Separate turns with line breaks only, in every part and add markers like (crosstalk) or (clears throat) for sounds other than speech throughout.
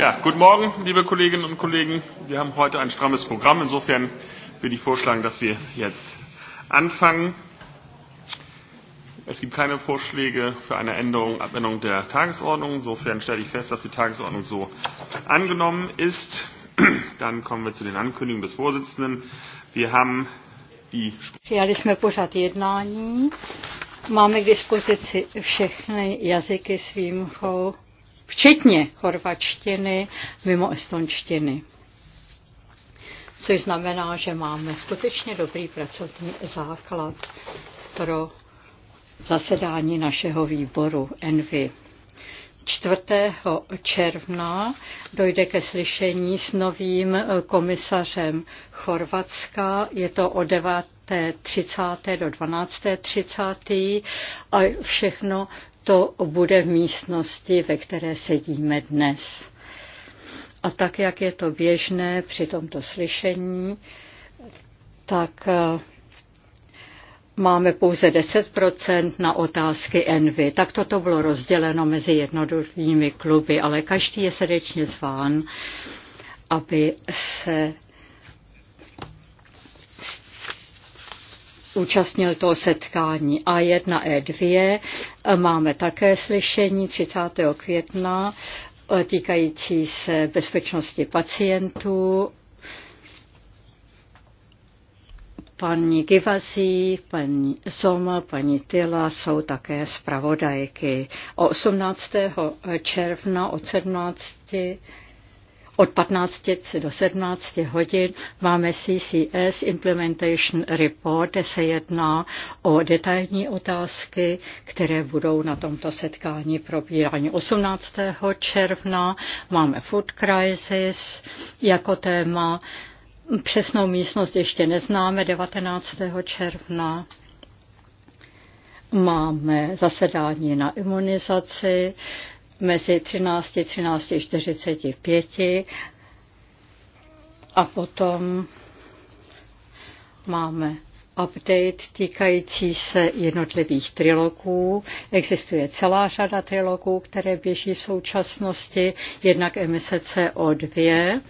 Ja, guten Morgen, liebe Kolleginnen und Kollegen. Wir haben heute ein strammes Programm. Insofern würde ich vorschlagen, dass wir jetzt anfangen. Es gibt keine Vorschläge für eine Änderung, Abänderung der Tagesordnung. Insofern stelle ich fest, dass die Tagesordnung so angenommen ist. Dann kommen wir zu den Ankündigungen des Vorsitzenden. Wir haben die...
Přijali jsme pořad jednání. Máme k dispozici všechny jazyky s výjimkou včetně chorvačtiny, mimo estonštiny. Což znamená, že máme skutečně dobrý pracovní základ pro zasedání našeho výboru Envy. 4. června dojde ke slyšení s novým komisařem Chorvatska. Je to o 9. 30. do 12. 30. a všechno to bude v místnosti, ve které sedíme dnes. A tak, jak je to běžné při tomto slyšení, tak eh, máme pouze 10% na otázky Envy. Tak toto bylo rozděleno mezi jednotlivými kluby, ale každý je srdečně zván, aby se účastnil toho setkání A1, E2. Máme také slyšení 30. května eh, týkající se bezpečnosti pacientů. Paní Givazí, paní Zoma, paní Tila jsou také zpravodajky. O 18. června od 17. Od 15 do 17 hodin máme CCS Implementation Report, kde se jedná o detailní otázky, které budou na tomto setkání probírání. 18. června máme Food Crisis jako téma. Přesnou místnost ještě neznáme, 19. června máme zasedání na imunizaci, mezi 13 a 45. a potom máme update týkající se jednotlivých trilogů. Existuje celá řada trilogů, které běží v současnosti, jednak MSC O2.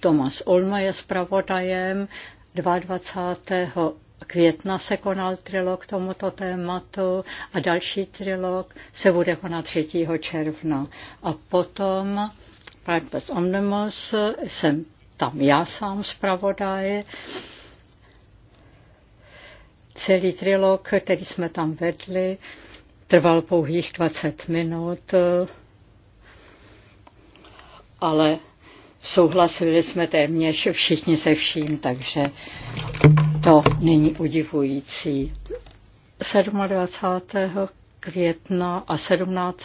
Tomas Olma je zpravodajem 22 května se konal trilog tomuto tématu a další trilog se bude konat 3. června. A potom Practice Omnimus, jsem tam já sám zpravodaj. Celý trilog, který jsme tam vedli, trval pouhých 20 minut, ale souhlasili jsme téměř všichni se vším, takže to není udivující. 27. května a 17.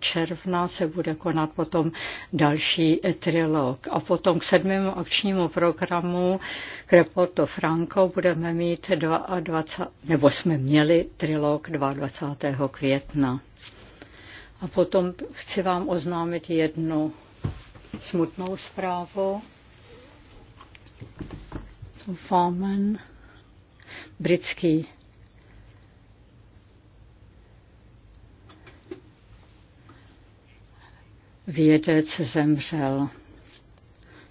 června se bude konat potom další trilog. A potom k sedmému akčnímu programu k reportu Franco budeme mít 22, nebo jsme měli trilog 22. května. A potom chci vám oznámit jednu smutnou zprávou. Foreman, britský vědec zemřel.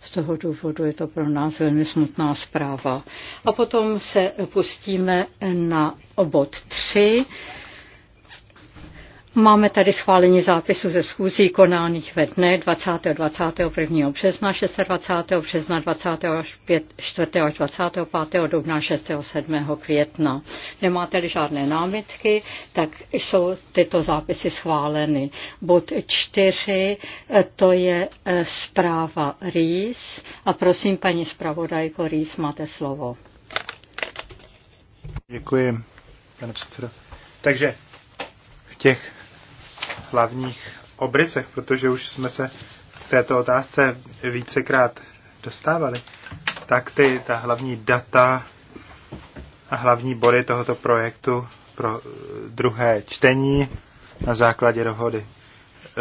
Z toho důvodu je to pro nás velmi smutná zpráva. A potom se pustíme na obod 3 Máme tady schválení zápisu ze schůzí konálních ve dne 20. 21. března, 26. března, 24. až 25. dubna, 6. 7. května. Nemáte-li žádné námitky, tak jsou tyto zápisy schváleny. Bod 4, eh, to je eh, zpráva RIS. A prosím, paní zpravodajko RIS, máte slovo.
Děkuji, pane předsedo. Takže v těch hlavních obrysech, protože už jsme se v této otázce vícekrát dostávali, tak ty, ta hlavní data a hlavní body tohoto projektu pro eh, druhé čtení na základě dohody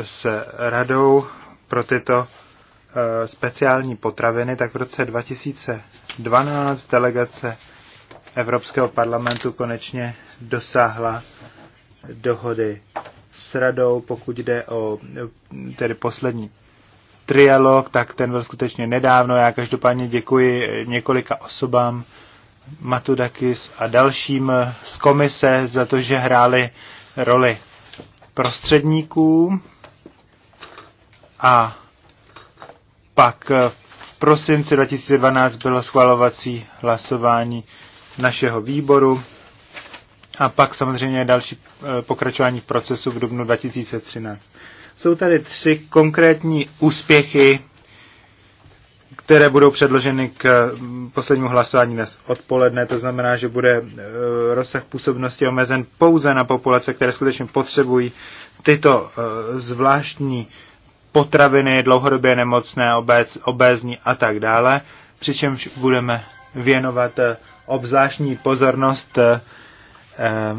s radou pro tyto eh, speciální potraviny, tak v roce 2012 delegace Evropského parlamentu konečně dosáhla dohody s radou, pokud jde o tedy poslední trialog, tak ten byl skutečně nedávno. Já každopádně děkuji několika osobám, Matudakis a dalším z komise za to, že hráli roli prostředníků. A pak v prosinci 2012 bylo schvalovací hlasování našeho výboru. A pak samozřejmě další eh, pokračování procesu v dubnu 2013. Jsou tady tři konkrétní úspěchy, které budou předloženy k mm, poslednímu hlasování dnes odpoledne. To znamená, že bude eh, rozsah působnosti omezen pouze na populace, které skutečně potřebují tyto eh, zvláštní potraviny, dlouhodobě nemocné, obéz, obézní a tak dále. Přičemž budeme věnovat obzvláštní pozornost Eh,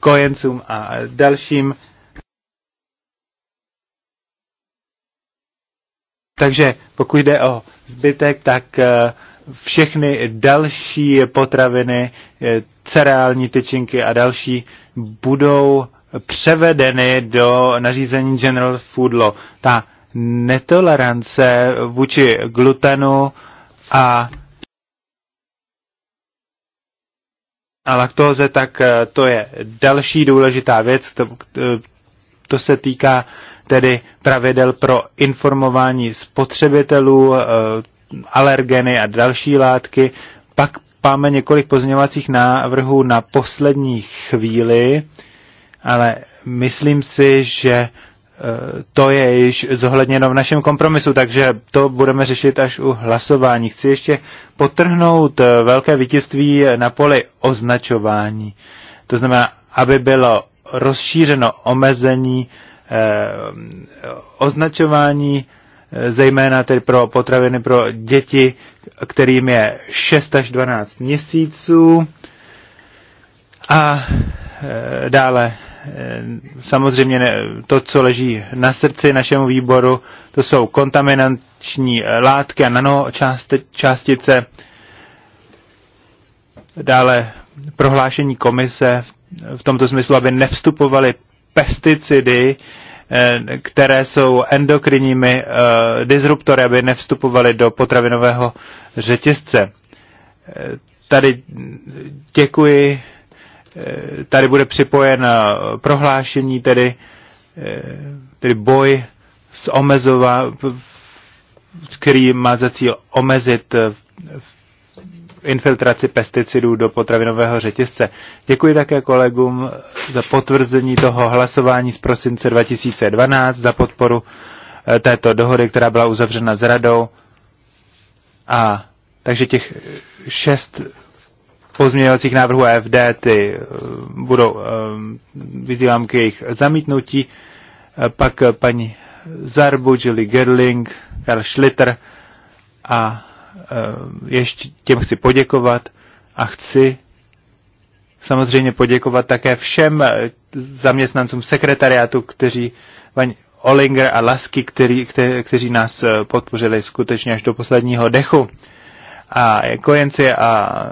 kojencům a dalším. Takže pokud jde o zbytek, tak eh, všechny další potraviny, eh, cereální tyčinky a další budou převedeny do nařízení General Food Law. Ta netolerance vůči glutenu a a laktóze, tak eh, to je další důležitá věc. To, eh, to se týká tedy pravidel pro informování spotřebitelů, eh, alergeny a další látky. Pak máme několik pozměňovacích návrhů na poslední chvíli, ale myslím si, že to je již zohledněno v našem kompromisu, takže to budeme řešit až u hlasování. Chci ještě potrhnout eh, velké vítězství na poli označování. To znamená, aby bylo rozšířeno omezení eh, označování, eh, zejména tedy pro potraviny pro děti, kterým je 6 až 12 měsíců. A eh, dále Eh, samozřejmě to, co leží na srdci našemu výboru, to jsou kontaminační eh, látky a nanočástice. Dále prohlášení komise v tomto smyslu, aby nevstupovaly pesticidy, eh, které jsou endokrinními disruptory, aby nevstupovaly do potravinového řetězce. Tady děkuji Eh, tady bude připojen eh, prohlášení, tedy, eh, tedy boj s omezová, který má za cíl omezit infiltraci pesticidů do potravinového řetězce. Děkuji také kolegům za potvrzení toho hlasování z prosince 2012, za podporu této dohody, která byla uzavřena s radou. A takže těch šest pozměňovacích návrhů AFD, ty eh, budou, eh, vyzývám k jejich zamítnutí, eh, pak paní Zarbu, Julie Gerling, Karl Schlitter a ještě těm chci poděkovat a chci samozřejmě poděkovat také všem zaměstnancům sekretariátu, kteří paní Olinger a Lasky, který, kte, kteří nás podpořili skutečně až do posledního dechu. A kojenci a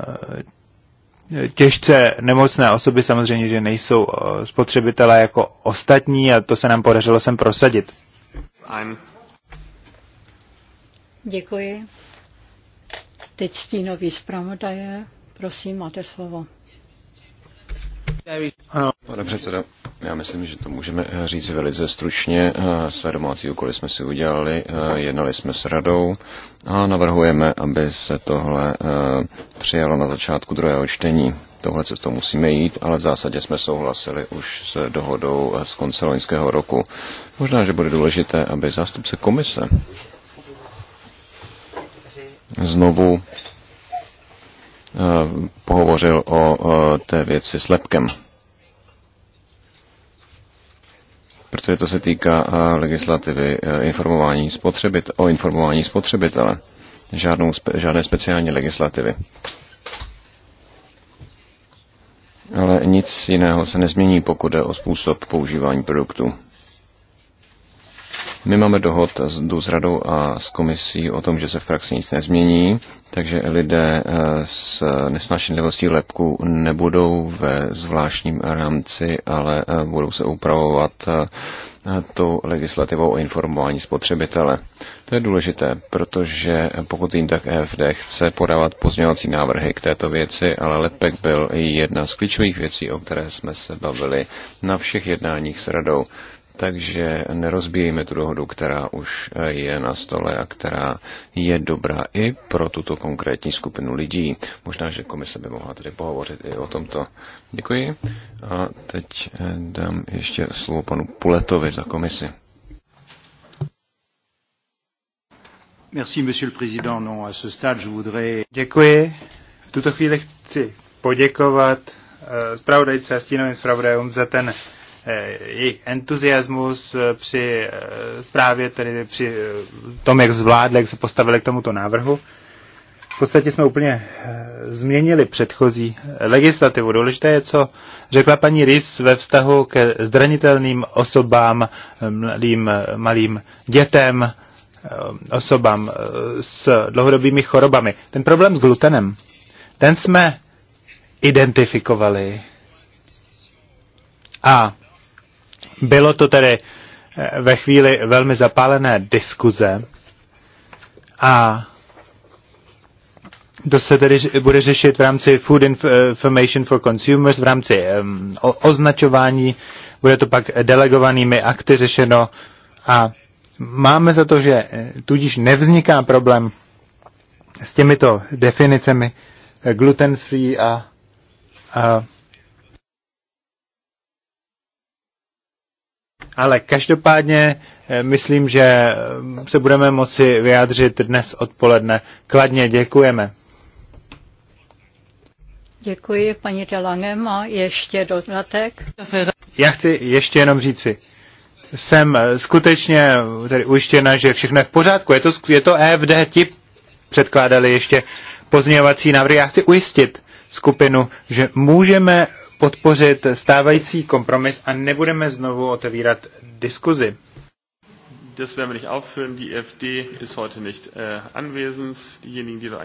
těžce nemocné osoby samozřejmě, že nejsou eh, spotřebitelé jako ostatní a to se nám podařilo sem prosadit.
Děkuji. Teď stínový zpravodaje. Prosím, máte slovo.
Ano, pane předsedo, já myslím, že to můžeme eh, říct velice stručně. Eh, své domácí úkoly jsme si udělali, eh, jednali jsme s radou a navrhujeme, aby se tohle přijalo na začátku druhého čtení. Tohle cestou musíme jít, ale v zásadě jsme souhlasili už s dohodou z konce loňského roku. Možná, že bude důležité, aby zástupce komise znovu Eh, pohovořil o té věci s Lepkem. Protože to se týká eh, legislativy eh, informování spotřebit, o informování spotřebitele. Žádnou, žádné speciální legislativy. Ale nic jiného se nezmění, pokud jde o způsob používání produktu. My máme dohod s radou a s komisí o tom, že se v praxi nic nezmění, takže lidé eh, s nesnášenlivostí lepku nebudou ve zvláštním rámci, ale eh, budou se upravovat eh, tou legislativou o informování spotřebitele. To je důležité, protože pokud jim tak EFD chce podávat pozměňovací návrhy k této věci, ale lepek byl jedna z klíčových věcí, o které jsme se bavili na všech jednáních s radou. Takže nerozbíjíme tu dohodu, která už eh, je na stole a která je dobrá i pro tuto konkrétní skupinu lidí. Možná, že komise by mohla tedy pohovořit i o tomto. Děkuji. A teď eh, dám ještě slovo panu Puletovi za komisi.
Merci, monsieur le président. Non, à ce stade, je voudrais... Děkuji. V tuto chvíli chci poděkovat eh, zpravodajce a stínovým zpravodajům za ten Eh, jejich entuziasmus eh, při eh, zprávě, tedy při tom, jak zvládli, jak se postavili k tomuto návrhu. V podstatě jsme úplně změnili předchozí legislativu. Důležité je, co řekla paní Rys ve vztahu ke zranitelným osobám, mladým, malým dětem, osobám s dlouhodobými chorobami. Ten problém s glutenem, ten jsme identifikovali. A bylo to tedy eh, ve chvíli velmi zapálené diskuze a to se tedy bude řešit v rámci Food Information for Consumers, v rámci um, o, označování, bude to pak delegovanými akty řešeno a máme za to, že eh, tudíž nevzniká problém s těmito definicemi eh, gluten-free a, a Ale každopádně eh, myslím, že eh, se budeme moci vyjádřit dnes odpoledne. Kladně děkujeme.
Děkuji paní Delangem a ještě dodatek.
Já chci ještě jenom říci, jsem eh, skutečně tady ujištěna, že všechno je v pořádku. Je to, je to EFD, ti předkládali ještě pozměňovací návrhy. Já chci ujistit skupinu, že můžeme podpořit stávající kompromis a nebudeme znovu otevírat diskuzi.
Das werden nicht aufführen. Die FD ist heute nicht äh, anwesend. Diejenigen, die da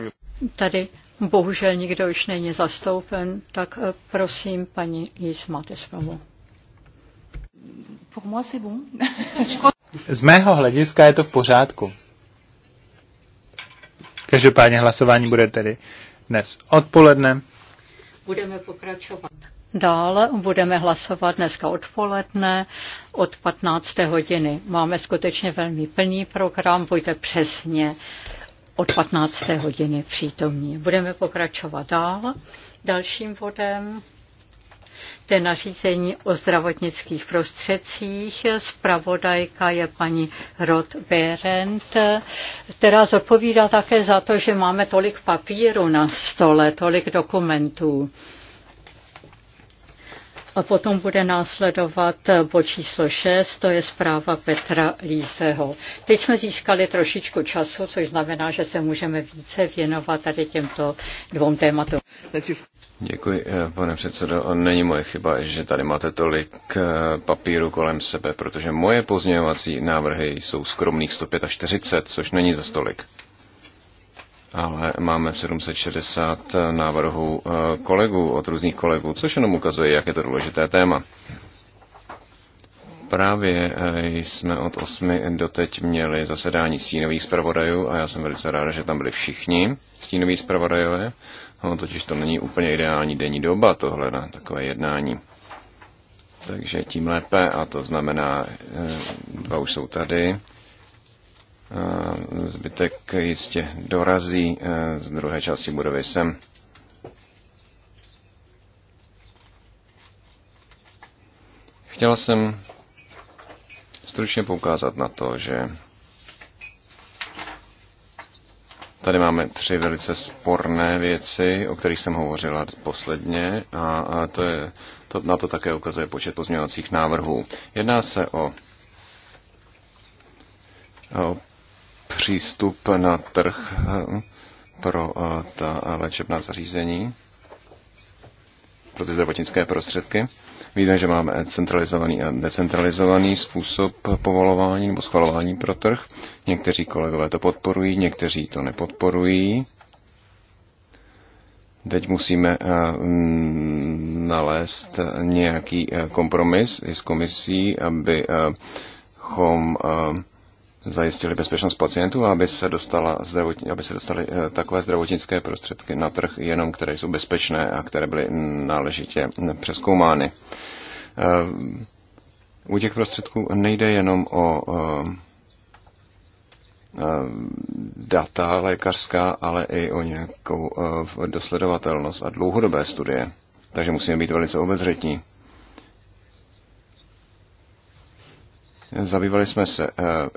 Tady bohužel nikdo už není zastoupen, tak eh, prosím, paní Jis, máte slovo.
(laughs) Z mého hlediska je to v pořádku. Každopádně hlasování bude tedy dnes odpoledne.
Budeme pokračovat. Dále budeme hlasovat dneska odpoledne od 15. hodiny. Máme skutečně velmi plný program, buďte přesně od 15. hodiny přítomní. Budeme pokračovat dál. Dalším bodem je nařízení o zdravotnických prostředcích. Spravodajka je paní Rod Berend, která zodpovídá také za to, že máme tolik papíru na stole, tolik dokumentů. A potom bude následovat bod číslo 6, to je zpráva Petra Líseho. Teď jsme získali trošičku času, což znamená, že se můžeme více věnovat tady těmto dvou tématům.
Děkuji, eh, pane předsedo. Není moje chyba, že tady máte tolik eh, papíru kolem sebe, protože moje pozměňovací návrhy jsou skromných 145, což není za stolik ale máme 760 eh, návrhů eh, kolegů od různých kolegů, což jenom ukazuje, jak je to důležité téma. Právě eh, jsme od 8 doteď měli zasedání stínových zpravodajů a já jsem velice ráda, že tam byli všichni stínoví zpravodajové. No, totiž to není úplně ideální denní doba tohle na takové jednání. Takže tím lépe a to znamená, dva už jsou tady Eh, zbytek jistě dorazí eh, z druhé části budovy sem. Chtěl jsem stručně poukázat na to, že Tady máme tři velice sporné věci, o kterých jsem hovořila posledně a, a to je, to, na to také ukazuje počet pozměňovacích návrhů. Jedná se o, o přístup na trh eh, pro eh, ta eh, léčebná zařízení, pro ty zdravotnické prostředky. Víme, že máme centralizovaný a decentralizovaný způsob povolování nebo schvalování pro trh. Někteří kolegové to podporují, někteří to nepodporují. Teď musíme mm, nalézt nějaký kompromis i s komisí, abychom zajistili bezpečnost pacientů, aby se, dostala zdravotní, aby se dostali eh, takové zdravotnické prostředky na trh, jenom které jsou bezpečné a které byly náležitě přeskoumány. Eh, u těch prostředků nejde jenom o eh, data lékařská, ale i o nějakou dosledovatelnost a dlouhodobé studie. Takže musíme být velice obezřetní. Zabývali jsme se eh,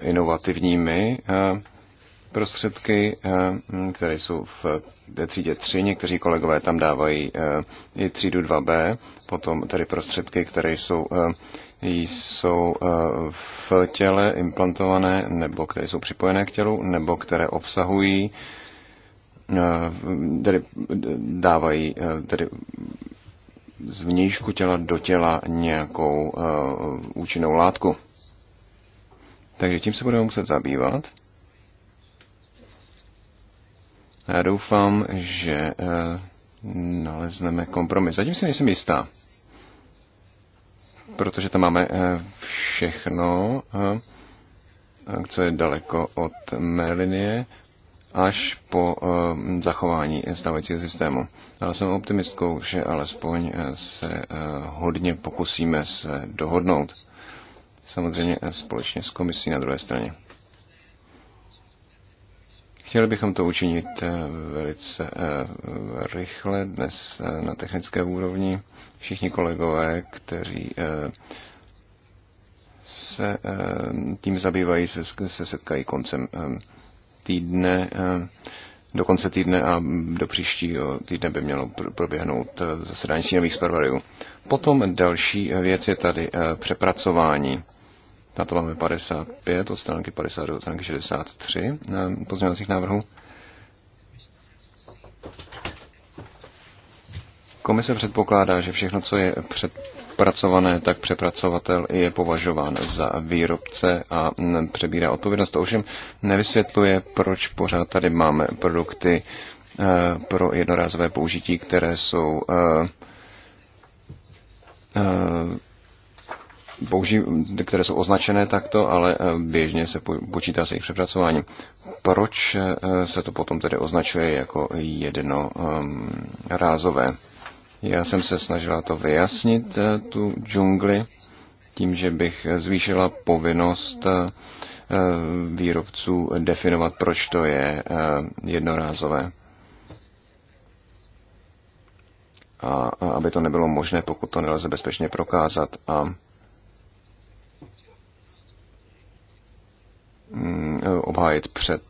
inovativními eh, prostředky, eh, které jsou v třídě 3, někteří kolegové tam dávají i třídu 2b, potom tedy prostředky, které jsou, jsou v těle implantované, nebo které jsou připojené k tělu, nebo které obsahují, tedy dávají tedy z vnějšku těla do těla nějakou účinnou látku. Takže tím se budeme muset zabývat. A já doufám, že eh, nalezneme kompromis. Zatím si nejsem jistá, protože tam máme eh, všechno, eh, co je daleko od mé linie, až po zachování stávajícího systému. Ale jsem optimistkou, že alespoň se hodně pokusíme se dohodnout samozřejmě společně s komisí na druhé straně. Chtěli bychom to učinit eh, velice eh, rychle dnes eh, na technické úrovni. Všichni kolegové, kteří se tím zabývají, se, se setkají koncem týdne do konce týdne a do příštího týdne by mělo proběhnout eh, zasedání sněmových zpravodajů. Potom další věc je tady eh, přepracování. Na to máme 55 od stránky 50 do stránky 63 eh, pozměňovacích návrhů. Komise předpokládá, že všechno, co je před zpracované, tak přepracovatel je považován za výrobce a přebírá odpovědnost. To ovšem nevysvětluje, proč pořád tady máme produkty eh, pro jednorázové použití, které jsou eh, eh, které jsou označené takto, ale běžně se počítá se jejich přepracováním. Proč se to potom tedy označuje jako jedno rázové? Já jsem se snažila to vyjasnit, eh, tu džungli, tím, že bych zvýšila povinnost eh, výrobců definovat, proč to je eh, jednorázové. A aby to nebylo možné, pokud to nelze bezpečně prokázat. A mm, obhájit před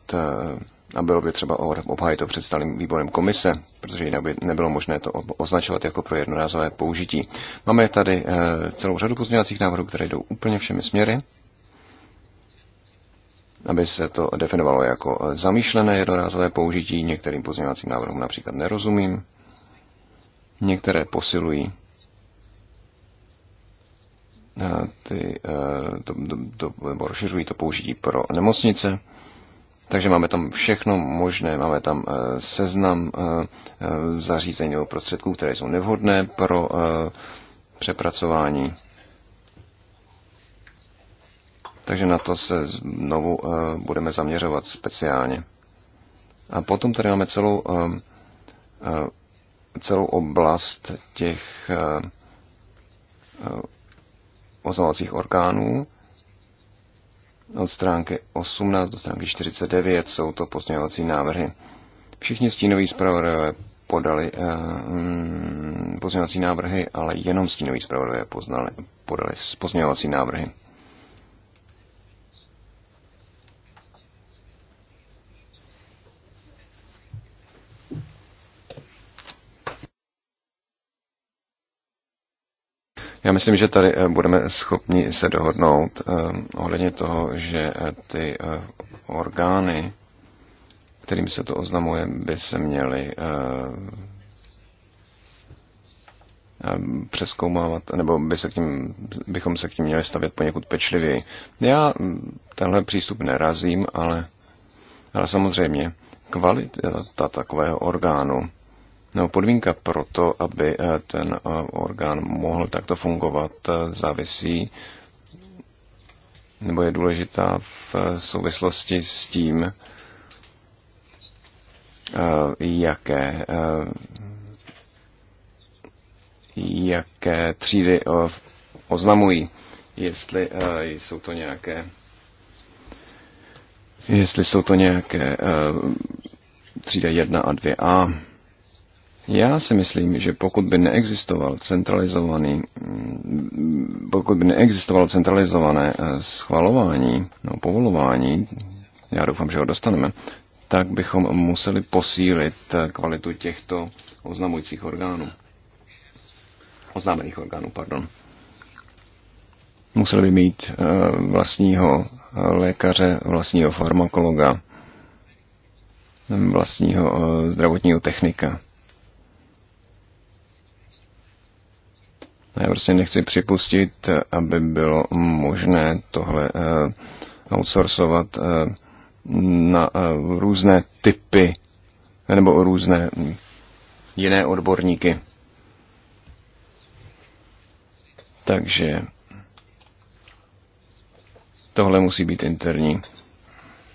a bylo by třeba obhájit to před stálým výborem komise, protože jinak by nebylo možné to označovat jako pro jednorázové použití. Máme tady eh, celou řadu pozměňovacích návrhů, které jdou úplně všemi směry, aby se to definovalo jako eh, zamýšlené jednorázové použití. Některým pozměňovacím návrhům například nerozumím, některé posilují eh, ty, to, to, to, to, rozšiřují to použití pro nemocnice. Takže máme tam všechno možné, máme tam eh, seznam eh, eh, zařízení nebo prostředků, které jsou nevhodné pro přepracování. Takže na to se znovu budeme zaměřovat speciálně. A potom tady máme celou, celou oblast těch oznamovacích orgánů. Od stránky 18 do stránky 49 jsou to pozměňovací návrhy. Všichni stínoví zpravodajové podali eh, mm, pozměňovací návrhy, ale jenom stínoví zpravodajové podali pozměňovací návrhy. Já myslím, že tady eh, budeme schopni se dohodnout eh, ohledně toho, že eh, ty orgány, kterým se to oznamuje, by se měly přeskoumávat, nebo by se k tím, bychom se k tím měli stavět poněkud pečlivěji. Já hm, tenhle přístup nerazím, ale, ale samozřejmě kvalita takového orgánu No, podmínka pro to, aby eh, ten eh, orgán mohl takto fungovat, eh, závisí nebo je důležitá v souvislosti s tím, jaké, jaké třídy oznamují, jestli jsou to nějaké jestli jsou to nějaké třída 1 a 2a, já si myslím, že pokud by neexistoval centralizovaný, pokud by neexistovalo centralizované eh, schvalování nebo povolování, já doufám, že ho dostaneme, tak bychom museli posílit eh, kvalitu těchto oznamujících orgánů. Oznámených orgánů, pardon. Museli by mít eh, vlastního lékaře, vlastního farmakologa, vlastního zdravotního technika. Já prostě nechci připustit, aby bylo možné tohle eh, outsourcovat eh, na eh, různé typy nebo různé hm, jiné odborníky. Takže tohle musí být interní.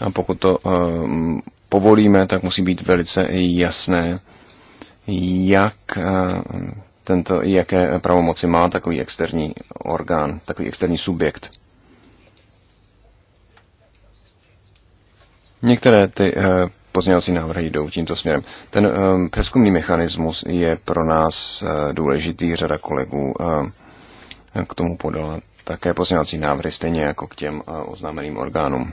A pokud to hm, povolíme, tak musí být velice jasné, jak hm, tento, jaké pravomoci má takový externí orgán, takový externí subjekt. Některé ty eh, pozměňovací návrhy jdou tímto směrem. Ten eh, přeskumný mechanismus je pro nás eh, důležitý. Řada kolegů k tomu podala také pozměňovací návrhy, stejně jako k těm oznámeným orgánům.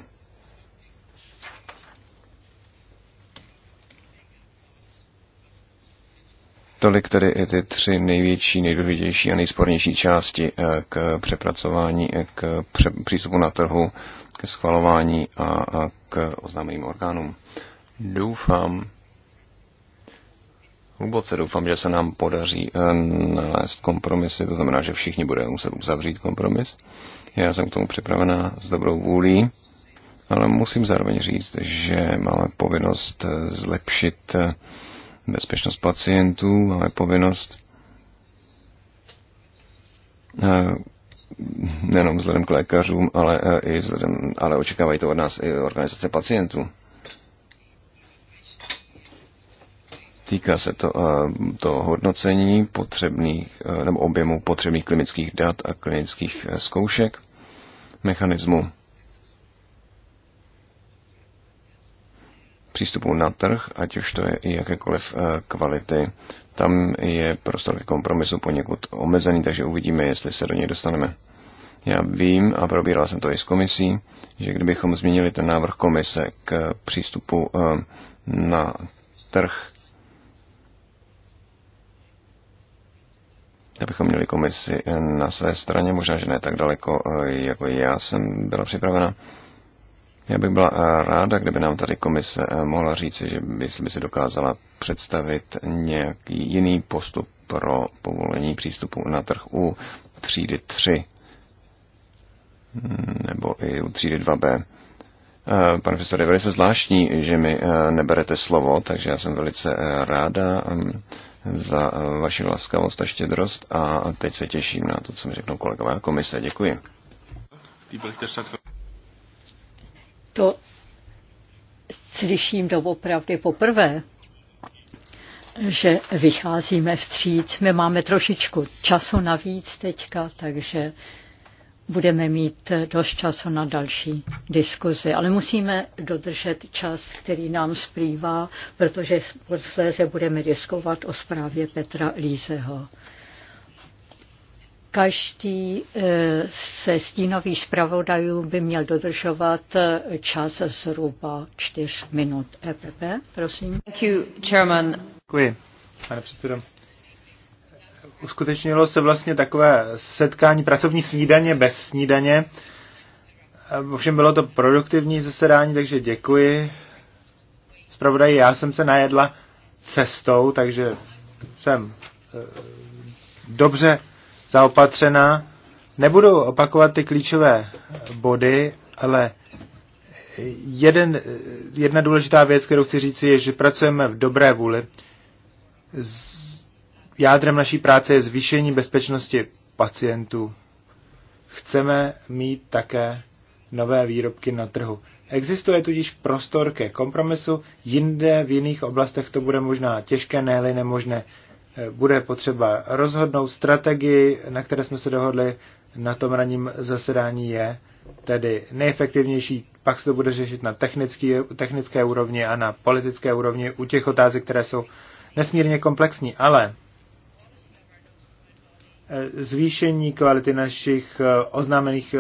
Tolik tedy i ty tři největší, nejdůležitější a nejspornější části eh, k přepracování, eh, k přístupu na trhu, k schvalování a k oznámeným orgánům. Doufám, hluboce doufám, že se nám podaří eh, nalézt kompromisy, to znamená, že všichni budeme muset uzavřít kompromis. Já jsem k tomu připravená s dobrou vůlí, ale musím zároveň říct, že máme povinnost zlepšit bezpečnost pacientů, máme povinnost eh, nejenom vzhledem k lékařům, ale eh, i vzhledem, ale očekávají to od nás i organizace pacientů. Týká se to, eh, to hodnocení potřebných, nebo objemu potřebných klinických dat a klinických zkoušek, mechanismu přístupu na trh, ať už to je i jakékoliv eh, kvality. Tam je prostor k kompromisu poněkud omezený, takže uvidíme, jestli se do něj dostaneme. Já vím, a probíral jsem to i s komisí, že kdybychom změnili ten návrh komise k přístupu eh, na trh, bychom měli komisi eh, na své straně, možná, že ne tak daleko, jako já jsem byla připravena, já bych byla eh, ráda, kdyby nám tady komise eh, mohla říct, že jestli by si dokázala představit nějaký jiný postup pro povolení přístupu na trh u třídy 3 mm, nebo i u třídy 2B. Eh, pane profesore, je velice zvláštní, že mi neberete slovo, takže já jsem velice ráda mm, za vaši laskavost a štědrost a teď se těším na to, co mi řeknou kolegové komise. Děkuji.
To slyším doopravdy poprvé že vycházíme vstříc. My máme trošičku času navíc teďka, takže budeme mít dost času na další diskuzi. Ale musíme dodržet čas, který nám splývá, protože posléze budeme riskovat o zprávě Petra Lízeho. Každý se eh, stínových zpravodajů by měl dodržovat eh, čas zhruba čtyř minut. EPP, prosím. Thank you, chairman. Děkuji,
pane předsedo. Uskutečnilo se vlastně takové setkání pracovní snídaně bez snídaně. Ovšem bylo to produktivní zasedání, takže děkuji. Zpravodaj, já jsem se najedla cestou, takže jsem eh, dobře zaopatřena. Nebudu opakovat ty klíčové body, ale jeden, jedna důležitá věc, kterou chci říct, je, že pracujeme v dobré vůli. Z, jádrem naší práce je zvýšení bezpečnosti pacientů. Chceme mít také nové výrobky na trhu. Existuje tudíž prostor ke kompromisu, jinde v jiných oblastech to bude možná těžké, ne nemožné bude potřeba rozhodnout strategii, na které jsme se dohodli na tom ranním zasedání je tedy nejefektivnější, pak se to bude řešit na technický, technické úrovni a na politické úrovni u těch otázek, které jsou nesmírně komplexní, ale eh, zvýšení kvality našich eh, oznámených eh,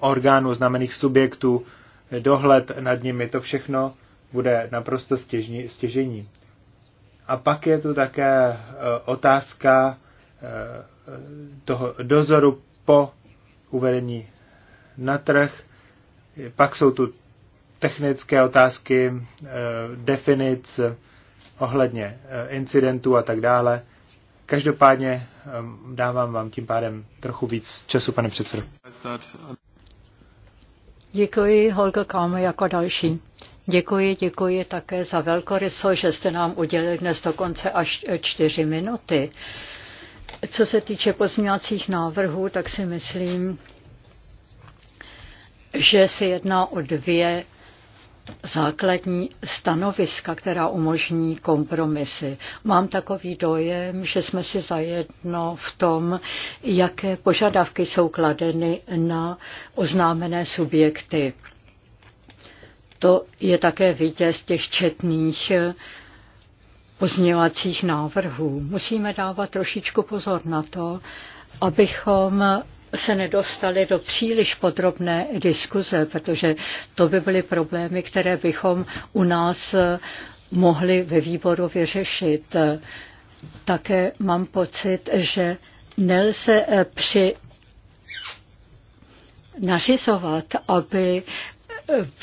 orgánů, oznámených subjektů, dohled nad nimi, to všechno bude naprosto stěžní, stěžení. A pak je tu také e, otázka e, toho dozoru po uvedení na trh. Pak jsou tu technické otázky, e, definic ohledně incidentů a tak dále. Každopádně dávám vám tím pádem trochu víc času, pane předsedo.
Děkuji, Holga Kam jako další. Děkuji, děkuji také za velkoryso, že jste nám udělili dnes dokonce až čtyři minuty. Co se týče pozměňovacích návrhů, tak si myslím, že se jedná o dvě základní stanoviska, která umožní kompromisy. Mám takový dojem, že jsme si zajedno v tom, jaké požadavky jsou kladeny na oznámené subjekty. To je také vítěz těch četných eh, pozměňovacích návrhů. Musíme dávat trošičku pozor na to, abychom se nedostali do příliš podrobné diskuze, protože to by byly problémy, které bychom u nás eh, mohli ve výboru vyřešit. Také mám pocit, že nelze eh, při nařizovat, aby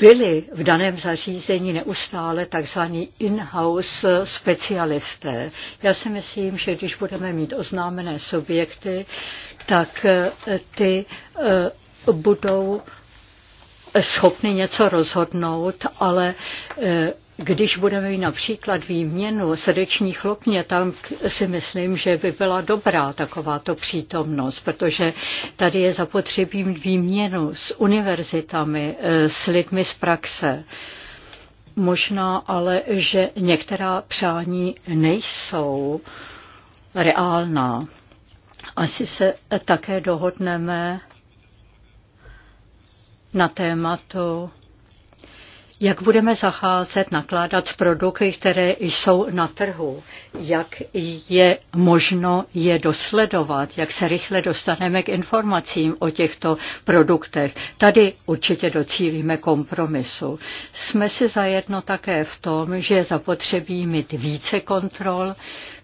byli v daném zařízení neustále takzvaní in-house specialisté. Já si myslím, že když budeme mít oznámené subjekty, tak eh, ty eh, budou schopny něco rozhodnout, ale eh, když budeme mít například výměnu srdeční chlopně, tam si myslím, že by byla dobrá takováto přítomnost, protože tady je zapotřebí výměnu s univerzitami, eh, s lidmi z praxe. Možná ale, že některá přání nejsou reálná. Asi se také dohodneme na tématu jak budeme zacházet, nakládat s produkty, které jsou na trhu? Jak je možno je dosledovat? Jak se rychle dostaneme k informacím o těchto produktech? Tady určitě docílíme kompromisu. Jsme si zajedno také v tom, že je zapotřebí mít více kontrol,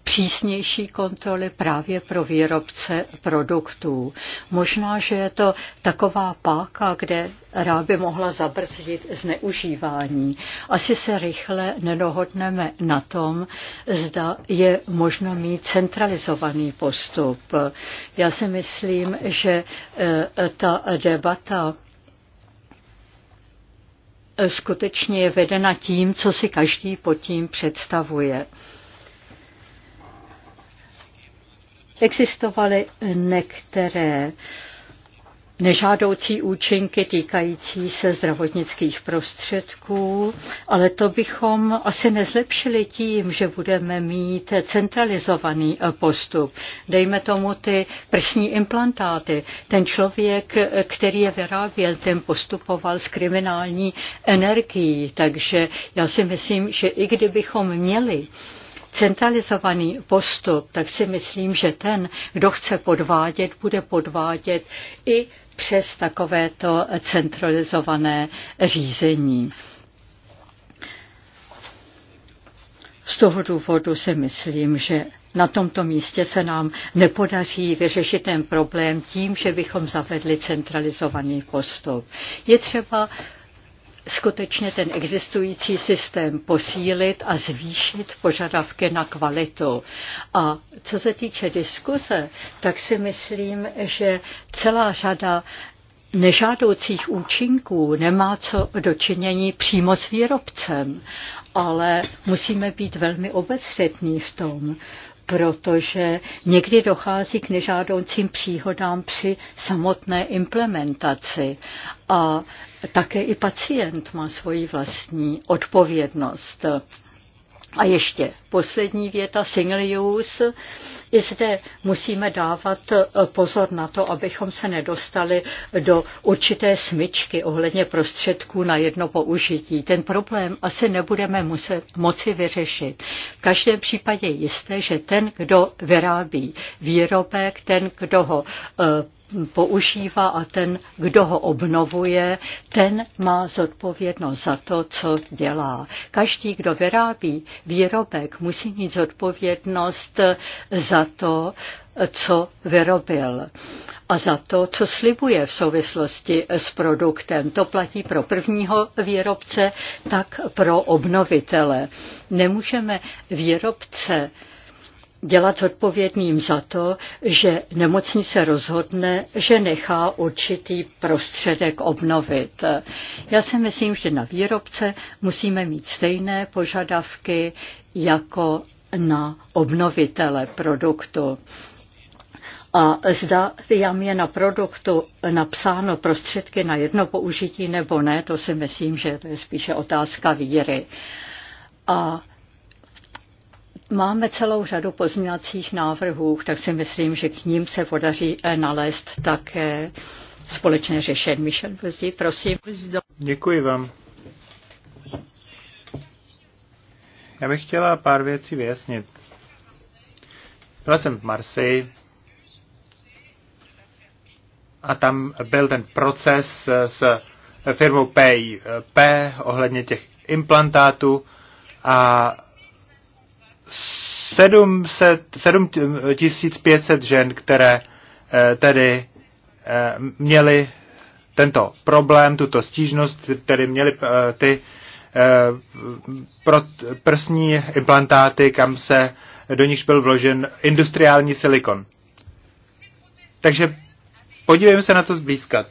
přísnější kontroly právě pro výrobce produktů. Možná, že je to taková páka, kde rád mohla zabrzdit zneužívání. Asi se rychle nedohodneme na tom, zda je možno mít centralizovaný postup. Já si myslím, že e, ta debata skutečně je vedena tím, co si každý pod tím představuje. existovaly některé nežádoucí účinky týkající se zdravotnických prostředků, ale to bychom asi nezlepšili tím, že budeme mít centralizovaný postup. Dejme tomu ty prsní implantáty. Ten člověk, který je vyráběl, ten postupoval s kriminální energií, takže já si myslím, že i kdybychom měli centralizovaný postup, tak si myslím, že ten, kdo chce podvádět, bude podvádět i přes takovéto centralizované řízení. Z toho důvodu si myslím, že na tomto místě se nám nepodaří vyřešit ten problém tím, že bychom zavedli centralizovaný postup. Je třeba skutečně ten existující systém posílit a zvýšit požadavky na kvalitu. A co se týče diskuse, tak si myslím, že celá řada nežádoucích účinků nemá co dočinění přímo s výrobcem, ale musíme být velmi obezřetní v tom, protože někdy dochází k nežádoucím příhodám při samotné implementaci. A také i pacient má svoji vlastní odpovědnost. A ještě poslední věta, single use. I zde musíme dávat eh, pozor na to, abychom se nedostali do určité smyčky ohledně prostředků na jedno použití. Ten problém asi nebudeme muset, moci vyřešit. V každém případě jisté, že ten, kdo vyrábí výrobek, ten, kdo ho eh, používá a ten, kdo ho obnovuje, ten má zodpovědnost za to, co dělá. Každý, kdo vyrábí výrobek, musí mít zodpovědnost za to, co vyrobil a za to, co slibuje v souvislosti s produktem. To platí pro prvního výrobce, tak pro obnovitele. Nemůžeme výrobce dělat odpovědným za to, že nemocnice rozhodne, že nechá určitý prostředek obnovit. Já si myslím, že na výrobce musíme mít stejné požadavky jako na obnovitele produktu. A zda jam je na produktu napsáno prostředky na jedno použití nebo ne, to si myslím, že to je spíše otázka víry. A Máme celou řadu pozměňovacích návrhů, tak si myslím, že k ním se podaří eh, nalézt také společné řešení. Michel Brzdi, prosím.
Děkuji vám. Já bych chtěla pár věcí vyjasnit. Byl jsem v Marseille a tam byl ten proces eh, s firmou PIP ohledně těch implantátů a 700, 7500 žen, které eh, tedy eh, měly tento problém, tuto stížnost, tedy měly eh, ty prsní implantáty, kam se do nich byl vložen industriální silikon. Takže podívejme se na to zblízka.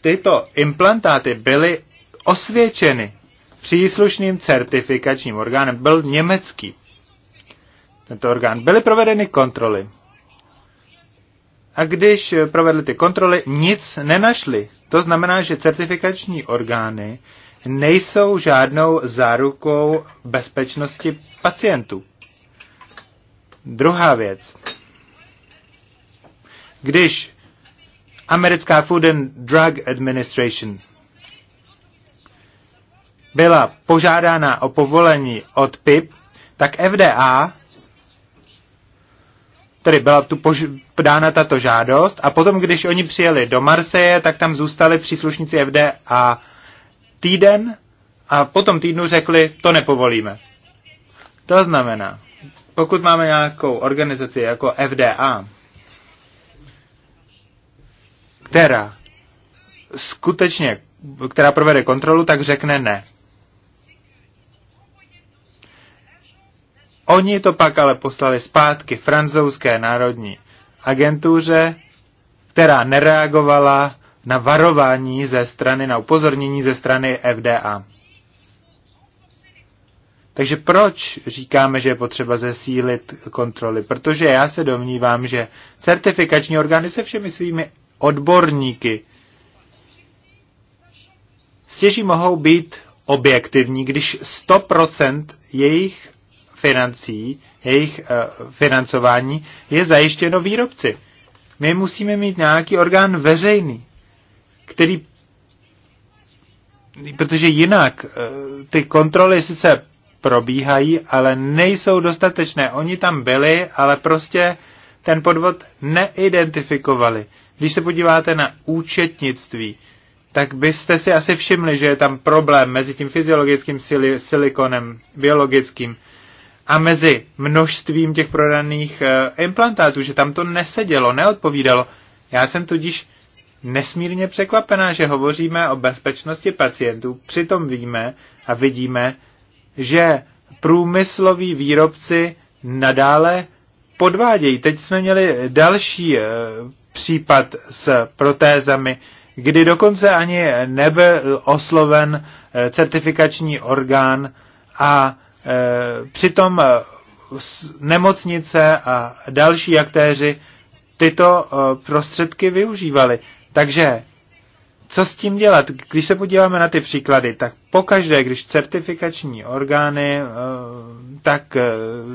Tyto implantáty byly osvědčeny příslušným certifikačním orgánem. Byl německý tento orgán, byly provedeny kontroly. A když provedli ty kontroly, nic nenašli. To znamená, že certifikační orgány nejsou žádnou zárukou bezpečnosti pacientů. Druhá věc. Když americká Food and Drug Administration byla požádána o povolení od PIP, tak FDA tedy byla tu pož- dána tato žádost a potom, když oni přijeli do Marseje, tak tam zůstali příslušníci FD a týden a potom týdnu řekli, to nepovolíme. To znamená, pokud máme nějakou organizaci jako FDA, která skutečně, která provede kontrolu, tak řekne ne. Oni to pak ale poslali zpátky francouzské národní agentuře, která nereagovala na varování ze strany, na upozornění ze strany FDA. Takže proč říkáme, že je potřeba zesílit kontroly? Protože já se domnívám, že certifikační orgány se všemi svými odborníky stěží mohou být objektivní, když 100% jejich financí, jejich eh, financování je zajištěno výrobci. My musíme mít nějaký orgán veřejný, který protože jinak eh, ty kontroly sice probíhají, ale nejsou dostatečné. Oni tam byli, ale prostě ten podvod neidentifikovali. Když se podíváte na účetnictví, tak byste si asi všimli, že je tam problém mezi tím fyziologickým silikonem, biologickým a mezi množstvím těch prodaných eh, implantátů, že tam to nesedělo, neodpovídalo. Já jsem tudíž nesmírně překvapená, že hovoříme o bezpečnosti pacientů, přitom víme a vidíme, že průmysloví výrobci nadále podvádějí. Teď jsme měli další eh, případ s protézami, kdy dokonce ani nebyl osloven eh, certifikační orgán a Eh, přitom eh, nemocnice a další aktéři tyto eh, prostředky využívali. Takže co s tím dělat? Když se podíváme na ty příklady, tak pokaždé, když certifikační orgány tak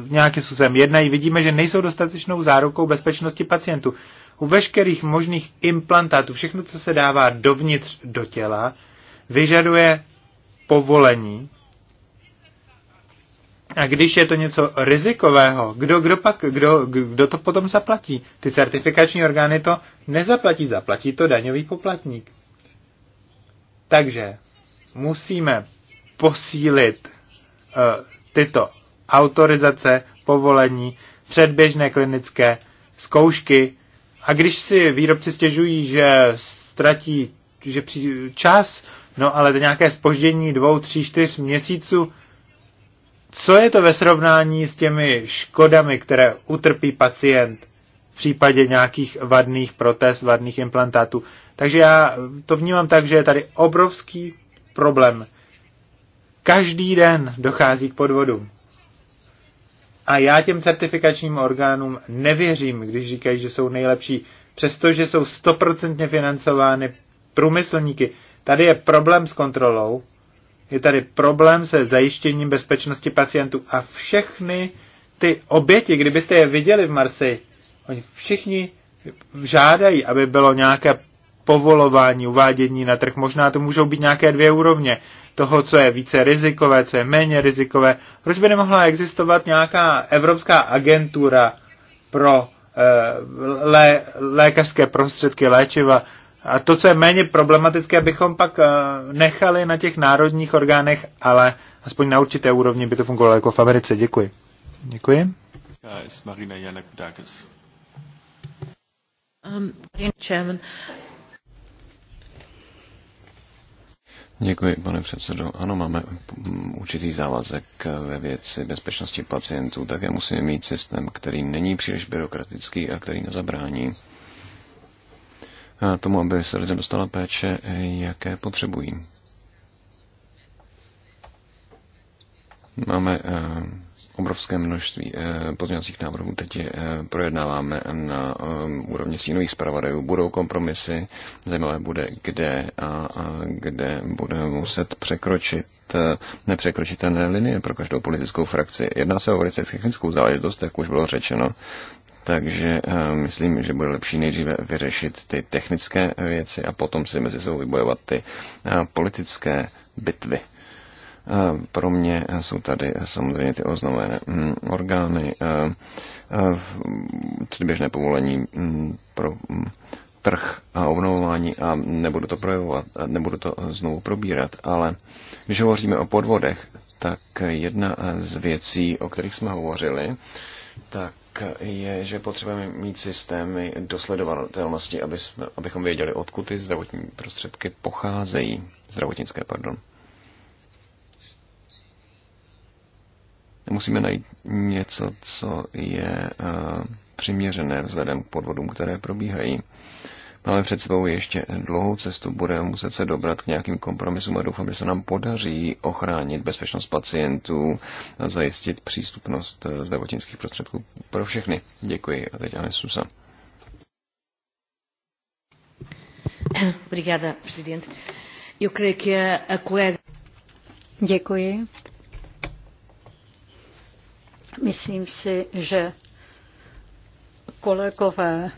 nějakým způsobem jednají, vidíme, že nejsou dostatečnou zárukou bezpečnosti pacientů. U veškerých možných implantátů, všechno, co se dává dovnitř do těla, vyžaduje povolení a když je to něco rizikového, kdo, kdo, pak, kdo, kdo to potom zaplatí? Ty certifikační orgány to nezaplatí, zaplatí to daňový poplatník. Takže musíme posílit uh, tyto autorizace, povolení, předběžné klinické zkoušky. A když si výrobci stěžují, že ztratí že při, čas, no ale nějaké spoždění dvou, tří, čtyř měsíců, co je to ve srovnání s těmi škodami, které utrpí pacient v případě nějakých vadných protez, vadných implantátů. Takže já to vnímám tak, že je tady obrovský problém. Každý den dochází k podvodům. A já těm certifikačním orgánům nevěřím, když říkají, že jsou nejlepší, přestože jsou stoprocentně financovány průmyslníky. Tady je problém s kontrolou je tady problém se zajištěním bezpečnosti pacientů. A všechny ty oběti, kdybyste je viděli v Marsi, oni všichni žádají, aby bylo nějaké povolování, uvádění na trh. Možná to můžou být nějaké dvě úrovně toho, co je více rizikové, co je méně rizikové. Proč by nemohla existovat nějaká evropská agentura pro eh, lé, lékařské prostředky, léčiva, a to, co je méně problematické, bychom pak eh, nechali na těch národních orgánech, ale aspoň na určité úrovni by to fungovalo jako v Americe. Děkuji. Děkuji. Marina
Janakudakis.
Um,
Děkuji, pane předsedo. Ano, máme určitý závazek ve věci bezpečnosti pacientů, také musíme mít systém, který není příliš byrokratický a který nezabrání tomu, aby se lidem dostala péče, jaké potřebují. Máme eh, obrovské množství eh, pozměňovacích návrhů. Teď je eh, projednáváme na úrovni sínových zpravodajů. Budou kompromisy, zajímavé bude kde a kde budeme muset překročit nepřekročitelné linie pro každou politickou frakci. Jedná se o velice technickou záležitost, jak už bylo řečeno. Takže eh, myslím, že bude lepší nejdříve vyřešit ty technické věci a potom si mezi sebou vybojovat ty eh, politické bitvy. Eh, pro mě jsou tady samozřejmě ty oznamené mm, orgány, předběžné povolení mm, pro mm, trh a obnovování a nebudu to projevovat, nebudu to znovu probírat, ale když hovoříme o podvodech, tak jedna z věcí, o kterých jsme hovořili, tak je, že potřebujeme mít systémy dosledovatelnosti, aby jsme, abychom věděli, odkud ty zdravotní prostředky pocházejí. Zdravotnické, pardon. Musíme najít něco, co je eh, přiměřené vzhledem k podvodům, které probíhají. Máme před sebou ještě dlouhou cestu, budeme muset se dobrat k nějakým kompromisům a doufám, že se nám podaří ochránit bezpečnost pacientů a zajistit přístupnost eh, zdravotnických prostředků pro všechny. Děkuji a teď Anne Susa.
Obrigada, Eu creio que a colega... Děkuji. Myslím si, že kolegové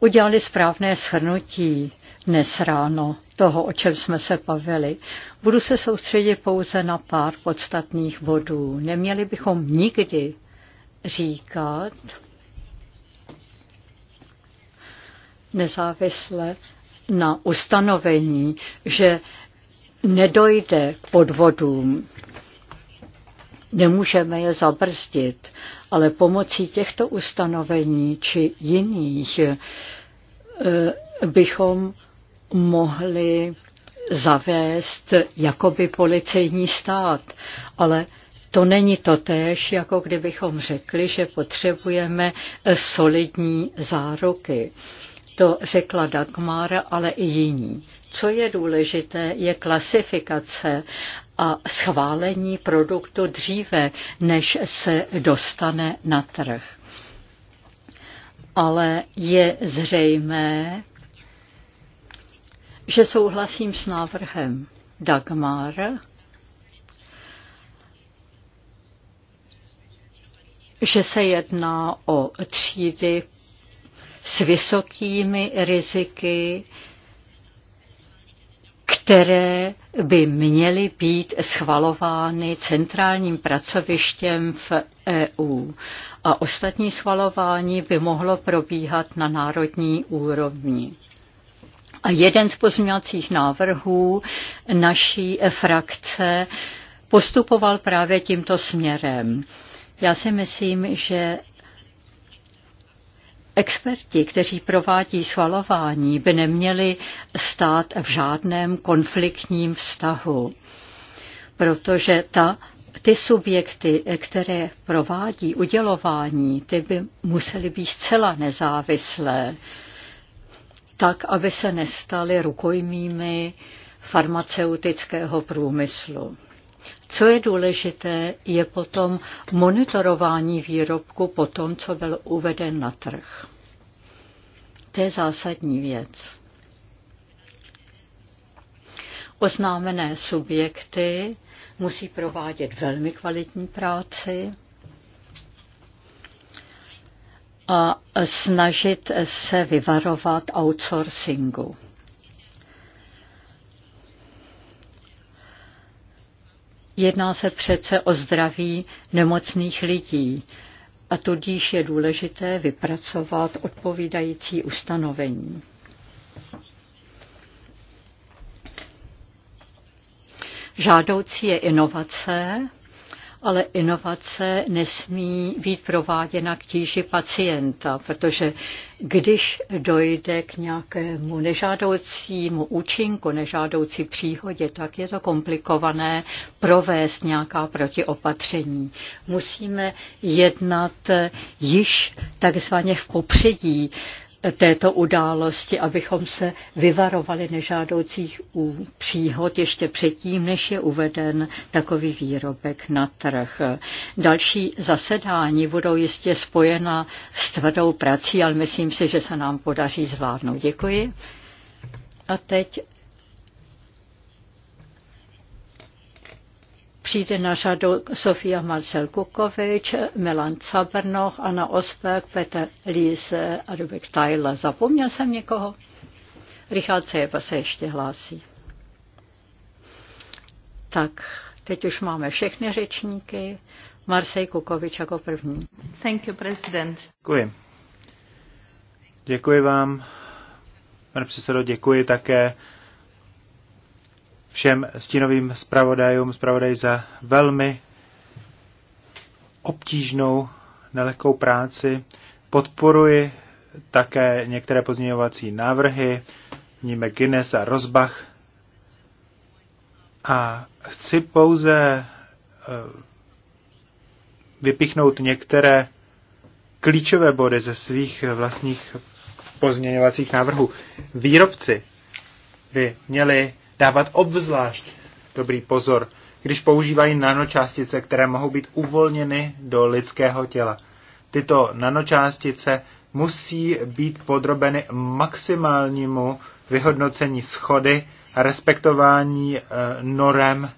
udělali správné shrnutí dnes ráno toho, o čem jsme se bavili. Budu se soustředit pouze na pár podstatných bodů. Neměli bychom nikdy říkat nezávisle na ustanovení, že nedojde k podvodům. Nemůžeme je zabrzdit, ale pomocí těchto ustanovení či jiných eh, bychom mohli zavést jakoby policejní stát, ale to není to též, jako kdybychom řekli, že potřebujeme eh, solidní záruky. To řekla Dagmar, ale i jiní. Co je důležité, je klasifikace a schválení produktu dříve, než se dostane na trh. Ale je zřejmé, že souhlasím s návrhem Dagmar, že se jedná o třídy s vysokými riziky, které by měly být schvalovány centrálním pracovištěm v EU a ostatní schvalování by mohlo probíhat na národní úrovni. A jeden z pozměňovacích návrhů naší frakce postupoval právě tímto směrem. Já si myslím, že Experti, kteří provádí schvalování, by neměli stát v žádném konfliktním vztahu, protože ta ty subjekty, které provádí udělování, ty by musely být zcela nezávislé, tak, aby se nestaly rukojmími farmaceutického průmyslu. Co je důležité, je potom monitorování výrobku po tom, co byl uveden na trh. To je zásadní věc. Oznámené subjekty musí provádět velmi kvalitní práci a snažit se vyvarovat outsourcingu. Jedná se přece o zdraví nemocných lidí a tudíž je důležité vypracovat odpovídající ustanovení. Žádoucí je inovace ale inovace nesmí být prováděna k tíži pacienta, protože když dojde k nějakému nežádoucímu účinku, nežádoucí příhodě, tak je to komplikované provést nějaká protiopatření. Musíme jednat již takzvaně v popředí této události, abychom se vyvarovali nežádoucích příhod ještě předtím, než je uveden takový výrobek na trh. Další zasedání budou jistě spojena s tvrdou prací, ale myslím si, že se nám podaří zvládnout. Děkuji. A teď Přijde na řadu Sofia Marcel Kukovič, Milan Cabernoch, Anna Osberg, Petr Líze a Rubek Tajla. Zapomněl jsem někoho? Richard Cejeva se ještě hlásí. Tak, teď už máme všechny řečníky. Marcel Kukovič jako první. Thank you, president.
Děkuji. Děkuji vám, pane předsedo, děkuji také všem stínovým zpravodajům, zpravodaj za velmi obtížnou, nelehkou práci. Podporuji také některé pozměňovací návrhy, níme Guinness a Rozbach. A chci pouze eh, vypichnout některé klíčové body ze svých vlastních pozměňovacích návrhů. Výrobci by měli dávat obzvlášť dobrý pozor, když používají nanočástice, které mohou být uvolněny do lidského těla. Tyto nanočástice musí být podrobeny maximálnímu vyhodnocení schody a respektování eh, norem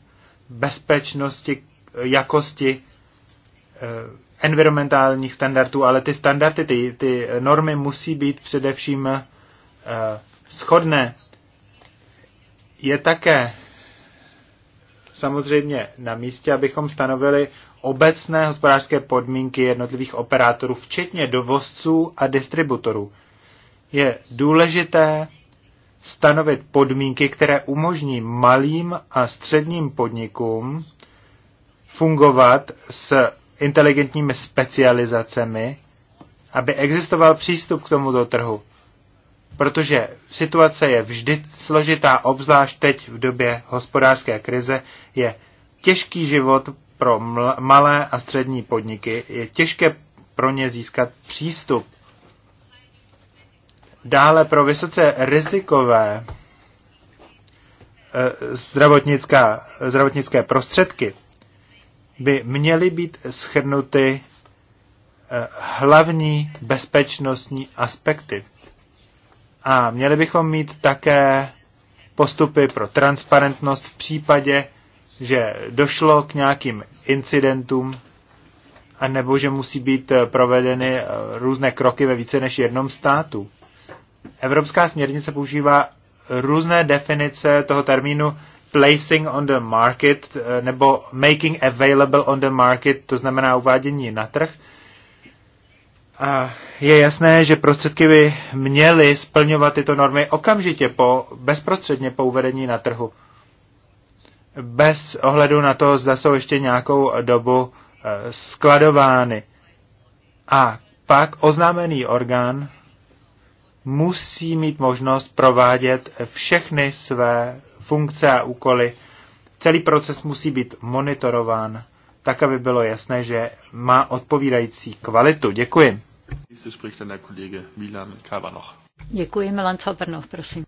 bezpečnosti, jakosti, eh, environmentálních standardů, ale ty standardy, ty, ty normy musí být především eh, schodné. Je také samozřejmě na místě, abychom stanovili obecné hospodářské podmínky jednotlivých operátorů, včetně dovozců a distributorů. Je důležité stanovit podmínky, které umožní malým a středním podnikům fungovat s inteligentními specializacemi, aby existoval přístup k tomuto trhu protože situace je vždy složitá, obzvlášť teď v době hospodářské krize, je těžký život pro malé a střední podniky, je těžké pro ně získat přístup. Dále pro vysoce rizikové e, zdravotnické prostředky by měly být schrnuty e, hlavní bezpečnostní aspekty. A měli bychom mít také postupy pro transparentnost v případě, že došlo k nějakým incidentům, a nebo že musí být eh, provedeny eh, různé kroky ve více než jednom státu. Evropská směrnice používá různé definice toho termínu placing on the market eh, nebo making available on the market, to znamená uvádění na trh. A je jasné, že prostředky by měly splňovat tyto normy okamžitě, po, bezprostředně po uvedení na trhu. Bez ohledu na to, zda jsou ještě nějakou dobu eh, skladovány. A pak oznámený orgán musí mít možnost provádět všechny své funkce a úkoly. Celý proces musí být monitorován, tak aby bylo jasné, že má odpovídající kvalitu.
Děkuji.
Děkuji, Milan Cabrnov, prosím.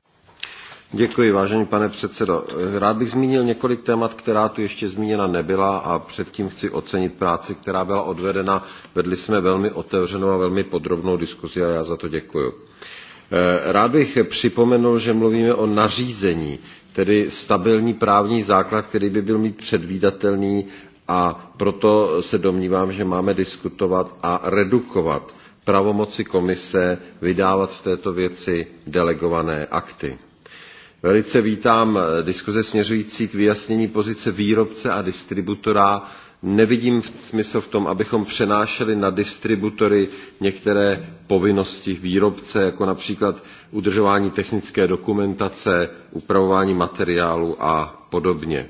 Děkuji, vážený pane předsedo. Rád bych zmínil několik témat, která tu ještě zmíněna nebyla a předtím chci ocenit práci, která byla odvedena. Vedli jsme velmi otevřenou a velmi podrobnou diskuzi a já za to děkuji. Eh, rád bych připomenul, že mluvíme o nařízení, tedy stabilní právní základ, který by byl mít předvídatelný a proto se domnívám, že máme diskutovat a redukovat pravomoci komise vydávat v této věci delegované akty. Velice vítám eh, diskuze směřující k vyjasnění pozice výrobce a distributora. Nevidím smysl v tom, abychom přenášeli na distributory některé povinnosti výrobce, jako například udržování technické dokumentace, upravování materiálu a podobně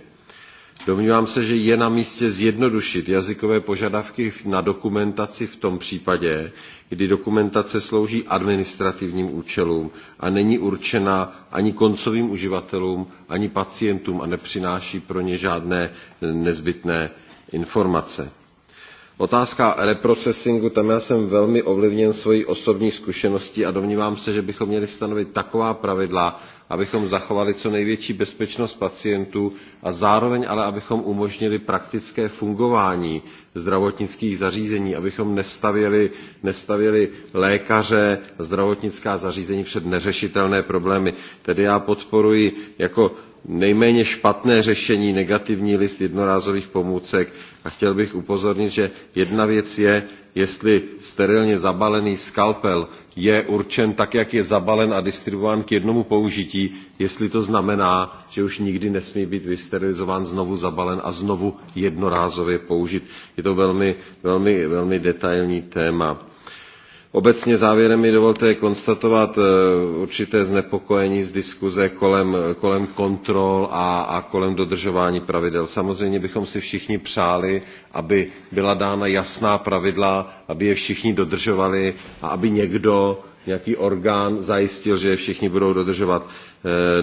Domnívám se, že je na místě zjednodušit jazykové požadavky na dokumentaci v tom případě, kdy dokumentace slouží administrativním účelům a není určena ani koncovým uživatelům, ani pacientům a nepřináší pro ně žádné nezbytné informace. Otázka reprocesingu, tam já jsem velmi ovlivněn svojí osobní zkušeností a domnívám se, že bychom měli stanovit taková pravidla, abychom zachovali co největší bezpečnost pacientů a zároveň ale abychom umožnili praktické fungování zdravotnických zařízení, abychom nestavěli, nestavěli lékaře zdravotnická zařízení před neřešitelné problémy. Tedy já podporuji jako nejméně špatné řešení negativní list jednorázových pomůcek a chtěl bych upozornit, že jedna věc je, jestli sterilně zabalený skalpel je určen tak, jak je zabalen a distribuován k jednomu použití, jestli to znamená, že už nikdy nesmí být vysterilizován, znovu zabalen a znovu jednorázově použit. Je to velmi, velmi, velmi detailní téma. Obecně závěrem mi dovolte konstatovat eh, určité znepokojení z diskuze kolem, kolem kontrol a, a kolem dodržování pravidel. Samozřejmě bychom si všichni přáli, aby byla dána jasná pravidla, aby je všichni dodržovali a aby někdo, nějaký orgán zajistil, že je všichni budou dodržovat.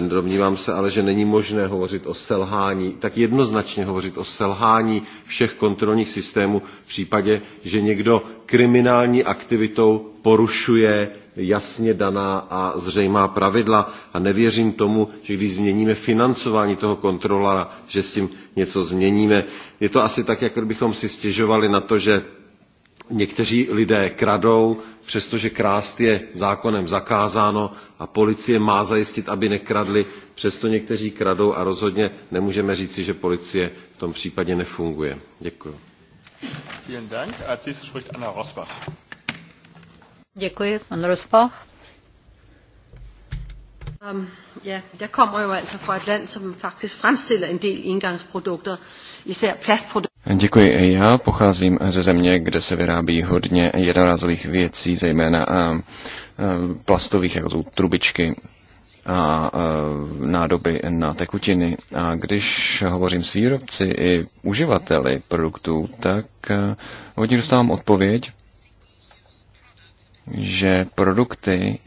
Eh, domnívám se ale, že není možné hovořit o selhání, tak jednoznačně hovořit o selhání všech kontrolních systémů v případě, že někdo kriminální aktivitou porušuje jasně daná a zřejmá pravidla a nevěřím tomu, že když změníme financování toho kontrolora, že s tím něco změníme. Je to asi tak, jak bychom si stěžovali na to, že někteří lidé kradou, přestože krást je zákonem zakázáno a policie má zajistit, aby nekradli, přesto někteří kradou a rozhodně nemůžeme říci, že policie v tom případě nefunguje. Děkuji.
Vielen Dank. Als nächstes spricht Anna Rosbach.
Děkuji, pan Rosbach. Um, ja, jeg kommer jo altså fra et land, som faktisk fremstiller en del engangsprodukter, især plastprodukter.
Děkuji. Já pocházím ze země, kde se vyrábí hodně jednorázových věcí, zejména plastových, jako jsou trubičky, a nádoby na tekutiny. A když hovořím s výrobci i uživateli produktů, tak hodně dostávám odpověď, že produkty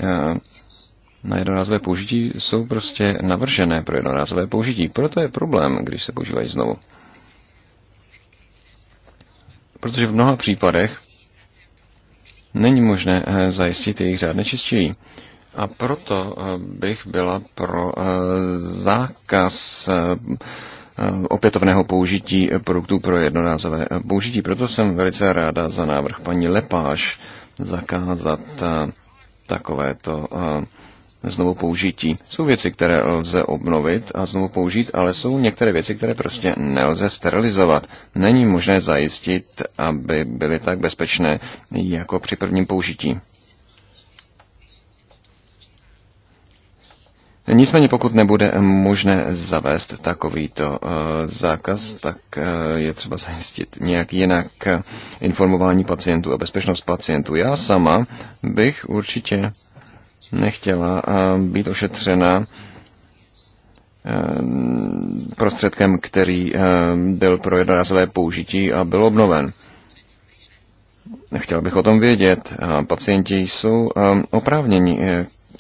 na jednorázové použití jsou prostě navržené pro jednorázové použití. Proto je problém, když se používají znovu. Protože v mnoha případech není možné eh, zajistit jejich řádné čistění. A proto eh, bych byla pro eh, zákaz eh, opětovného použití produktů pro jednorázové použití. Proto jsem velice ráda za návrh paní Lepáš zakázat takovéto znovu použití. Jsou věci, které lze obnovit a znovu použít, ale jsou některé věci, které prostě nelze sterilizovat. Není možné zajistit, aby byly tak bezpečné jako při prvním použití. Nicméně pokud nebude možné zavést takovýto eh, zákaz, tak eh, je třeba zajistit nějak jinak informování pacientů a bezpečnost pacientů. Já sama bych určitě nechtěla eh, být ošetřena prostředkem, který byl pro jednorázové použití a byl obnoven. Chtěl bych o tom vědět. Pacienti jsou oprávněni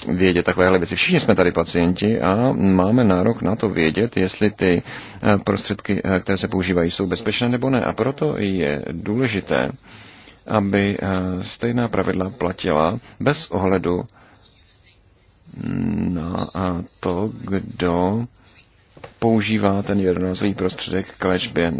vědět takovéhle věci. Všichni jsme tady pacienti a máme nárok na to vědět, jestli ty eh, prostředky, eh, které se používají, jsou bezpečné nebo ne. A proto je důležité, aby eh, stejná pravidla platila bez ohledu na to, kdo používá ten jednorázový prostředek k léčbě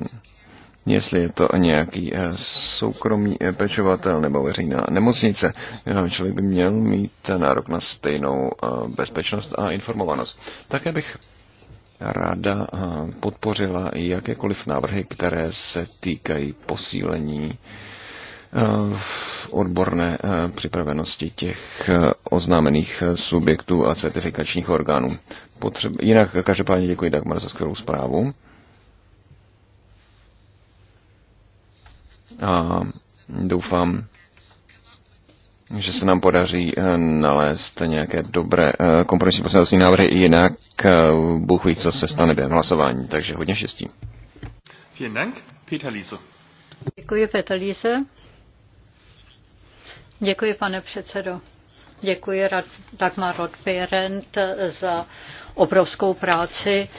jestli je to nějaký eh, soukromý eh, pečovatel nebo veřejná nemocnice. Eh, člověk by měl mít nárok na stejnou bezpečnost a informovanost. Také bych ráda podpořila jakékoliv návrhy, které se týkají posílení v odborné připravenosti těch oznámených subjektů a certifikačních orgánů. Potřeb... Jinak každopádně děkuji Dagmar za skvělou zprávu. A doufám, že se nám podaří eh, nalézt nějaké dobré eh, kompromisní poslanecí návrhy, jinak eh, Bůh ví, co se stane během hlasování. Takže hodně štěstí.
Děkuji, Petr Liese. Děkuji, pane předsedo. Děkuji Dagmar Rodběrent za obrovskou práci,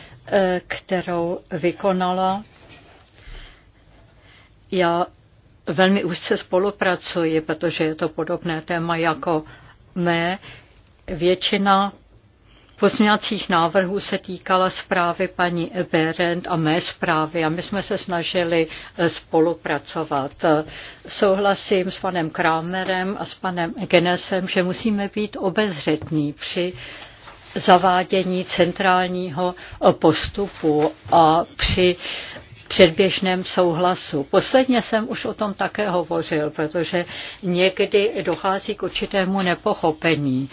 kterou vykonala. Já velmi úzce spolupracuji, protože je to podobné téma jako mé. Většina pozměňovacích návrhů se týkala zprávy paní Berend a mé zprávy a my jsme se snažili eh, spolupracovat. Souhlasím s panem Krámerem a s panem Genesem, že musíme být obezřetní při zavádění centrálního eh, postupu a při předběžném souhlasu. Posledně jsem už o tom také hovořil, protože někdy dochází k určitému nepochopení.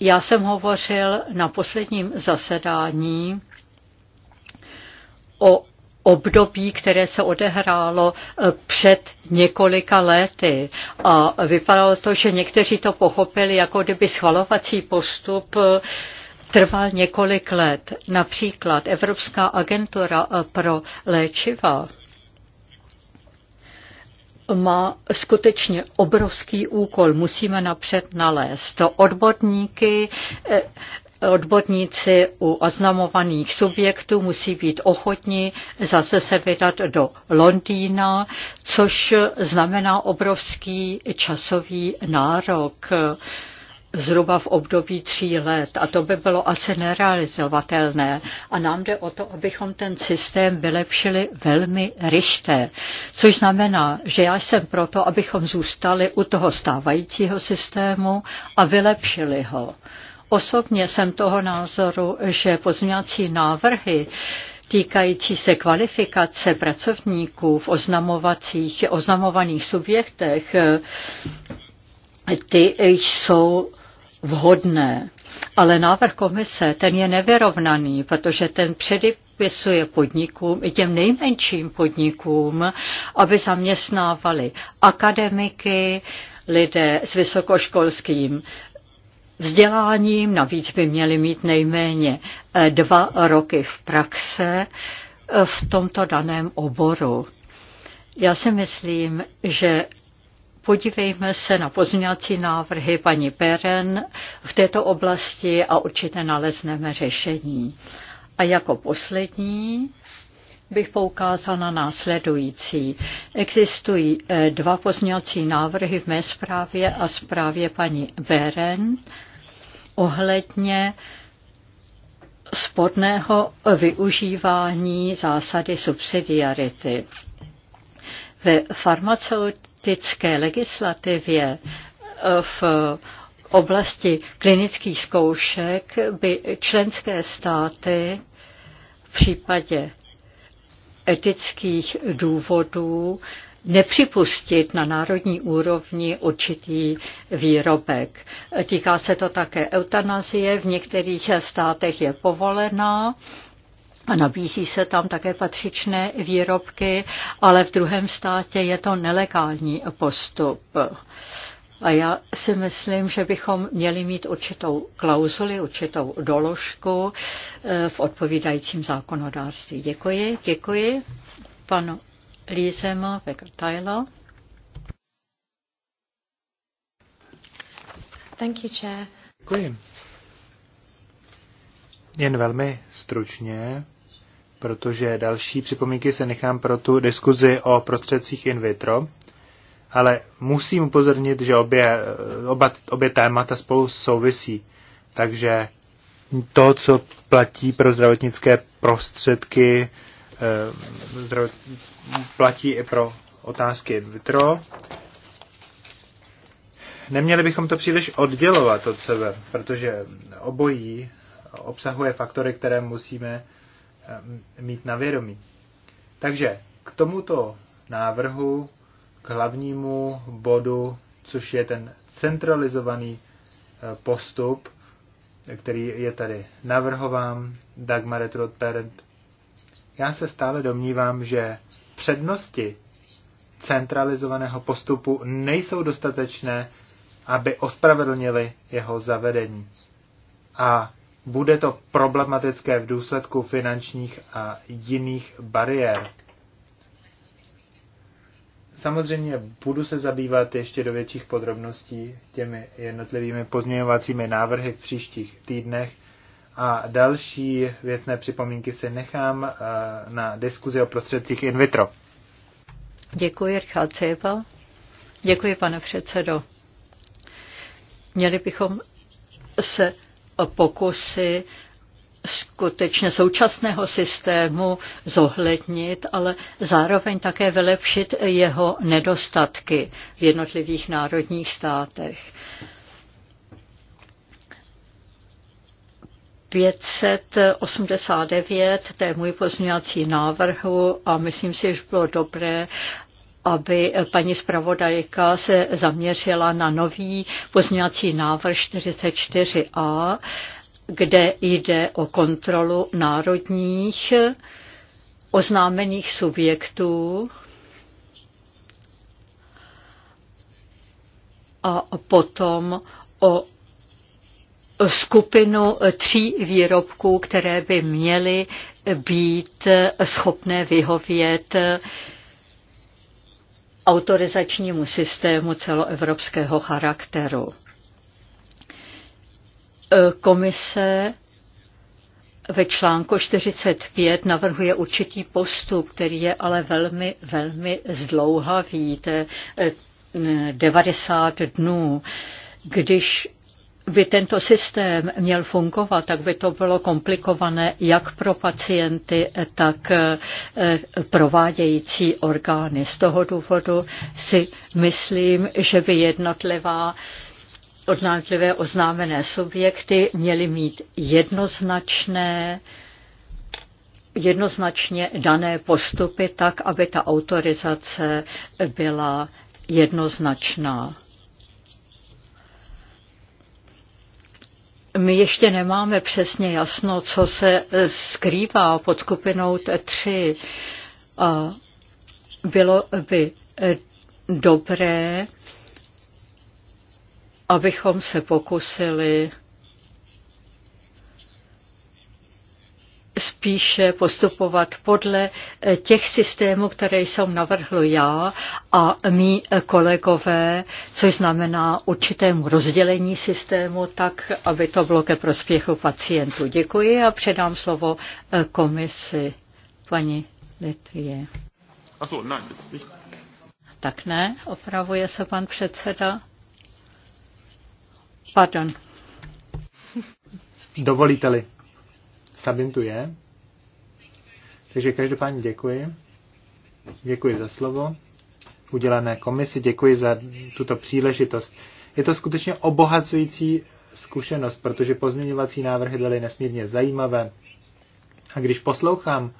Já jsem hovořil na posledním zasedání o období, které se odehrálo eh, před několika lety. A vypadalo to, že někteří to pochopili, jako kdyby schvalovací postup eh, trval několik let. Například Evropská agentura eh, pro léčiva má skutečně obrovský úkol. Musíme napřed nalézt to odborníky, eh, odborníci u oznamovaných subjektů musí být ochotní zase se vydat do Londýna, což znamená obrovský časový nárok zhruba v období tří let a to by bylo asi nerealizovatelné. A nám jde o to, abychom ten systém vylepšili velmi ryšté, což znamená, že já jsem proto, abychom zůstali u toho stávajícího systému a vylepšili ho. Osobně jsem toho názoru, že pozměňovací návrhy týkající se kvalifikace pracovníků v oznamovacích, oznamovaných subjektech, ty jsou vhodné. Ale návrh komise, ten je nevyrovnaný, protože ten předepisuje předpisuje podnikům, i těm nejmenším podnikům, aby zaměstnávali akademiky, lidé s vysokoškolským vzděláním, navíc by měli mít nejméně eh, dva roky v praxe eh, v tomto daném oboru. Já si myslím, že Podívejme se na pozměňovací návrhy paní Peren v této oblasti a určitě nalezneme řešení. A jako poslední bych poukázal na následující. Existují eh, dva pozměňovací návrhy v mé zprávě a zprávě paní Beren ohledně sporného využívání zásady subsidiarity. Ve farmaceutické etické legislativě eh, v oblasti klinických zkoušek by členské státy v případě etických důvodů nepřipustit na národní úrovni určitý výrobek. Týká se to také eutanazie, v některých státech je povolená a nabízí se tam také patřičné výrobky, ale v druhém státě je to nelegální postup. A já si myslím, že bychom měli mít určitou klauzuli, určitou doložku eh, v odpovídajícím zákonodárství. Děkuji, děkuji panu Lízema Vegrtajla.
Thank you, Chair. Děkuji. Jen velmi stručně protože další připomínky se nechám pro tu diskuzi o prostředcích in vitro, ale musím upozornit, že obě, oba, obě témata spolu souvisí. Takže to, co platí pro zdravotnické prostředky, eh, platí i pro otázky in vitro. Neměli bychom to příliš oddělovat od sebe, protože obojí obsahuje faktory, které musíme Eh, mít na vědomí. Takže k tomuto návrhu, k hlavnímu bodu, což je ten centralizovaný eh, postup, který je tady navrhován Dagmar Parent. Já se stále domnívám, že přednosti centralizovaného postupu nejsou dostatečné, aby ospravedlnili jeho zavedení. A bude to problematické v důsledku finančních a jiných bariér. Samozřejmě budu se zabývat ještě do větších podrobností těmi jednotlivými pozměňovacími návrhy v příštích týdnech a další věcné připomínky se nechám eh, na diskuzi o prostředcích in vitro.
Děkuji, Richard Cejpa. Děkuji, pane předsedo. Měli bychom se pokusy skutečně současného systému zohlednit, ale zároveň také vylepšit jeho nedostatky v jednotlivých národních státech. 589, to je můj pozměňovací návrhu a myslím si, že bylo dobré, aby paní zpravodajka se zaměřila na nový pozněvací návrh 44a, kde jde o kontrolu národních oznámených subjektů a potom o skupinu tří výrobků, které by měly být schopné vyhovět autorizačnímu systému celoevropského charakteru. E, komise ve článku 45 navrhuje určitý postup, který je ale velmi, velmi zdlouhavý, to je 90 e, dnů. Když by tento systém měl fungovat, tak by to bylo komplikované jak pro pacienty, tak eh, provádějící orgány. Z toho důvodu si myslím, že by jednotlivá odnáčlivé oznámené subjekty měly mít jednoznačné jednoznačně dané postupy tak, aby ta autorizace byla jednoznačná. My ještě nemáme přesně jasno, co se eh, skrývá pod skupinou 3. A bylo by eh, dobré, abychom se pokusili spíše postupovat podle eh, těch systémů, které jsem navrhl já a mý eh, kolegové, což znamená určitému rozdělení systému, tak, aby to bylo ke prospěchu pacientů. Děkuji a předám slovo eh, komisi paní Letrie. Achso, nein, ist nicht. Tak ne, opravuje se pan předseda. Pardon.
Dovolíte-li. Sabin tu je. Takže každopádně děkuji. Děkuji za slovo. Udělané komisi, děkuji za tuto příležitost. Je to skutečně obohacující zkušenost, protože pozměňovací návrhy byly nesmírně zajímavé. A když poslouchám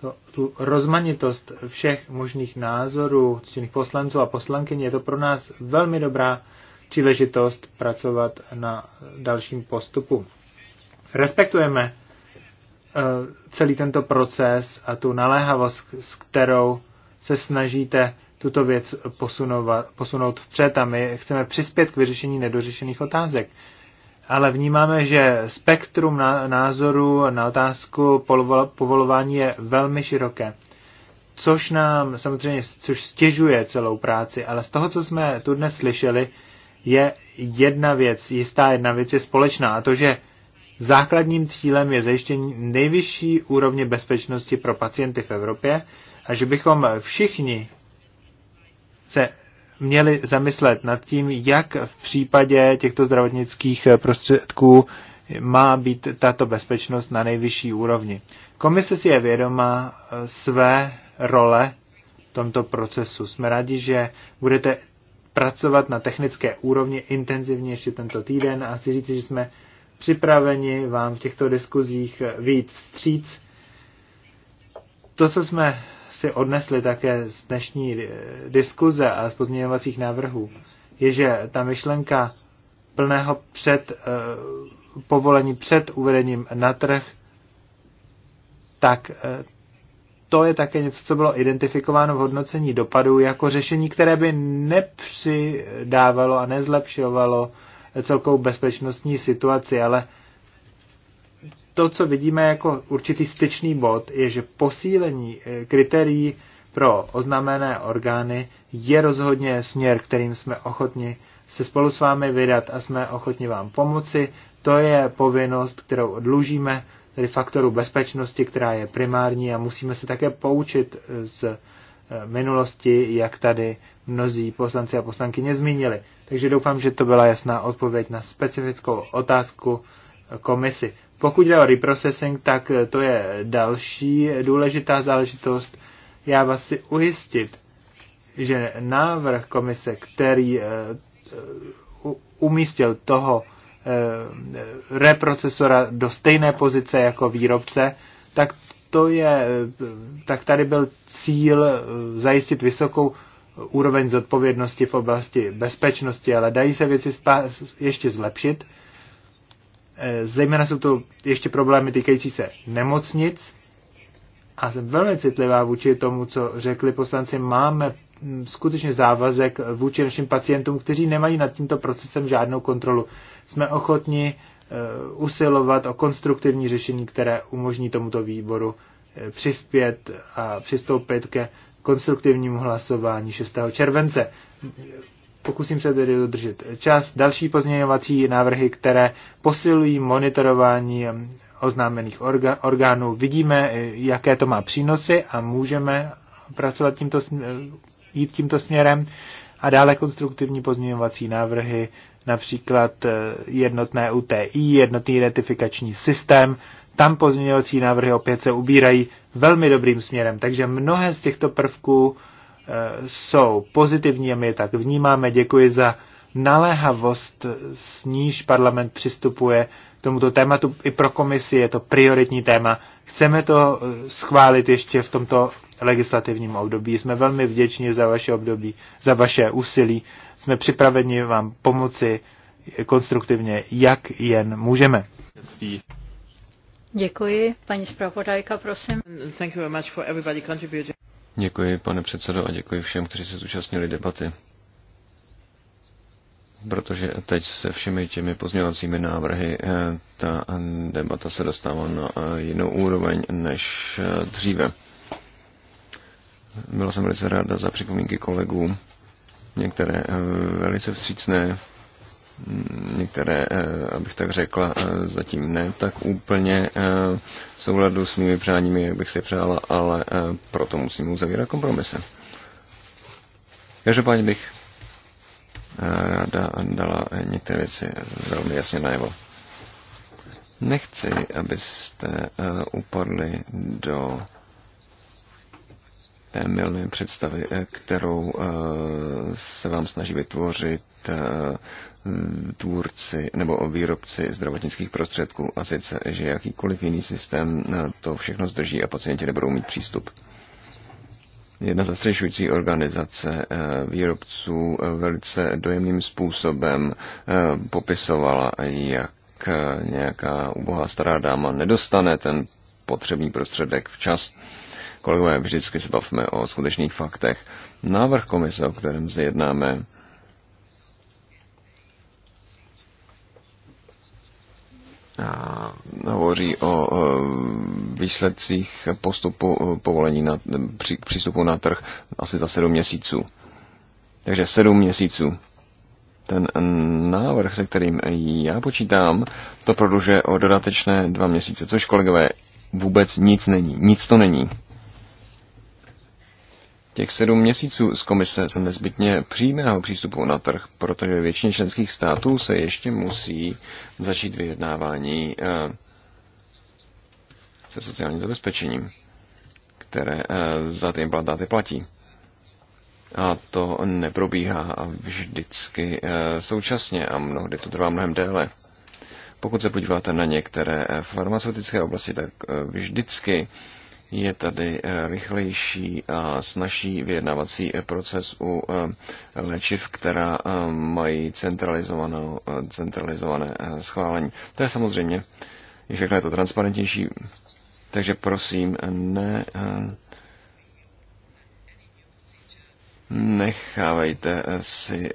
to, tu rozmanitost všech možných názorů ctěných poslanců a poslankyně, je to pro nás velmi dobrá příležitost pracovat na dalším postupu. Respektujeme Eh, celý tento proces a tu naléhavost, s kterou se snažíte tuto věc posunovat, posunout vpřed a my chceme přispět k vyřešení nedořešených otázek. Ale vnímáme, že spektrum názoru na otázku povolování je velmi široké, což nám samozřejmě což stěžuje celou práci, ale z toho, co jsme tu dnes slyšeli, je jedna věc, jistá jedna věc je společná a to, že Základním cílem je zajištění nejvyšší úrovně bezpečnosti pro pacienty v Evropě a že bychom všichni se měli zamyslet nad tím, jak v případě těchto zdravotnických prostředků má být tato bezpečnost na nejvyšší úrovni. Komise si je vědoma eh, své role v tomto procesu. Jsme rádi, že budete pracovat na technické úrovni intenzivně ještě tento týden a chci říct, že jsme připraveni vám v těchto diskuzích výjít vstříc. To, co jsme si odnesli také z dnešní eh, diskuze a z pozměňovacích návrhů, je, že ta myšlenka plného před, eh, povolení před uvedením na trh, tak eh, to je také něco, co bylo identifikováno v hodnocení dopadů jako řešení, které by nepřidávalo a nezlepšovalo celkovou bezpečnostní situaci, ale to, co vidíme jako určitý styčný bod, je, že posílení eh, kritérií pro oznámené orgány je rozhodně směr, kterým jsme ochotni se spolu s vámi vydat a jsme ochotni vám pomoci. To je povinnost, kterou odlužíme, tedy faktoru bezpečnosti, která je primární a musíme se také poučit eh, z eh, minulosti, jak tady mnozí poslanci a poslankyně zmínili. Takže doufám, že to byla jasná odpověď na specifickou otázku komisi. Pokud jde o reprocessing, tak to je další důležitá záležitost. Já vás chci ujistit, že návrh komise, který eh, umístil toho eh, reprocesora do stejné pozice jako výrobce, tak to je, eh, tak tady byl cíl zajistit vysokou úroveň zodpovědnosti v oblasti bezpečnosti, ale dají se věci ještě zlepšit. Eh, zejména jsou to ještě problémy týkající se nemocnic. A jsem velmi citlivá vůči tomu, co řekli poslanci. Máme hm, skutečně závazek vůči našim pacientům, kteří nemají nad tímto procesem žádnou kontrolu. Jsme ochotni eh, usilovat o konstruktivní řešení, které umožní tomuto výboru eh, přispět a přistoupit ke konstruktivnímu hlasování 6. července. Pokusím se tedy dodržet čas. Další pozměňovací návrhy, které posilují monitorování oznámených orga, orgánů. Vidíme, jaké to má přínosy a můžeme pracovat tímto, e, jít tímto směrem. A dále konstruktivní pozměňovací návrhy například eh, jednotné UTI, jednotný identifikační systém, tam pozměňovací návrhy opět se ubírají velmi dobrým směrem. Takže mnohé z těchto prvků eh, jsou pozitivní a my je tak vnímáme. Děkuji za naléhavost, s níž parlament přistupuje k tomuto tématu. I pro komisi je to prioritní téma. Chceme to eh, schválit ještě v tomto legislativním období. Jsme velmi vděční za vaše období, za vaše úsilí. Jsme připraveni vám pomoci konstruktivně, jak jen můžeme.
Děkuji. Paní zpravodajka, prosím.
Děkuji, pane předsedo, a děkuji všem, kteří se zúčastnili debaty. Protože teď se všemi těmi pozměňovacími návrhy eh, ta debata se dostává na eh, jinou úroveň než eh, dříve. Byla jsem velice ráda za připomínky kolegů, některé eh, velice vstřícné, některé, eh, abych tak řekla, eh, zatím ne tak úplně v souladu s mými přáními, jak bych si přála, ale proto musím uzavírat kompromise. Každopádně bych ráda dala některé věci velmi jasně najevo. Nechci, abyste upadli do té milné představy, eh, kterou eh, se vám snaží vytvořit eh, tvůrci nebo výrobci zdravotnických prostředků a sice, že jakýkoliv jiný systém to všechno zdrží a pacienti nebudou mít přístup. Jedna zastřešující organizace výrobců velice dojemným způsobem popisovala, jak nějaká ubohá stará dáma nedostane ten potřebný prostředek včas. Kolegové, vždycky se bavme o skutečných faktech. Návrh komise, o kterém zde jednáme, a hovoří o výsledcích postupu povolení na, při, přístupu na trh asi za sedm měsíců. Takže sedm měsíců. Ten návrh, se kterým já počítám, to prodlužuje o dodatečné dva měsíce, což kolegové vůbec nic není. Nic to není. Těch sedm měsíců z komise se nezbytně přímého přístupu na trh, protože většině členských států se ještě musí začít vyjednávání eh, se sociálním zabezpečením, které eh, za ty implantáty platí. A to neprobíhá vždycky eh, současně a mnohdy to trvá mnohem déle. Pokud se podíváte na některé farmaceutické oblasti, tak vždycky je tady eh, rychlejší a snažší vyjednavací eh, proces u eh, léčiv, která mají centralizované schválení. To je samozřejmě, je všechno je to transparentnější, takže prosím, ne, nechávejte si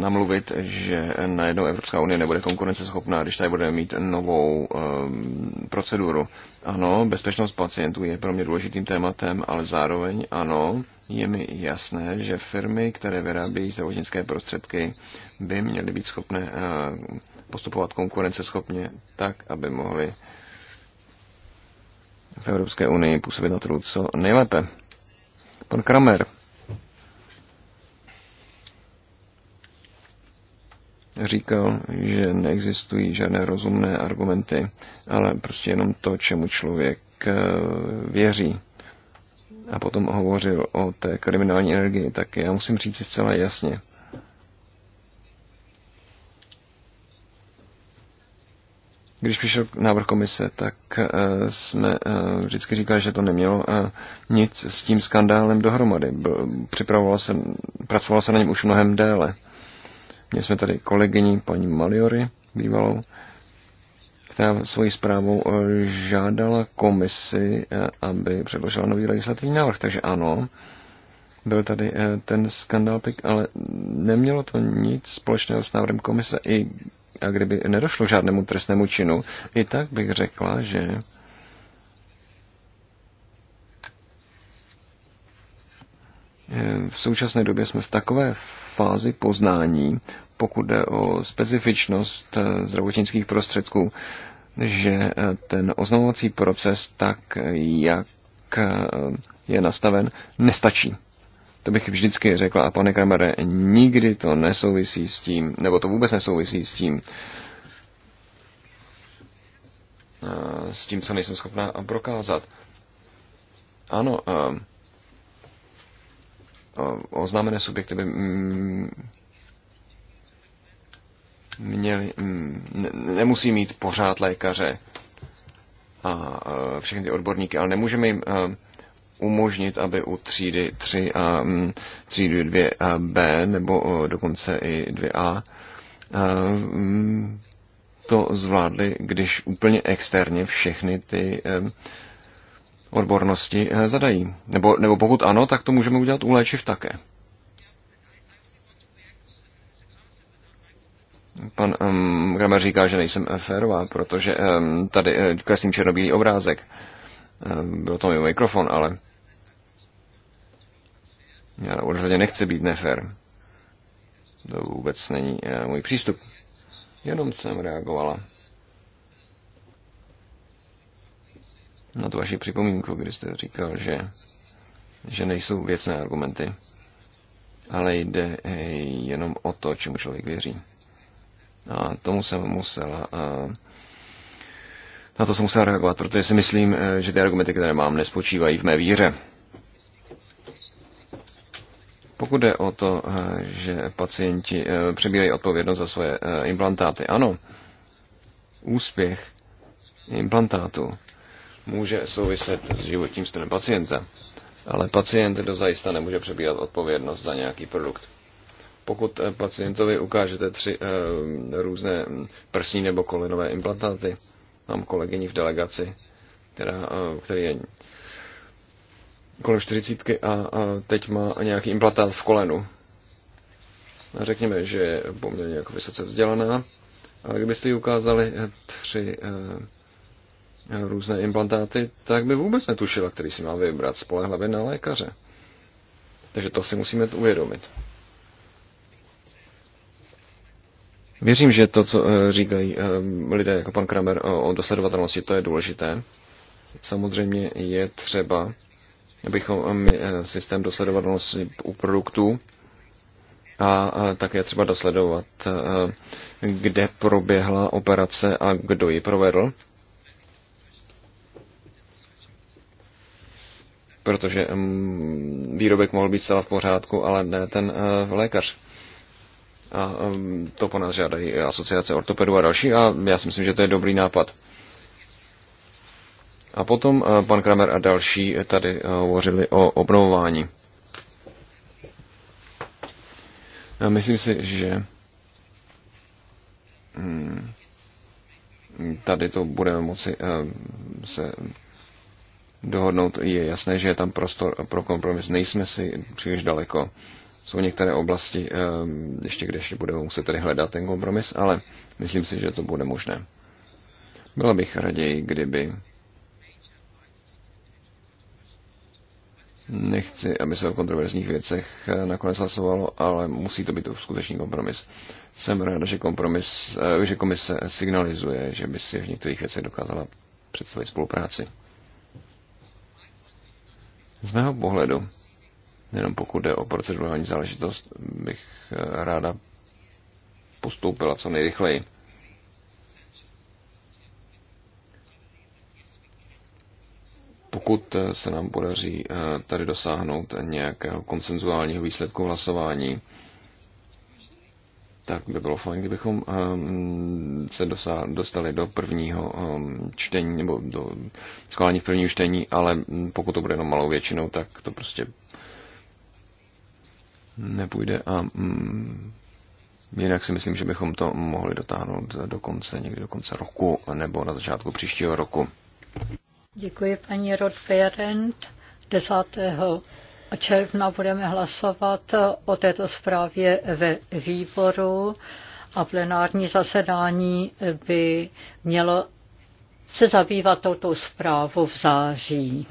namluvit, že najednou Evropská unie nebude konkurenceschopná, když tady budeme mít novou um, proceduru. Ano, bezpečnost pacientů je pro mě důležitým tématem, ale zároveň ano, je mi jasné, že firmy, které vyrábějí zdravotnické prostředky, by měly být schopné uh, postupovat konkurenceschopně tak, aby mohly v Evropské unii působit na trhu co nejlépe. Pan Kramer říkal, že neexistují žádné rozumné argumenty, ale prostě jenom to, čemu člověk eh, věří. A potom hovořil o té kriminální energii, tak já musím říct si zcela jasně. Když přišel návrh komise, tak eh, jsme eh, vždycky říkali, že to nemělo nic s tím skandálem dohromady. Připravovalo se, pracovalo se na něm už mnohem déle. Měli jsme tady kolegyni paní Maliory, bývalou, která svojí zprávou eh, žádala komisi, eh, aby předložila nový legislativní návrh. Takže ano, byl tady eh, ten skandál ale nemělo to nic společného s návrhem komise. I a kdyby nedošlo žádnému trestnému činu, i tak bych řekla, že v současné době jsme v takové fázi poznání, pokud jde o specifičnost eh, zdravotnických prostředků, že eh, ten oznamovací proces tak, jak eh, je nastaven, nestačí. To bych vždycky řekla, a pane Kramere, nikdy to nesouvisí s tím, nebo to vůbec nesouvisí s tím, s tím, co nejsem schopná prokázat. Ano, oznámené subjekty by měli, nemusí mít pořád lékaře a všechny ty odborníky, ale nemůžeme jim umožnit, aby u třídy 3 a třídy 2B nebo dokonce i 2A to zvládli, když úplně externě všechny ty odbornosti eh, zadají. Nebo, nebo pokud ano, tak to můžeme udělat u léčiv také. Pan um, ehm, Gramer říká, že nejsem férová, protože um, tady uh, kreslím černobílý obrázek. Um, ehm, byl to můj mikrofon, ale já určitě nechci být nefér. To vůbec není uh, můj přístup. Jenom jsem reagovala. na tu vaši připomínku, kdy jste říkal, že, že nejsou věcné argumenty, ale jde jenom o to, čemu člověk věří. A tomu jsem musel na to jsem musel reagovat, protože si myslím, že ty argumenty, které mám, nespočívají v mé víře. Pokud jde o to, že pacienti e, přebírají odpovědnost za svoje e, implantáty, ano, úspěch implantátu může souviset s životním stylem pacienta. Ale pacient do zajista nemůže přebírat odpovědnost za nějaký produkt. Pokud eh, pacientovi ukážete tři e, různé prsní nebo kolinové implantáty, mám kolegyni v delegaci, která, e, který je kolem čtyřicítky a, a teď má nějaký implantát v kolenu. A řekněme, že je poměrně jako vysoce vzdělaná, ale kdybyste jí ukázali tři e, různé implantáty, tak by vůbec netušila, který si má vybrat, spolehlavě na lékaře. Takže to si musíme uvědomit. Věřím, že to, co eh, říkají eh, lidé jako pan Kramer o dosledovatelnosti, to je důležité. Samozřejmě je třeba, abychom eh, systém dosledovatelnosti u produktů a také třeba dosledovat, kde proběhla operace a kdo ji provedl protože mm, výrobek mohl být celá v pořádku, ale ne ten eh, lékař. A mm, to po nás žádají asociace ortopedů a další a já si myslím, že to je dobrý nápad. A potom eh, pan Kramer a další tady eh, hovořili o obnovování. Myslím si, že mm, tady to budeme moci se dohodnout. Je jasné, že je tam prostor pro kompromis. Nejsme si příliš daleko. Jsou některé oblasti, ehm, ještě kde ještě budeme muset tedy hledat ten kompromis, ale myslím si, že to bude možné. Byla bych raději, kdyby Nechci, aby se o kontroverzních věcech eh, nakonec hlasovalo, ale musí to být to skutečný kompromis. Jsem ráda, že, kompromis, eh, že komise signalizuje, že by si v některých věcech dokázala představit spolupráci. Z mého pohledu, jenom pokud jde o procedurální záležitost, bych eh, ráda postoupila co nejrychleji. Pokud eh, se nám podaří eh, tady dosáhnout nějakého konsenzuálního výsledku hlasování, tak by bylo fajn, kdybychom eh, se dostali do prvního eh, čtení nebo do schválení v prvním čtení, ale pokud to bude jenom malou většinou, tak to prostě nepůjde a mm, jinak si myslím, že bychom to mohli dotáhnout do konce, někdy do konce roku nebo na začátku příštího roku.
Děkuji paní Rodferent 10 června budeme hlasovat o této zprávě ve výboru a plenární zasedání by mělo se zabývat touto zprávou v září.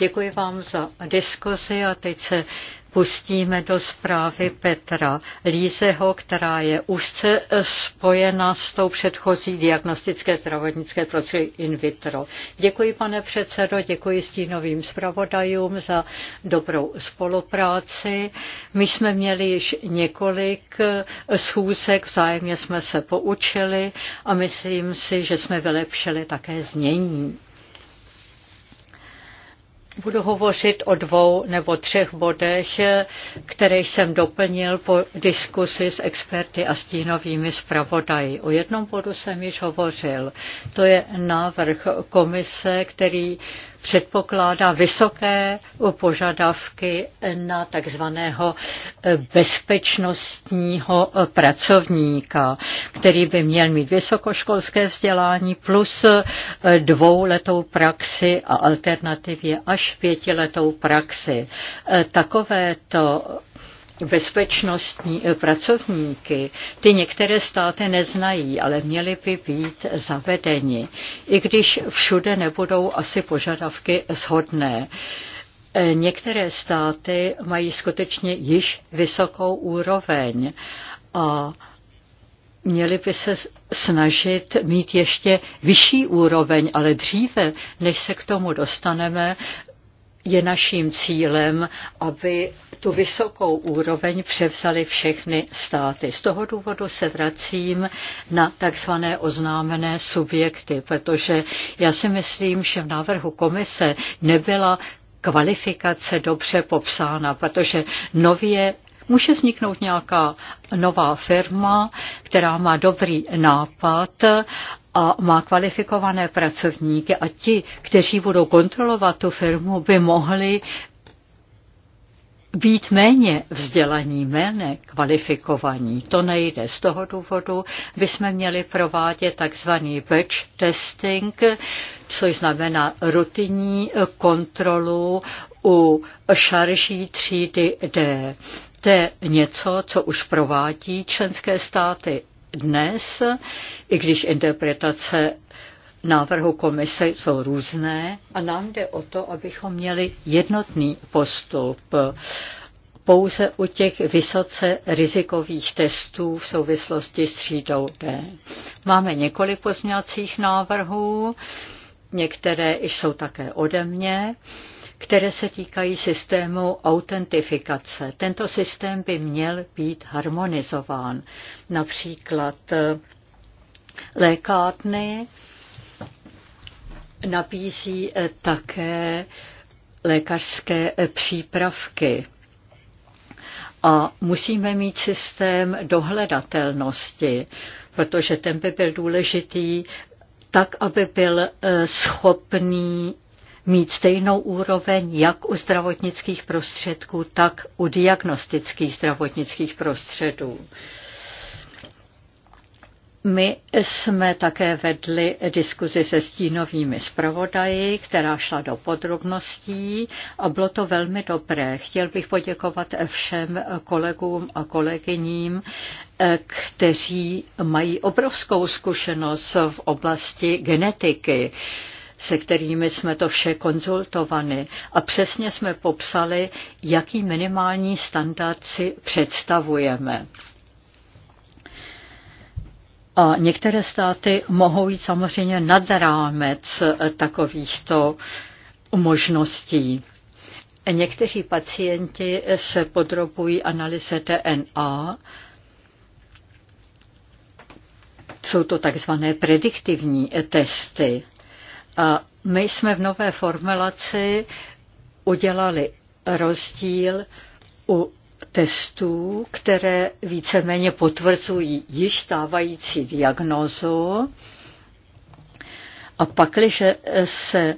Děkuji vám za diskuzi a teď se pustíme do zprávy Petra Lízeho, která je úzce spojena s tou předchozí diagnostické zdravotnické prostředí in vitro. Děkuji, pane předsedo, děkuji stínovým zpravodajům za dobrou spolupráci. My jsme měli již několik schůzek, vzájemně jsme se poučili a myslím si, že jsme vylepšili také znění. Budu hovořit o dvou nebo třech bodech, které jsem doplnil po diskusi s experty a stínovými zpravodaji. O jednom bodu jsem již hovořil. To je návrh komise, který předpokládá vysoké požadavky na takzvaného bezpečnostního pracovníka, který by měl mít vysokoškolské vzdělání plus dvouletou praxi a alternativě až pětiletou praxi. Takovéto bezpečnostní eh, pracovníky, ty některé státy neznají, ale měly by být zavedeni, i když všude nebudou asi požadavky shodné. Eh, některé státy mají skutečně již vysokou úroveň a měli by se snažit mít ještě vyšší úroveň, ale dříve, než se k tomu dostaneme, je naším cílem, aby tu vysokou úroveň převzali všechny státy. Z toho důvodu se vracím na takzvané oznámené subjekty, protože já si myslím, že v návrhu komise nebyla kvalifikace dobře popsána, protože nově může vzniknout nějaká nová firma, která má dobrý nápad a má kvalifikované pracovníky a ti, kteří budou kontrolovat tu firmu, by mohli být méně vzdělaní, méně kvalifikovaní. To nejde. Z toho důvodu bychom měli provádět takzvaný batch testing, což znamená rutinní kontrolu u šarží třídy D. To je něco, co už provádí členské státy dnes, i když interpretace návrhu komise jsou různé a nám jde o to, abychom měli jednotný postup pouze u těch vysoce rizikových testů v souvislosti s třídou D. Máme několik pozměňovacích návrhů, některé jsou také ode mě které se týkají systému autentifikace. Tento systém by měl být harmonizován. Například eh, lékárny nabízí eh, také lékařské eh, přípravky. A musíme mít systém dohledatelnosti, protože ten by byl důležitý tak, aby byl schopný mít stejnou úroveň jak u zdravotnických prostředků, tak u diagnostických zdravotnických prostředků. My jsme také vedli diskuzi se stínovými zpravodaji, která šla do podrobností a bylo to velmi dobré. Chtěl bych poděkovat všem kolegům a kolegyním, kteří mají obrovskou zkušenost v oblasti genetiky se kterými jsme to vše konzultovali a přesně jsme popsali, jaký minimální standard si představujeme. A některé státy mohou jít samozřejmě nad rámec eh, takovýchto možností. Někteří pacienti se podrobují analýze DNA, jsou to takzvané prediktivní testy. A my jsme v nové formulaci udělali rozdíl u testů, které víceméně potvrzují již stávající diagnózu. A pakliže se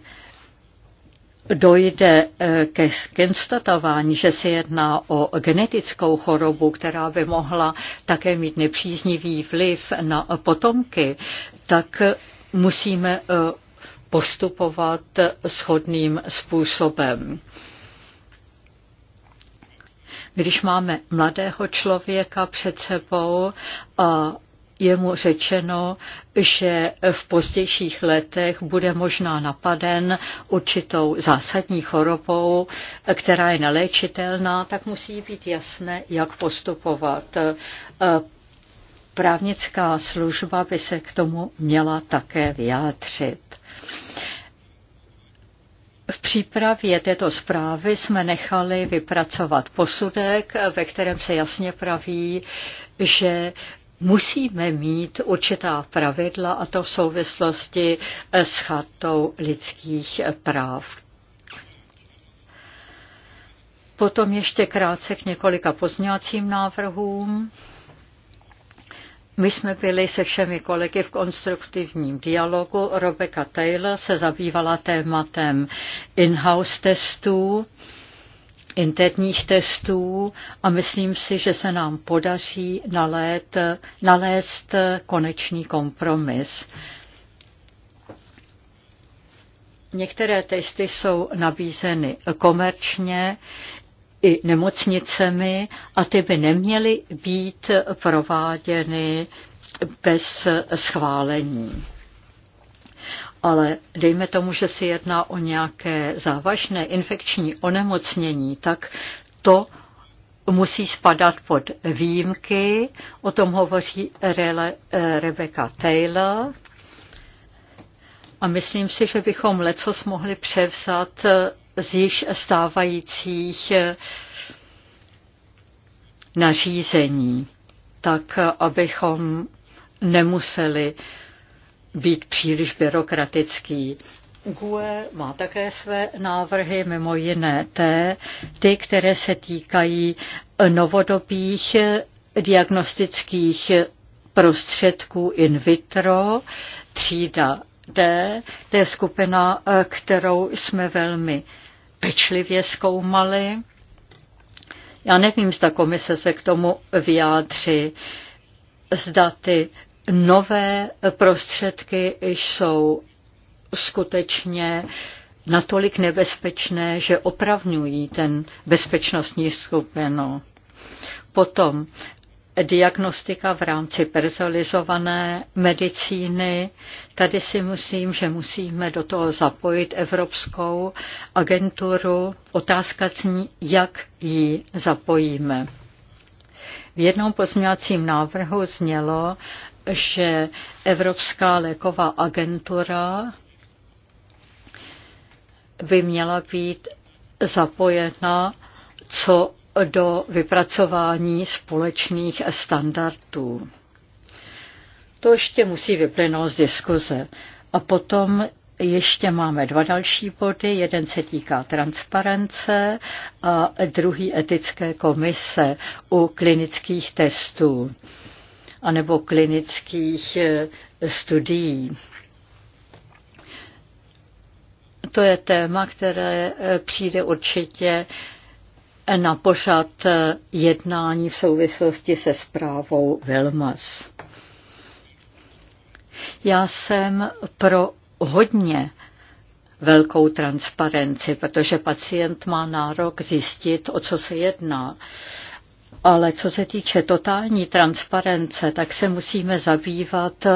dojde eh, ke konstatování, že se jedná o genetickou chorobu, která by mohla také mít nepříznivý vliv na potomky, tak musíme eh, postupovat shodným způsobem. Když máme mladého člověka před sebou a je mu řečeno, že v pozdějších letech bude možná napaden určitou zásadní chorobou, která je neléčitelná, tak musí být jasné, jak postupovat právnická služba by se k tomu měla také vyjádřit. V přípravě této zprávy jsme nechali vypracovat posudek, ve kterém se jasně praví, že musíme mít určitá pravidla, a to v souvislosti s chartou lidských práv. Potom ještě krátce k několika pozňovacím návrhům. My jsme byli se všemi kolegy v konstruktivním dialogu. Rebecca Taylor se zabývala tématem in-house testů, interních testů a myslím si, že se nám podaří nalét, nalézt konečný kompromis. Některé testy jsou nabízeny komerčně, i nemocnicemi a ty by neměly být prováděny bez schválení. Ale dejme tomu, že se jedná o nějaké závažné infekční onemocnění, tak to musí spadat pod výjimky. O tom hovoří Rele, eh, Rebecca Taylor. A myslím si, že bychom lecos mohli převzat eh, z již stávajících eh, nařízení, tak abychom nemuseli být příliš byrokratický. GUE má také své návrhy, mimo jiné té, ty, které se týkají novodobých eh, diagnostických prostředků in vitro, třída D, to je skupina, eh, kterou jsme velmi pečlivě zkoumali. Já nevím, zda komise se k tomu vyjádří, zda ty nové prostředky jsou skutečně natolik nebezpečné, že opravňují ten bezpečnostní skupinu. Potom diagnostika v rámci personalizované medicíny. Tady si myslím, že musíme do toho zapojit Evropskou agenturu. Otázka zní, jak ji zapojíme. V jednom pozměňovacím návrhu znělo, že Evropská léková agentura by měla být zapojena co do vypracování společných standardů. To ještě musí vyplynout z diskuze. A potom ještě máme dva další body. Jeden se týká transparence a druhý etické komise u klinických testů anebo klinických eh, studií. To je téma, které eh, přijde určitě na pořad eh, jednání v souvislosti se zprávou Vilmas. Já jsem pro hodně velkou transparenci, protože pacient má nárok zjistit, o co se jedná. Ale co se týče totální transparence, tak se musíme zabývat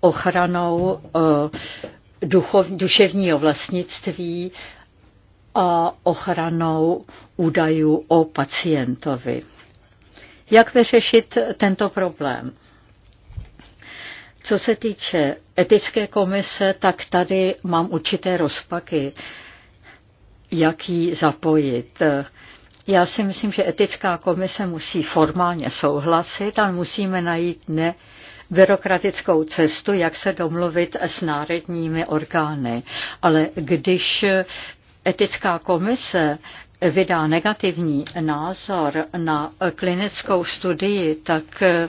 ochranou eh, duchov, duševního vlastnictví a ochranou údajů o pacientovi. Jak vyřešit tento problém? Co se týče etické komise, tak tady mám určité rozpaky, jak ji zapojit. Já si myslím, že etická komise musí formálně souhlasit, ale musíme najít ne byrokratickou cestu, jak se domluvit s národními orgány. Ale když etická komise vydá negativní názor na klinickou studii, tak eh,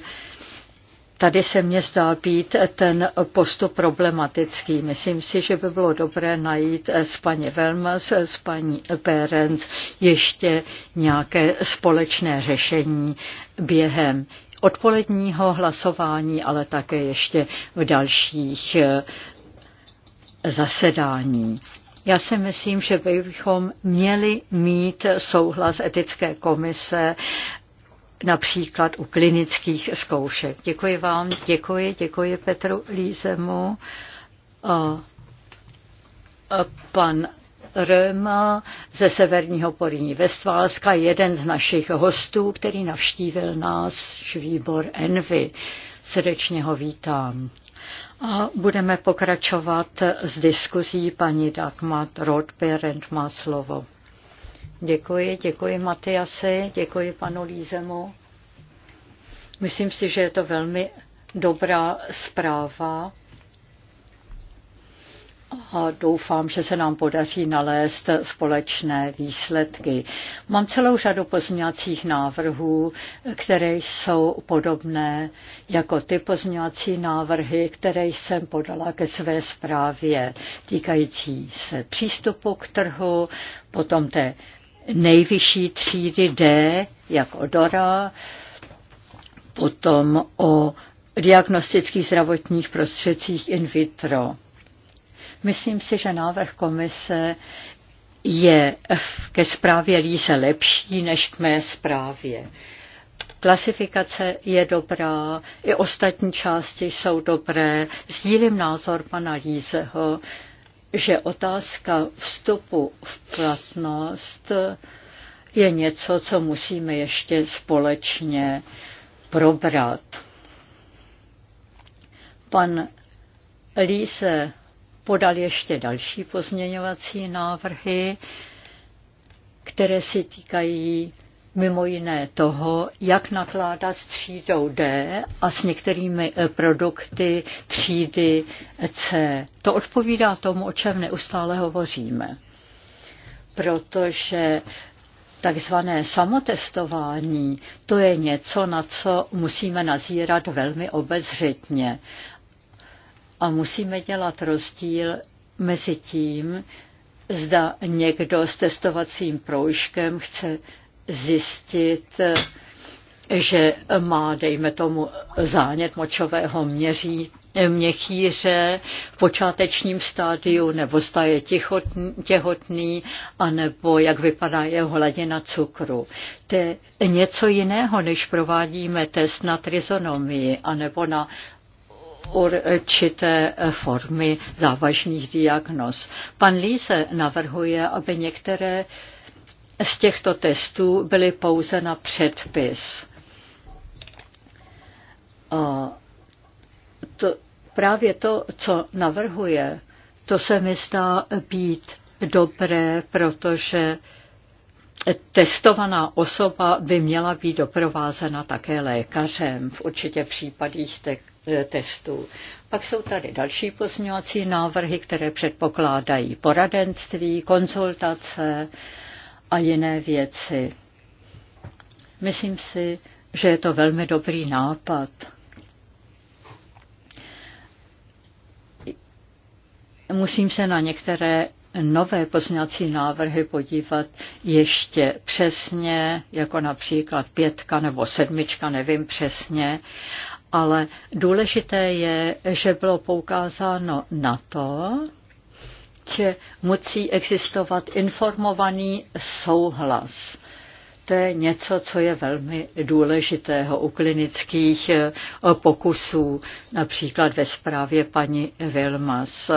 tady se mně zdá být ten postup problematický. Myslím si, že by bylo dobré najít s paní Velmas, s paní Perens ještě nějaké společné řešení během odpoledního hlasování, ale také ještě v dalších eh, zasedání. Já si myslím, že bychom měli mít souhlas etické komise například u klinických zkoušek. Děkuji vám, děkuji, děkuji Petru Lízemu. A pan Röma ze severního Porní Vestválska, jeden z našich hostů, který navštívil náš výbor Envy. Srdečně ho vítám. A budeme pokračovat s diskuzí paní Dagmar Rothberend má slovo. Děkuji, děkuji Matyasi, děkuji panu Lízemu. Myslím si, že je to velmi dobrá zpráva a doufám, že se nám podaří nalézt společné výsledky. Mám celou řadu pozměňovacích návrhů, které jsou podobné jako ty pozměňovací návrhy, které jsem podala ke své zprávě týkající se přístupu k trhu, potom té nejvyšší třídy D, jak odora, potom o diagnostických zdravotních prostředcích in vitro. Myslím si, že návrh komise je ke zprávě Líze lepší než k mé zprávě. Klasifikace je dobrá, i ostatní části jsou dobré. Sdílím názor pana Lízeho, že otázka vstupu v platnost je něco, co musíme ještě společně probrat. Pan Líze podal ještě další pozměňovací návrhy, které se týkají mimo jiné toho, jak nakládat s třídou D a s některými eh, produkty třídy C. To odpovídá tomu, o čem neustále hovoříme. Protože takzvané samotestování, to je něco, na co musíme nazírat velmi obezřetně. A musíme dělat rozdíl mezi tím, zda někdo s testovacím proužkem chce zjistit, že má, dejme tomu, zánět močového měří, měchýře v počátečním stádiu, nebo zda je těhotný, anebo jak vypadá jeho hladina cukru. To je něco jiného, než provádíme test na trizonomii, anebo na určité formy závažných diagnóz. Pan Líze navrhuje, aby některé z těchto testů byly pouze na předpis. A to, právě to, co navrhuje, to se mi zdá být dobré, protože testovaná osoba by měla být doprovázena také lékařem v určitě případích, tak Eh, testů. Pak jsou tady další pozměňovací návrhy, které předpokládají poradenství, konzultace a jiné věci. Myslím si, že je to velmi dobrý nápad. Musím se na některé nové pozměňovací návrhy podívat ještě přesně, jako například pětka nebo sedmička, nevím přesně, ale důležité je, že bylo poukázáno na to, že musí existovat informovaný souhlas. To je něco, co je velmi důležitého u klinických eh, pokusů, například ve zprávě paní Vilmas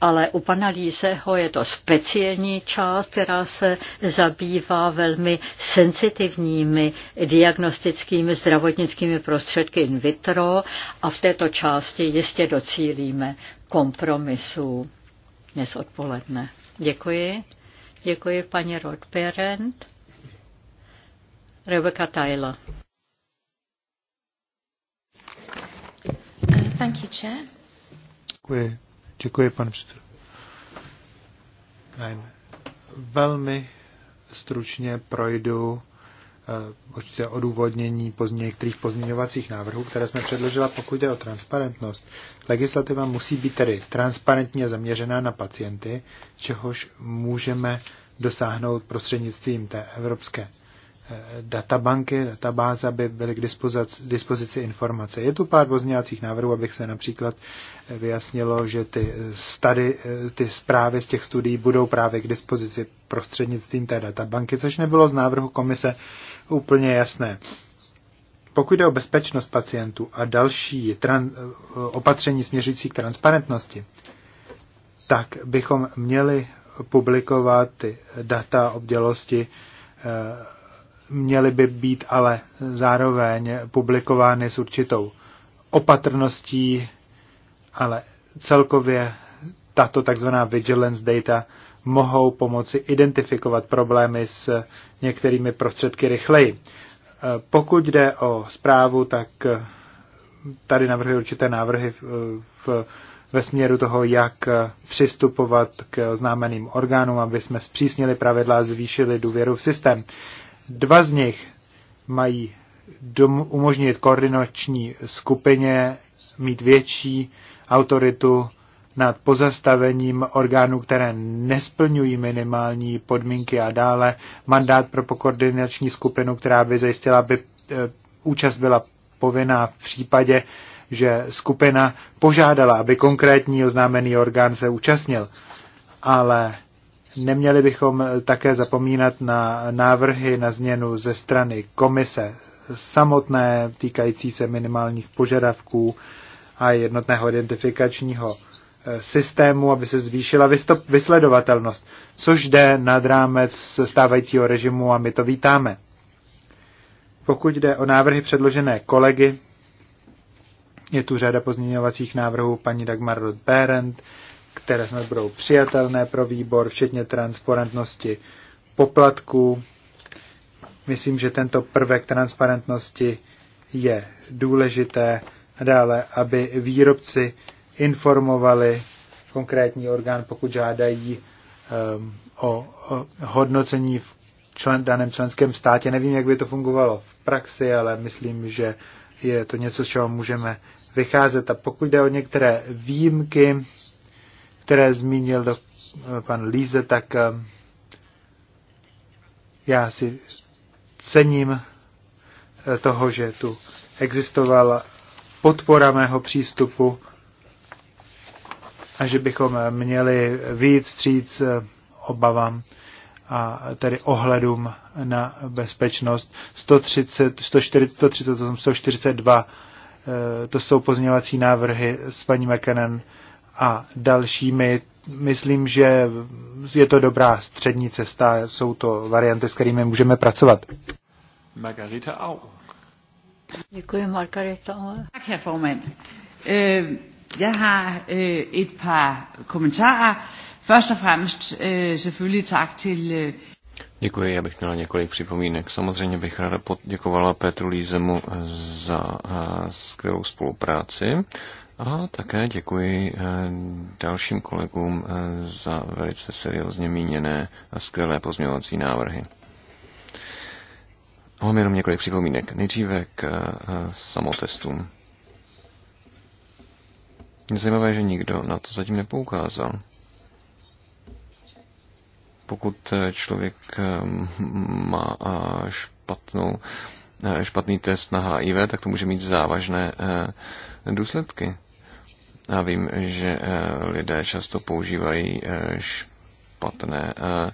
ale u pana Lízeho je to speciální část, která se zabývá velmi senzitivními diagnostickými zdravotnickými prostředky in vitro a v této části jistě docílíme kompromisu dnes odpoledne. Děkuji. Děkuji paní Rodperent. Rebecca Tyler. Thank you, Chair.
Děkuji, Děkuji, pane předsedo. Velmi stručně projdu eh, určitě odůvodnění pozdě, některých pozměňovacích návrhů, které jsme předložila, pokud jde o transparentnost. Legislativa musí být tedy transparentně zaměřená na pacienty, čehož můžeme dosáhnout prostřednictvím té evropské Eh, databanky, databáze, aby byly k dispozici, dispozici informace. Je tu pár pozměňovacích návrhů, abych se například eh, vyjasnilo, že ty, eh, study, ty zprávy z těch studií budou právě k dispozici prostřednictvím té databanky, což nebylo z návrhu komise úplně jasné. Pokud jde o bezpečnost pacientů a další tran, opatření směřící k transparentnosti, tak bychom měli publikovat ty data obdělosti měly by být ale zároveň publikovány s určitou opatrností, ale celkově tato takzvaná vigilance data mohou pomoci identifikovat problémy s některými prostředky rychleji. Pokud jde o zprávu, tak tady navrhuji určité návrhy v, ve směru toho, jak přistupovat k oznámeným orgánům, aby jsme zpřísnili pravidla a zvýšili důvěru v systém. Dva z nich mají dom- umožnit koordinační skupině mít větší autoritu nad pozastavením orgánů, které nesplňují minimální podmínky a dále mandát pro koordinační skupinu, která by zajistila, aby e, účast byla povinná v případě, že skupina požádala, aby konkrétní oznámený orgán se účastnil. Ale Neměli bychom eh, také zapomínat na návrhy na změnu ze strany komise samotné, týkající se minimálních požadavků a jednotného identifikačního eh, systému, aby se zvýšila vysledovatelnost, což jde nad rámec stávajícího režimu a my to vítáme. Pokud jde o návrhy předložené kolegy, je tu řada pozměňovacích návrhů paní Dagmar Roth-Berendt, které snad budou přijatelné pro výbor, včetně transparentnosti poplatků. Myslím, že tento prvek transparentnosti je důležité. Dále, aby výrobci informovali konkrétní orgán, pokud žádají um, o, o hodnocení v člen, daném členském státě. Nevím, jak by to fungovalo v praxi, ale myslím, že je to něco, z čeho můžeme vycházet. A pokud jde o některé výjimky, které zmínil do, pan Líze, tak eh, já si cením eh, toho, že tu existovala podpora mého přístupu a že bychom eh, měli víc stříc obavám a tedy ohledům na bezpečnost. 130, 140, 138, 142 to jsou pozměňovací návrhy s paní McKinnon a dalšími. Myslím, že je to dobrá střední cesta, jsou to varianty, s kterými můžeme pracovat.
Margarita Au.
Děkuji, Margarita Au. Tak, herr formand. Øh, jeg har øh, et par komentáře. Først og fremst øh, selvfølgelig tak til øh,
Děkuji, já bych měla několik připomínek. Samozřejmě bych ráda poděkovala Petru Lízemu za eh, skvělou spolupráci a také děkuji eh, dalším kolegům eh, za velice seriózně míněné a skvělé pozměňovací návrhy. Mám jenom několik připomínek. Nejdříve k eh, samotestům. Je zajímavé, že nikdo na to zatím nepoukázal. Pokud člověk má špatnou, špatný test na HIV, tak to může mít závažné důsledky. Já vím, že eh, lidé často používají eh, špatné eh,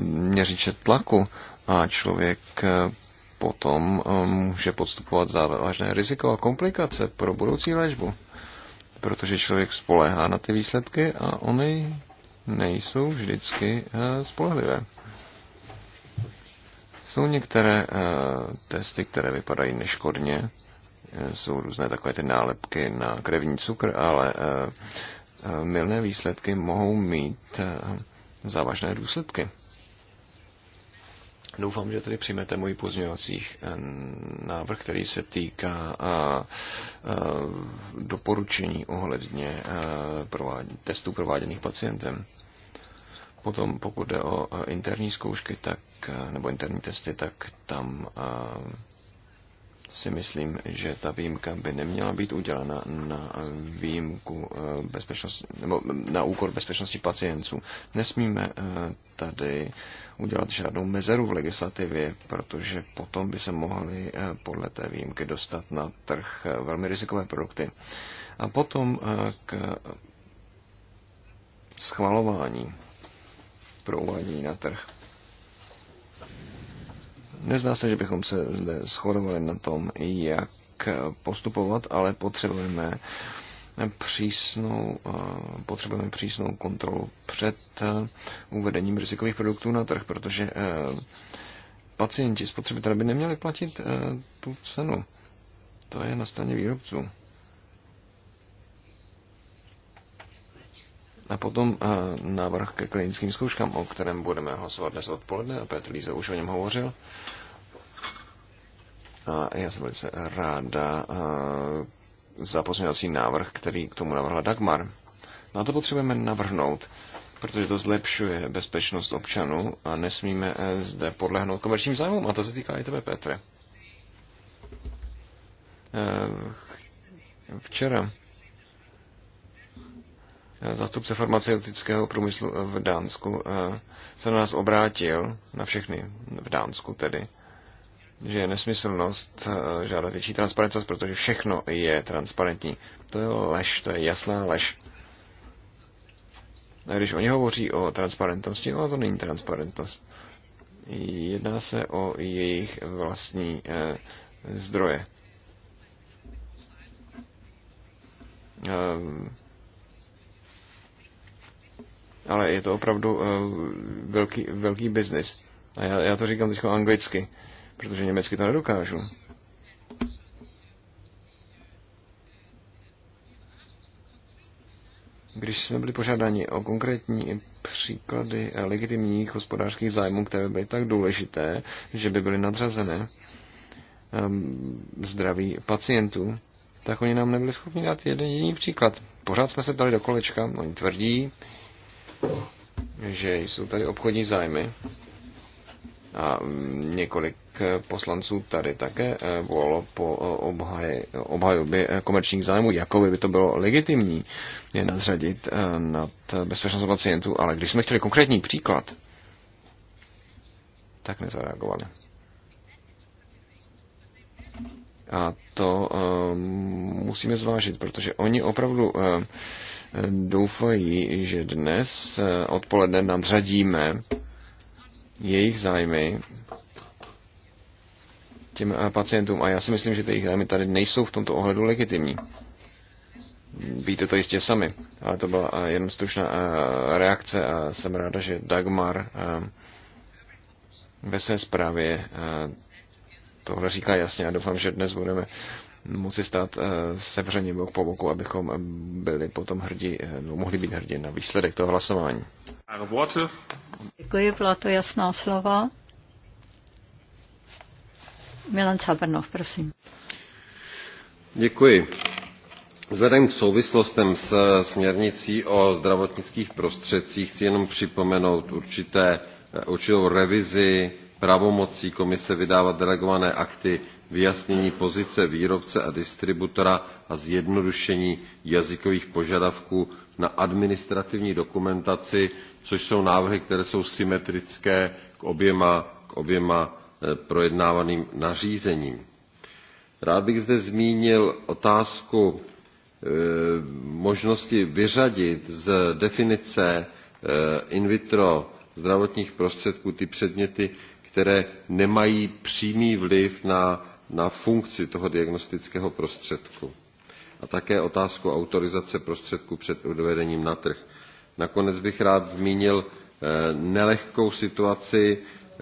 měřiče tlaku a člověk potom může podstupovat závažné riziko a komplikace pro budoucí léčbu. Protože člověk spolehá na ty výsledky a oni nejsou vždycky spolehlivé. Jsou některé testy, které vypadají neškodně, Eh, jsou různé takové ty nálepky na krevní cukr, ale eh, eh, milné výsledky mohou mít závažné důsledky. Doufám, že tedy přijmete můj pozměňovacích návrh, který se týká doporučení ohledně testů prováděných pacientem. Potom, pokud jde o interní zkoušky, tak, nebo interní testy, tak tam si myslím, že ta výjimka by neměla být udělena na výjimku eh, bezpečnosti, nebo na úkor bezpečnosti pacientů. Nesmíme eh, tady udělat žádnou mezeru v legislativě, protože potom by se mohly eh, podle té výjimky dostat na trh velmi rizikové produkty. A potom k schvalování pro uvádění na trh. Nezná se, že bychom se zde shodovali na tom, jak postupovat, ale potřebujeme přísnou, eh, potřebujeme přísnou kontrolu před eh, uvedením rizikových produktů na trh, protože eh, pacienti, spotřebitelé by neměli platit tu cenu. To je na straně výrobců. A potom eh, návrh ke klinickým zkouškám, o kterém budeme hlasovat dnes odpoledne, a Petr Líze už o něm hovořil. A já jsem velice ráda eh, za pozměňovací návrh, který k tomu navrhla Dagmar. Na no to potřebujeme navrhnout, protože to zlepšuje bezpečnost občanů a nesmíme eh, zde podlehnout komerčním zájmům, a to se týká i tebe, Petre. Včera Zastupce farmaceutického průmyslu v Dánsku eh, se na nás obrátil, na všechny v Dánsku tedy, že je nesmyslnost eh, žádat větší transparentnost, protože všechno je transparentní. To je lež, to je jasná lež. A když oni hovoří o transparentnosti, no to není transparentnost. Jedná se o jejich vlastní eh, zdroje. Eh, ale je to opravdu uh, velký, velký biznis. A já, já to říkám teď anglicky, protože německy to nedokážu. Když jsme byli požádáni o konkrétní příklady legitimních hospodářských zájmů, které by byly tak důležité, že by byly nadřazené ehm, zdraví pacientů, tak oni nám nebyli schopni dát jeden jediný příklad. Pořád jsme se dali do kolečka, oni tvrdí, že jsou tady obchodní zájmy a několik eh, poslanců tady také eh, volalo po eh, obhajobě komerčních zájmů, jako by to bylo legitimní je nadřadit nad bezpečnost pacientů, ale když jsme chtěli konkrétní příklad, tak nezareagovali. A to musíme zvážit, protože oni opravdu doufají, že dnes eh, odpoledne nadřadíme jejich zájmy těm eh, pacientům. A já si myslím, že ty jejich zájmy tady nejsou v tomto ohledu legitimní. Víte to jistě sami, ale to byla eh, jenom stručná reakce a jsem ráda, že Dagmar ve své zprávě tohle říká jasně a doufám, že dnes budeme moci stát eh, sevřeně bok po boku, abychom byli potom hrdí, eh, no, mohli být hrdí na výsledek toho hlasování.
Děkuji, byla to jasná slova. Milan Cabernov, prosím.
Děkuji. Vzhledem k souvislostem s eh, směrnicí o zdravotnických prostředcích chci jenom připomenout určité, určitou revizi pravomocí komise vydávat delegované akty vyjasnění pozice výrobce a distributora a zjednodušení jazykových požadavků na administrativní dokumentaci což jsou návrhy které jsou symetrické k oběma, k oběma e, projednávaným nařízením. rád bych zde zmínil otázku e, možnosti vyřadit z definice e, in vitro zdravotních prostředků ty předměty které nemají přímý vliv na, na funkci toho diagnostického prostředku. A také otázku autorizace prostředku před odvedením na trh. Nakonec bych rád zmínil eh, nelehkou situaci eh,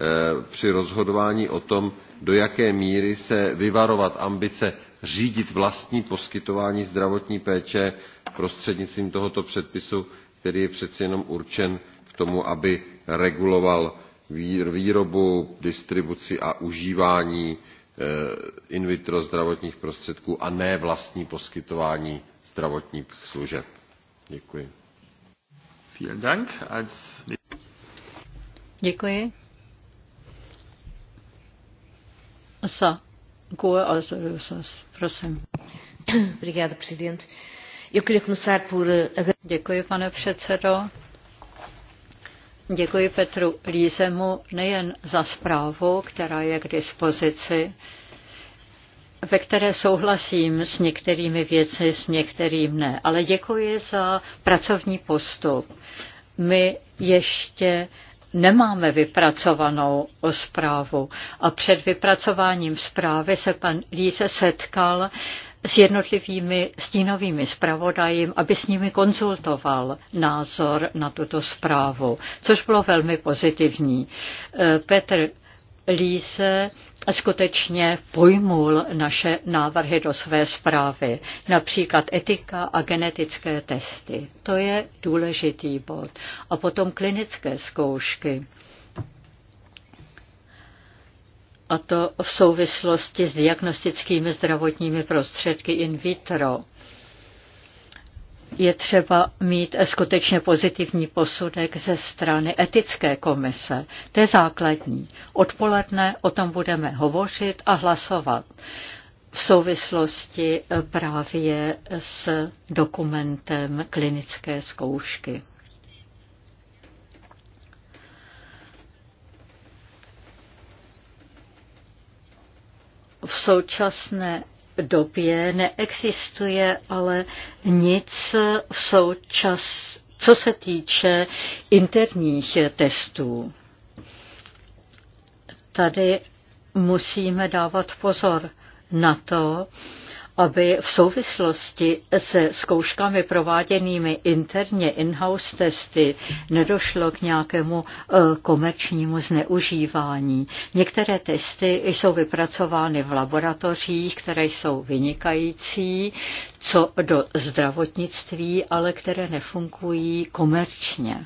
při rozhodování o tom, do jaké míry se vyvarovat ambice řídit vlastní poskytování zdravotní péče prostřednictvím tohoto předpisu, který je přeci jenom určen k tomu, aby reguloval výrobu, distribuci a užívání eh, in vitro zdravotních prostředků a ne vlastní poskytování zdravotních služeb. Děkuji.
Děkuji. Sa. Kua Alzarusas, prosím. Obrigada, presidente. Eu queria começar por... Děkuji, pane předsedo. Děkuji Petru Lízemu nejen za zprávu, která je k dispozici, ve které souhlasím s některými věci, s některým ne, ale děkuji za pracovní postup. My ještě nemáme vypracovanou zprávu a před vypracováním zprávy se pan Líze setkal s jednotlivými stínovými zpravodajem, aby s nimi konzultoval názor na tuto zprávu, což bylo velmi pozitivní. Eh, Petr Líze skutečně pojmul naše návrhy do své zprávy, například etika a genetické testy. To je důležitý bod. A potom klinické zkoušky. a to v souvislosti s diagnostickými zdravotními prostředky in vitro. Je třeba mít skutečně pozitivní posudek ze strany etické komise. To je základní. Odpoledne o tom budeme hovořit a hlasovat v souvislosti právě s dokumentem klinické zkoušky. V současné době neexistuje ale nic v součas, co se týče interních testů. Tady musíme dávat pozor na to, aby v souvislosti se zkouškami prováděnými interně in-house testy nedošlo k nějakému e, komerčnímu zneužívání. Některé testy jsou vypracovány v laboratořích, které jsou vynikající, co do zdravotnictví, ale které nefungují komerčně.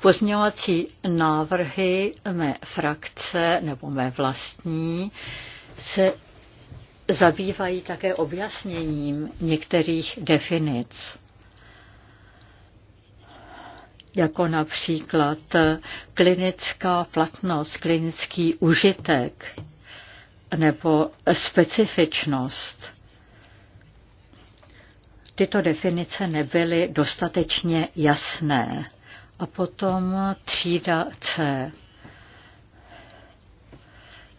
Pozměňovací návrhy mé frakce nebo mé vlastní se zabývají také objasněním některých definic. Jako například klinická platnost, klinický užitek nebo specifičnost tyto definice nebyly dostatečně jasné. A potom třída C.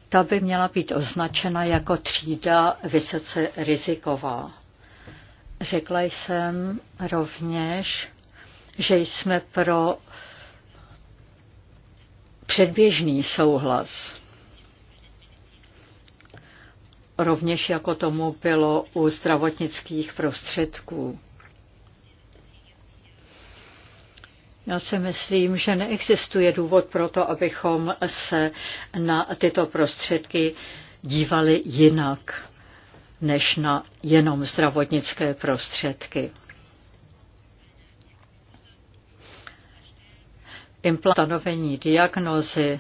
Ta by měla být označena jako třída vysoce riziková. Řekla jsem rovněž, že jsme pro předběžný souhlas. Rovněž jako tomu bylo u zdravotnických prostředků. Já si myslím, že neexistuje důvod pro to, abychom se na tyto prostředky dívali jinak než na jenom zdravotnické prostředky. Implantanovení diagnozy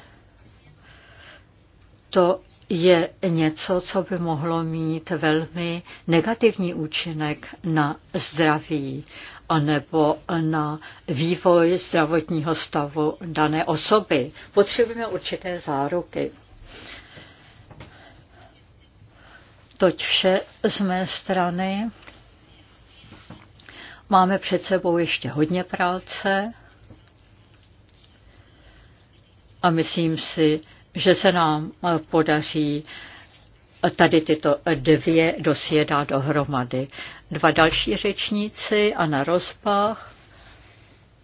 to je něco, co by mohlo mít velmi negativní účinek na zdraví anebo na vývoj zdravotního stavu dané osoby. Potřebujeme určité záruky. Toť vše z mé strany. Máme před sebou ještě hodně práce a myslím si, že se nám podaří tady tyto dvě dosie dá dohromady. Dva další řečníci, Anna Rozpach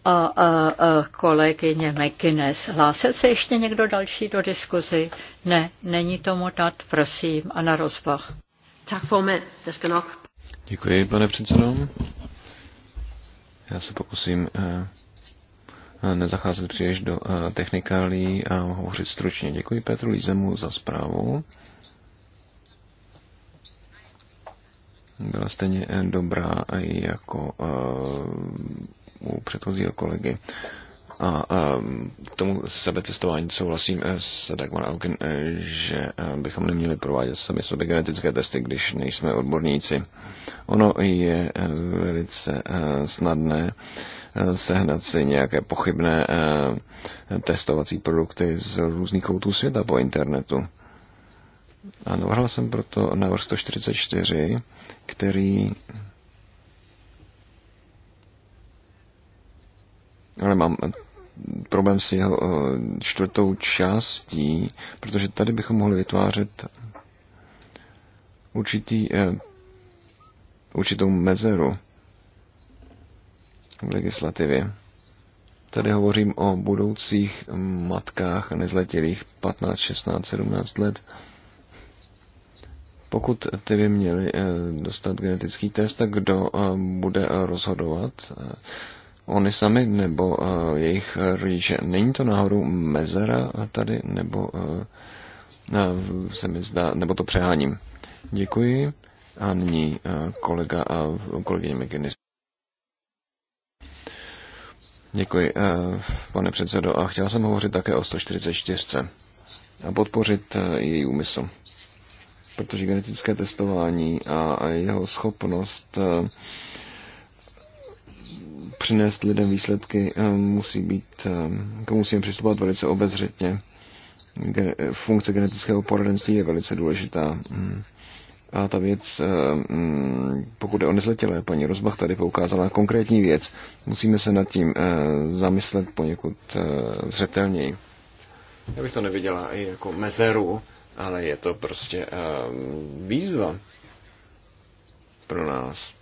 a, a, a kolegyně McInnes. Hlásil se ještě někdo další do diskuzi? Ne, není tomu tak, prosím, Anna Rozpach. Tak
Děkuji, pane předsedo. Já se pokusím eh, eh, nezacházet příliš do eh, technikálí a hovořit stručně. Děkuji Petru Lízemu za zprávu byla stejně eh, dobrá jako eh, u předchozího kolegy. A eh, k tomu sebetestování souhlasím s Dagmar Auken, že bychom neměli provádět sami sobě genetické testy, když nejsme odborníci. Ono je velice snadné sehnat si nějaké pochybné testovací produkty z různých koutů světa po internetu. A navrhl jsem proto návrh 144, který ale mám problém s jeho eh, čtvrtou částí, protože tady bychom mohli vytvářet určitý, eh, určitou mezeru v legislativě. Tady hovořím o budoucích matkách nezletilých 15, 16, 17 let, pokud ty by měli eh, dostat genetický test, tak kdo eh, bude eh, rozhodovat? Oni sami nebo jejich rodiče? Není to náhodou mezera tady, nebo se mi zdá, nebo to přeháním? Děkuji. A nyní kolega a kolegyně McGinnis. Děkuji, pane předsedo. A chtěl jsem hovořit také o 144 a podpořit její úmysl protože genetické testování a jeho schopnost eh, přinést lidem výsledky eh, musí být, eh, k musíme přistupovat velice obezřetně. Funkce genetického poradenství je velice důležitá. Mm. A ta věc, mm, pokud je o nezletilé, paní Rozbach tady poukázala konkrétní věc, musíme se nad tím zamyslet poněkud zřetelněji. Já bych to neviděla i jako mezeru ale je to prostě eh, výzva pro nás.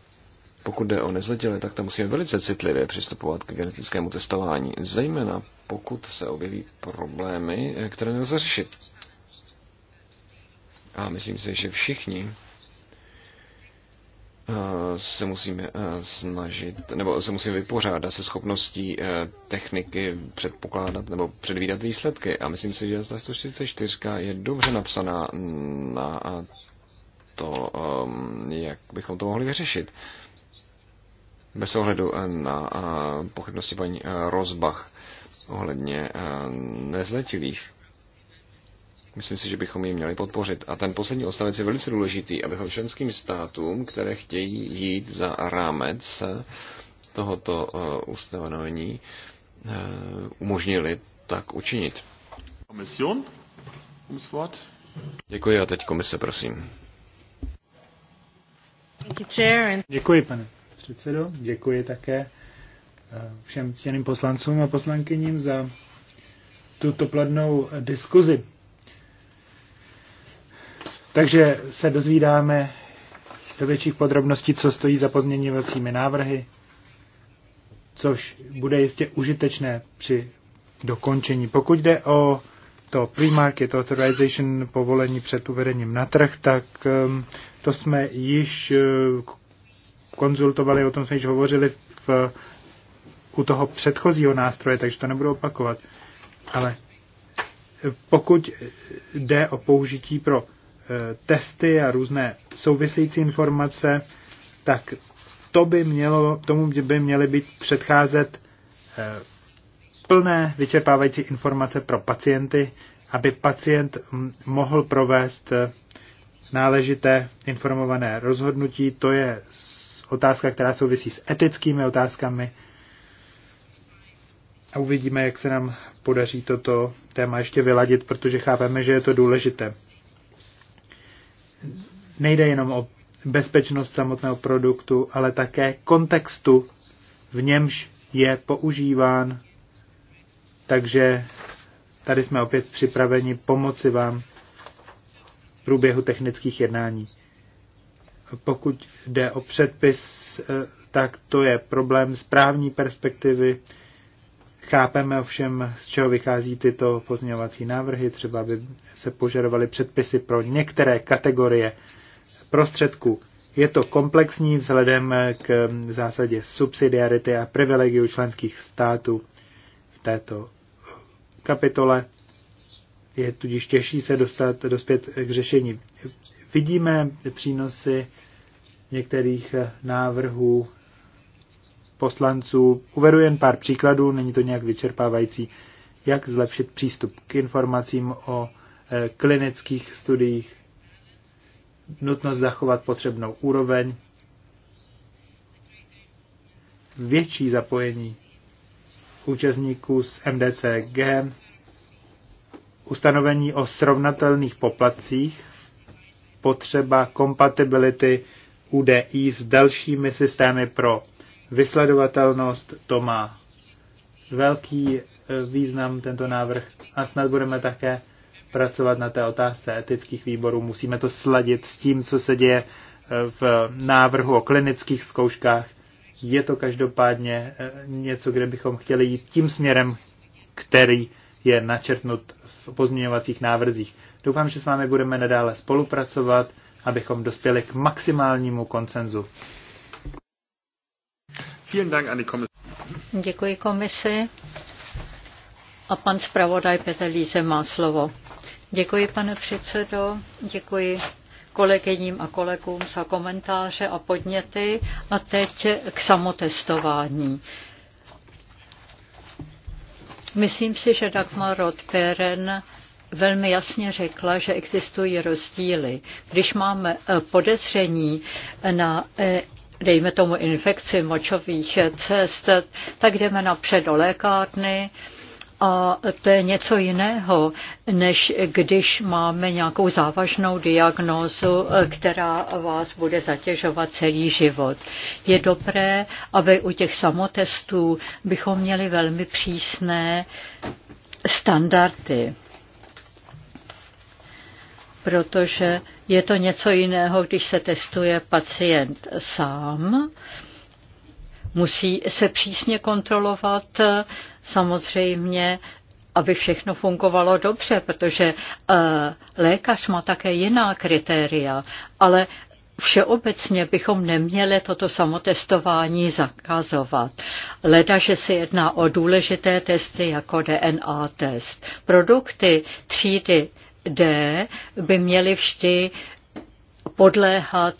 Pokud jde o nezletilé, tak tam musíme velice citlivě přistupovat k genetickému testování, zejména pokud se objeví problémy, eh, které nelze řešit. A myslím si, že všichni Eh, se musíme eh, snažit, nebo se musíme vypořádat se schopností eh, techniky předpokládat nebo předvídat výsledky. A myslím si, že ta 144 je dobře napsaná na to, jak bychom to mohli vyřešit. Bez ohledu na pochybnosti paní Rozbach ohledně nezletilých. Myslím si, že bychom ji měli podpořit. A ten poslední odstavec je velice důležitý, abychom členským státům, které chtějí jít za rámec eh, tohoto eh, ustanovení, eh, umožnili tak učinit. Komision, um Děkuji a teď komise, prosím.
Děkuji, pane předsedo. Děkuji také všem ctěným poslancům a poslankyním za tuto pladnou diskuzi. Takže se dozvídáme do větších podrobností, co stojí za pozměňovacími návrhy, což bude jistě užitečné při dokončení. Pokud jde o to pre-market authorization povolení před uvedením na trh, tak um, to jsme již uh, konzultovali, o tom jsme již hovořili v, u toho předchozího nástroje, takže to nebudu opakovat. Ale pokud jde o použití pro Eh, testy a různé související informace, tak to by mělo, tomu by měly být předcházet eh, plné vyčerpávající informace pro pacienty, aby pacient mohl provést eh, náležité informované rozhodnutí. To je otázka, která souvisí s etickými otázkami. A uvidíme, jak se nám podaří toto téma ještě vyladit, protože chápeme, že je to důležité nejde jenom o bezpečnost samotného produktu, ale také kontextu, v němž je používán. Takže tady jsme opět připraveni pomoci vám v průběhu technických jednání. Pokud jde o předpis, eh, tak to je problém z právní perspektivy, Chápeme ovšem, z čeho vychází tyto pozměňovací návrhy, třeba by se požadovaly předpisy pro některé kategorie prostředků. Je to komplexní vzhledem k zásadě subsidiarity a privilegiu členských států v této kapitole. Je tudíž těžší se dostat, dospět k řešení. Vidíme přínosy některých návrhů poslanců. Uvedu jen pár příkladů, není to nějak vyčerpávající, jak zlepšit přístup k informacím o e, klinických studiích, nutnost zachovat potřebnou úroveň, větší zapojení účastníků z MDCG, ustanovení o srovnatelných poplatcích, potřeba kompatibility UDI s dalšími systémy pro vysledovatelnost, to má velký eh, význam tento návrh a snad budeme také pracovat na té otázce etických výborů. Musíme to sladit s tím, co se děje eh, v návrhu o klinických zkouškách. Je to každopádně eh, něco, kde bychom chtěli jít tím směrem, který je načrtnut v pozměňovacích návrzích. Doufám, že s vámi budeme nadále spolupracovat, abychom dospěli k maximálnímu koncenzu.
Děkuji komisi. A pan zpravodaj Petr Líze má slovo. Děkuji, pane předsedo, děkuji kolegyním a kolegům za komentáře a podněty a teď k samotestování. Myslím si, že Dagmar Rothkeren velmi jasně řekla, že existují rozdíly. Když máme podezření na eh, dejme tomu infekci močových cest, tak jdeme napřed do lékárny, a to je něco jiného, než když máme nějakou závažnou diagnózu, která vás bude zatěžovat celý život. Je dobré, aby u těch samotestů bychom měli velmi přísné standardy protože je to něco jiného, když se testuje pacient sám. Musí se přísně kontrolovat samozřejmě, aby všechno fungovalo dobře, protože eh, lékař má také jiná kritéria, ale Všeobecně bychom neměli toto samotestování zakazovat. Leda, že se jedná o důležité testy jako DNA test. Produkty třídy D by měly vždy podléhat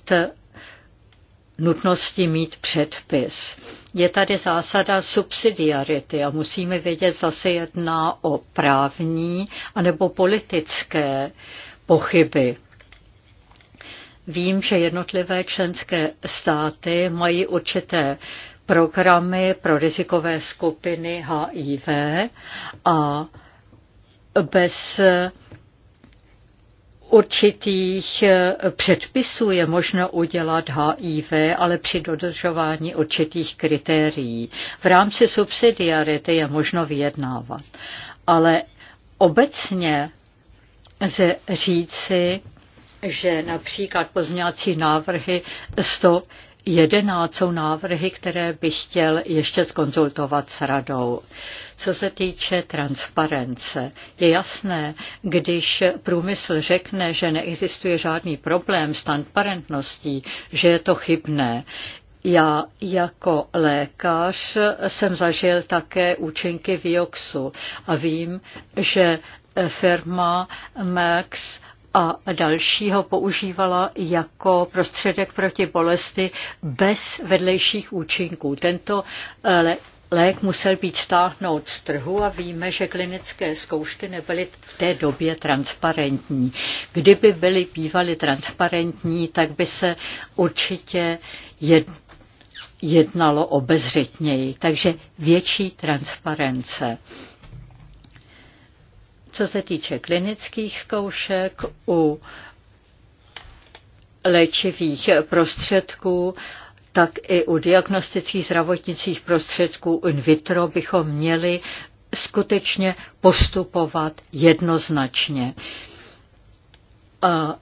nutnosti mít předpis. Je tady zásada subsidiarity a musíme vědět, zase jedná o právní anebo politické pochyby. Vím, že jednotlivé členské státy mají určité programy pro rizikové skupiny HIV a bez určitých eh, předpisů je možno udělat HIV, ale při dodržování určitých kritérií. V rámci subsidiarity je možno vyjednávat. Ale obecně se říci, že například pozňovací návrhy 100 11 jsou návrhy, které bych chtěl ještě skonzultovat s radou. Co se týče transparence, je jasné, když průmysl řekne, že neexistuje žádný problém s transparentností, že je to chybné. Já jako lékař jsem zažil také účinky Vioxu a vím, že firma Max a dalšího používala jako prostředek proti bolesti bez vedlejších účinků. Tento eh, lék musel být stáhnout z trhu a víme, že klinické zkoušky nebyly v té době transparentní. Kdyby byly bývaly transparentní, tak by se určitě jednalo obezřetněji. Takže větší transparence. Co se týče klinických zkoušek u léčivých prostředků, tak i u diagnostických zdravotnických prostředků in vitro bychom měli skutečně postupovat jednoznačně. A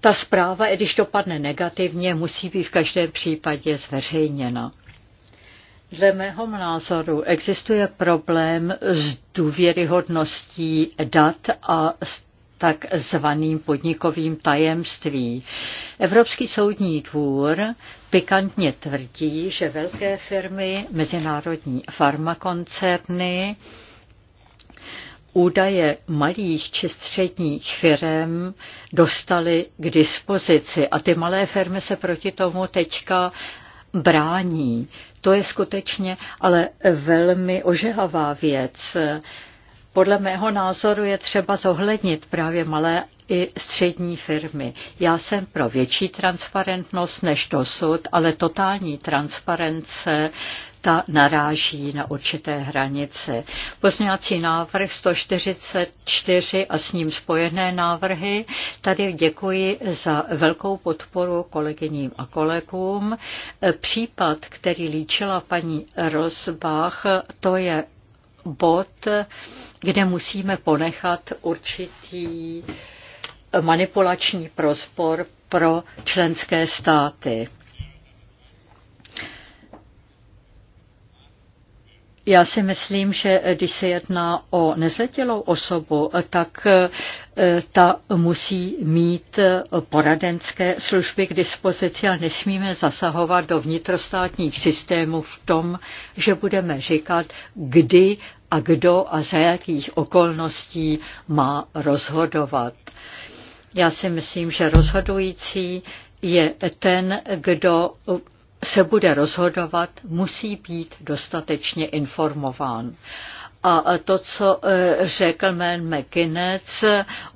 ta zpráva, i když dopadne negativně, musí být v každém případě zveřejněna. Dle mého názoru existuje problém s důvěryhodností dat a s tak zvaným podnikovým tajemství. Evropský soudní dvůr pikantně tvrdí, že velké firmy, mezinárodní farmakoncerny, údaje malých či středních firm dostaly k dispozici a ty malé firmy se proti tomu teďka brání. To je skutečně ale velmi ožehavá věc. Podle mého názoru je třeba zohlednit právě malé i střední firmy. Já jsem pro větší transparentnost než dosud, ale totální transparence ta naráží na určité hranice. Pozměňovací návrh 144 a s ním spojené návrhy. Tady děkuji za velkou podporu kolegyním a kolegům. Případ, který líčila paní Rozbach, to je bod, kde musíme ponechat určitý manipulační prospor pro členské státy. Já si myslím, že když se jedná o nezletilou osobu, tak eh, ta musí mít poradenské služby k dispozici a nesmíme zasahovat do vnitrostátních systémů v tom, že budeme říkat, kdy a kdo a za jakých okolností má rozhodovat. Já si myslím, že rozhodující je ten, kdo se bude rozhodovat, musí být dostatečně informován. A to, co e, řekl jmen McKinnec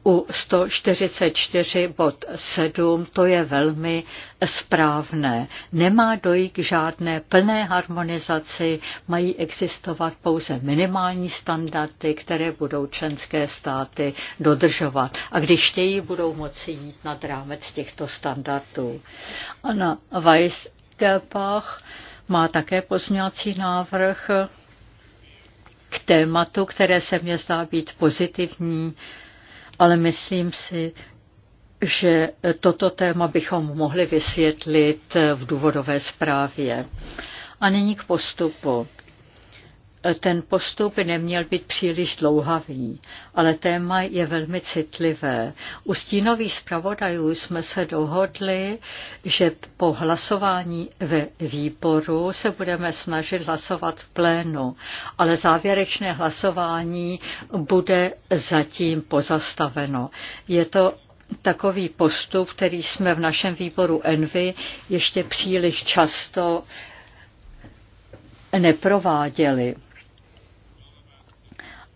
u 144 bod to je velmi správné. Nemá dojít k žádné plné harmonizaci, mají existovat pouze minimální standardy, které budou členské státy dodržovat. A když chtějí, budou moci jít nad rámec těchto standardů. Ana Weiss Gelbach má také pozměňovací návrh k tématu, které se mě zdá být pozitivní, ale myslím si, že toto téma bychom mohli vysvětlit v důvodové zprávě. A nyní k postupu ten postup by neměl být příliš dlouhavý, ale téma je velmi citlivé. U stínových zpravodajů jsme se dohodli, že po hlasování ve výboru se budeme snažit hlasovat v plénu, ale závěrečné hlasování bude zatím pozastaveno. Je to takový postup, který jsme v našem výboru Envy ještě příliš často neprováděli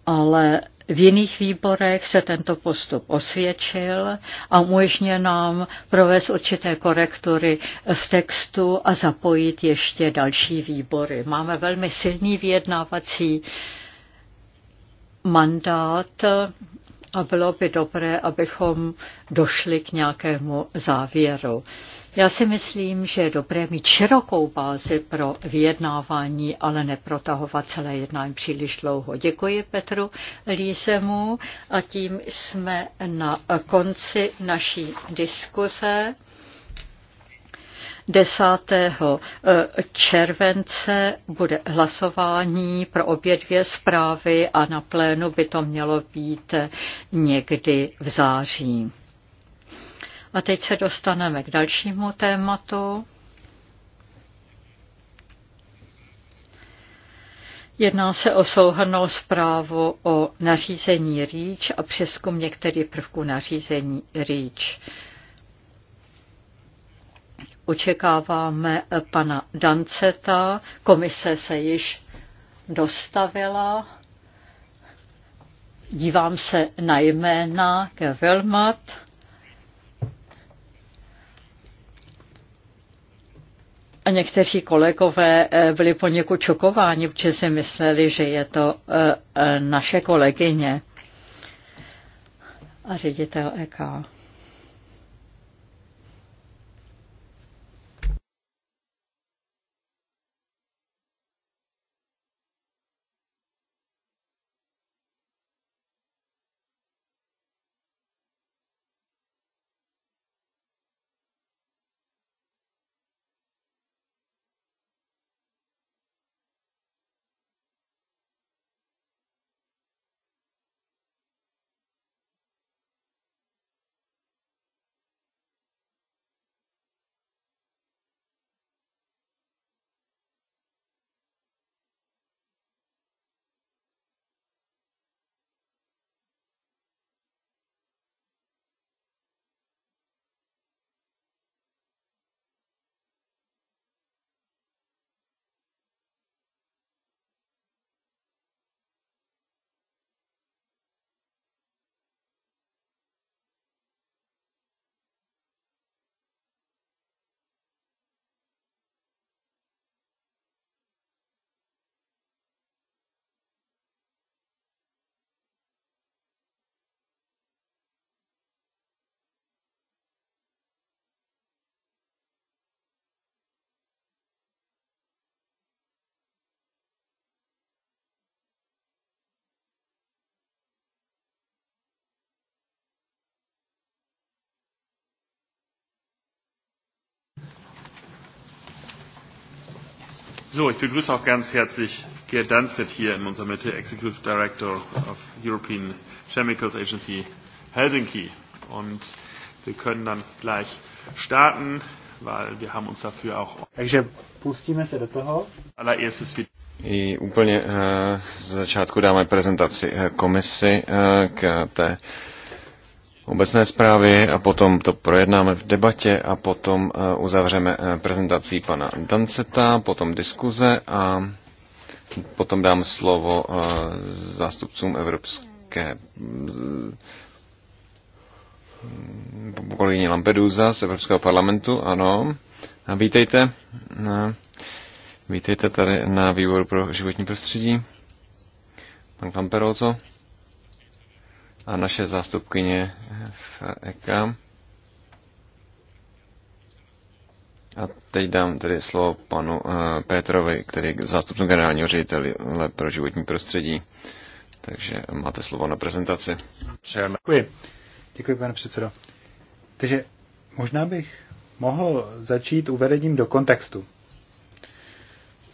ale v jiných výborech se tento postup osvědčil a umožňuje nám provést určité korektury v textu a zapojit ještě další výbory. Máme velmi silný vyjednávací mandát a bylo by dobré, abychom došli k nějakému závěru. Já si myslím, že je dobré mít širokou bázi pro vyjednávání, ale neprotahovat celé jednání příliš dlouho. Děkuji Petru Lízemu a tím jsme na konci naší diskuze. 10. července bude hlasování pro obě dvě zprávy a na plénu by to mělo být někdy v září. A teď se dostaneme k dalšímu tématu. Jedná se o souhrnou zprávu o nařízení REACH a přeskum některých prvků nařízení REACH očekáváme pana Danceta. Komise se již dostavila. Dívám se na jména Gevelmat. A někteří kolegové eh, byli poněkud čokováni, protože si mysleli, že je to eh, eh, naše kolegyně a ředitel EK.
So, ich begrüße auch ganz herzlich Gerd Danzett hier in unserer Mitte, Executive Director of European Chemicals Agency Helsinki. Und wir können dann gleich starten, weil wir haben uns dafür auch.
Takže pustíme se do toho.
Allererstes video. I úplně uh, z začátku dáme prezentaci uh, komisi eh, k té uh, obecné zprávy a potom to projednáme v debatě a potom eh, uzavřeme eh, prezentací pana Danceta, potom diskuze a potom dám slovo eh, zástupcům Evropské mm, kolegyně Lampedusa z Evropského parlamentu, ano. A vítejte. No. Vítejte tady na výboru pro životní prostředí. Pan Kamperozo a naše zástupkyně v EKA. A teď dám tedy slovo panu uh, Petrovi, který je zástupcem generálního ředitele pro životní prostředí. Takže máte slovo na prezentaci. Přejeme.
Děkuji. Děkuji, pane předsedo. Takže možná bych mohl začít uvedením do kontextu.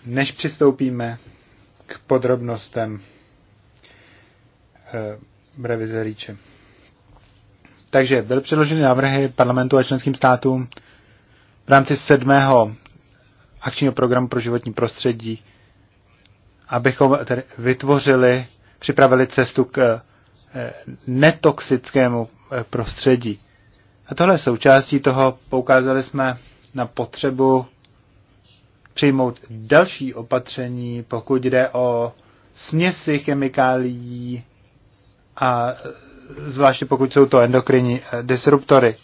Než přistoupíme k podrobnostem eh, revize Ríče. Takže byly předloženy návrhy parlamentu a členským státům v rámci sedmého akčního programu pro životní prostředí, abychom tedy vytvořili, připravili cestu k eh, netoxickému eh, prostředí. A tohle součástí toho poukázali jsme na potřebu přijmout další opatření, pokud jde o směsi chemikálií, a zvláště pokud jsou to endokrinní eh, disruptory.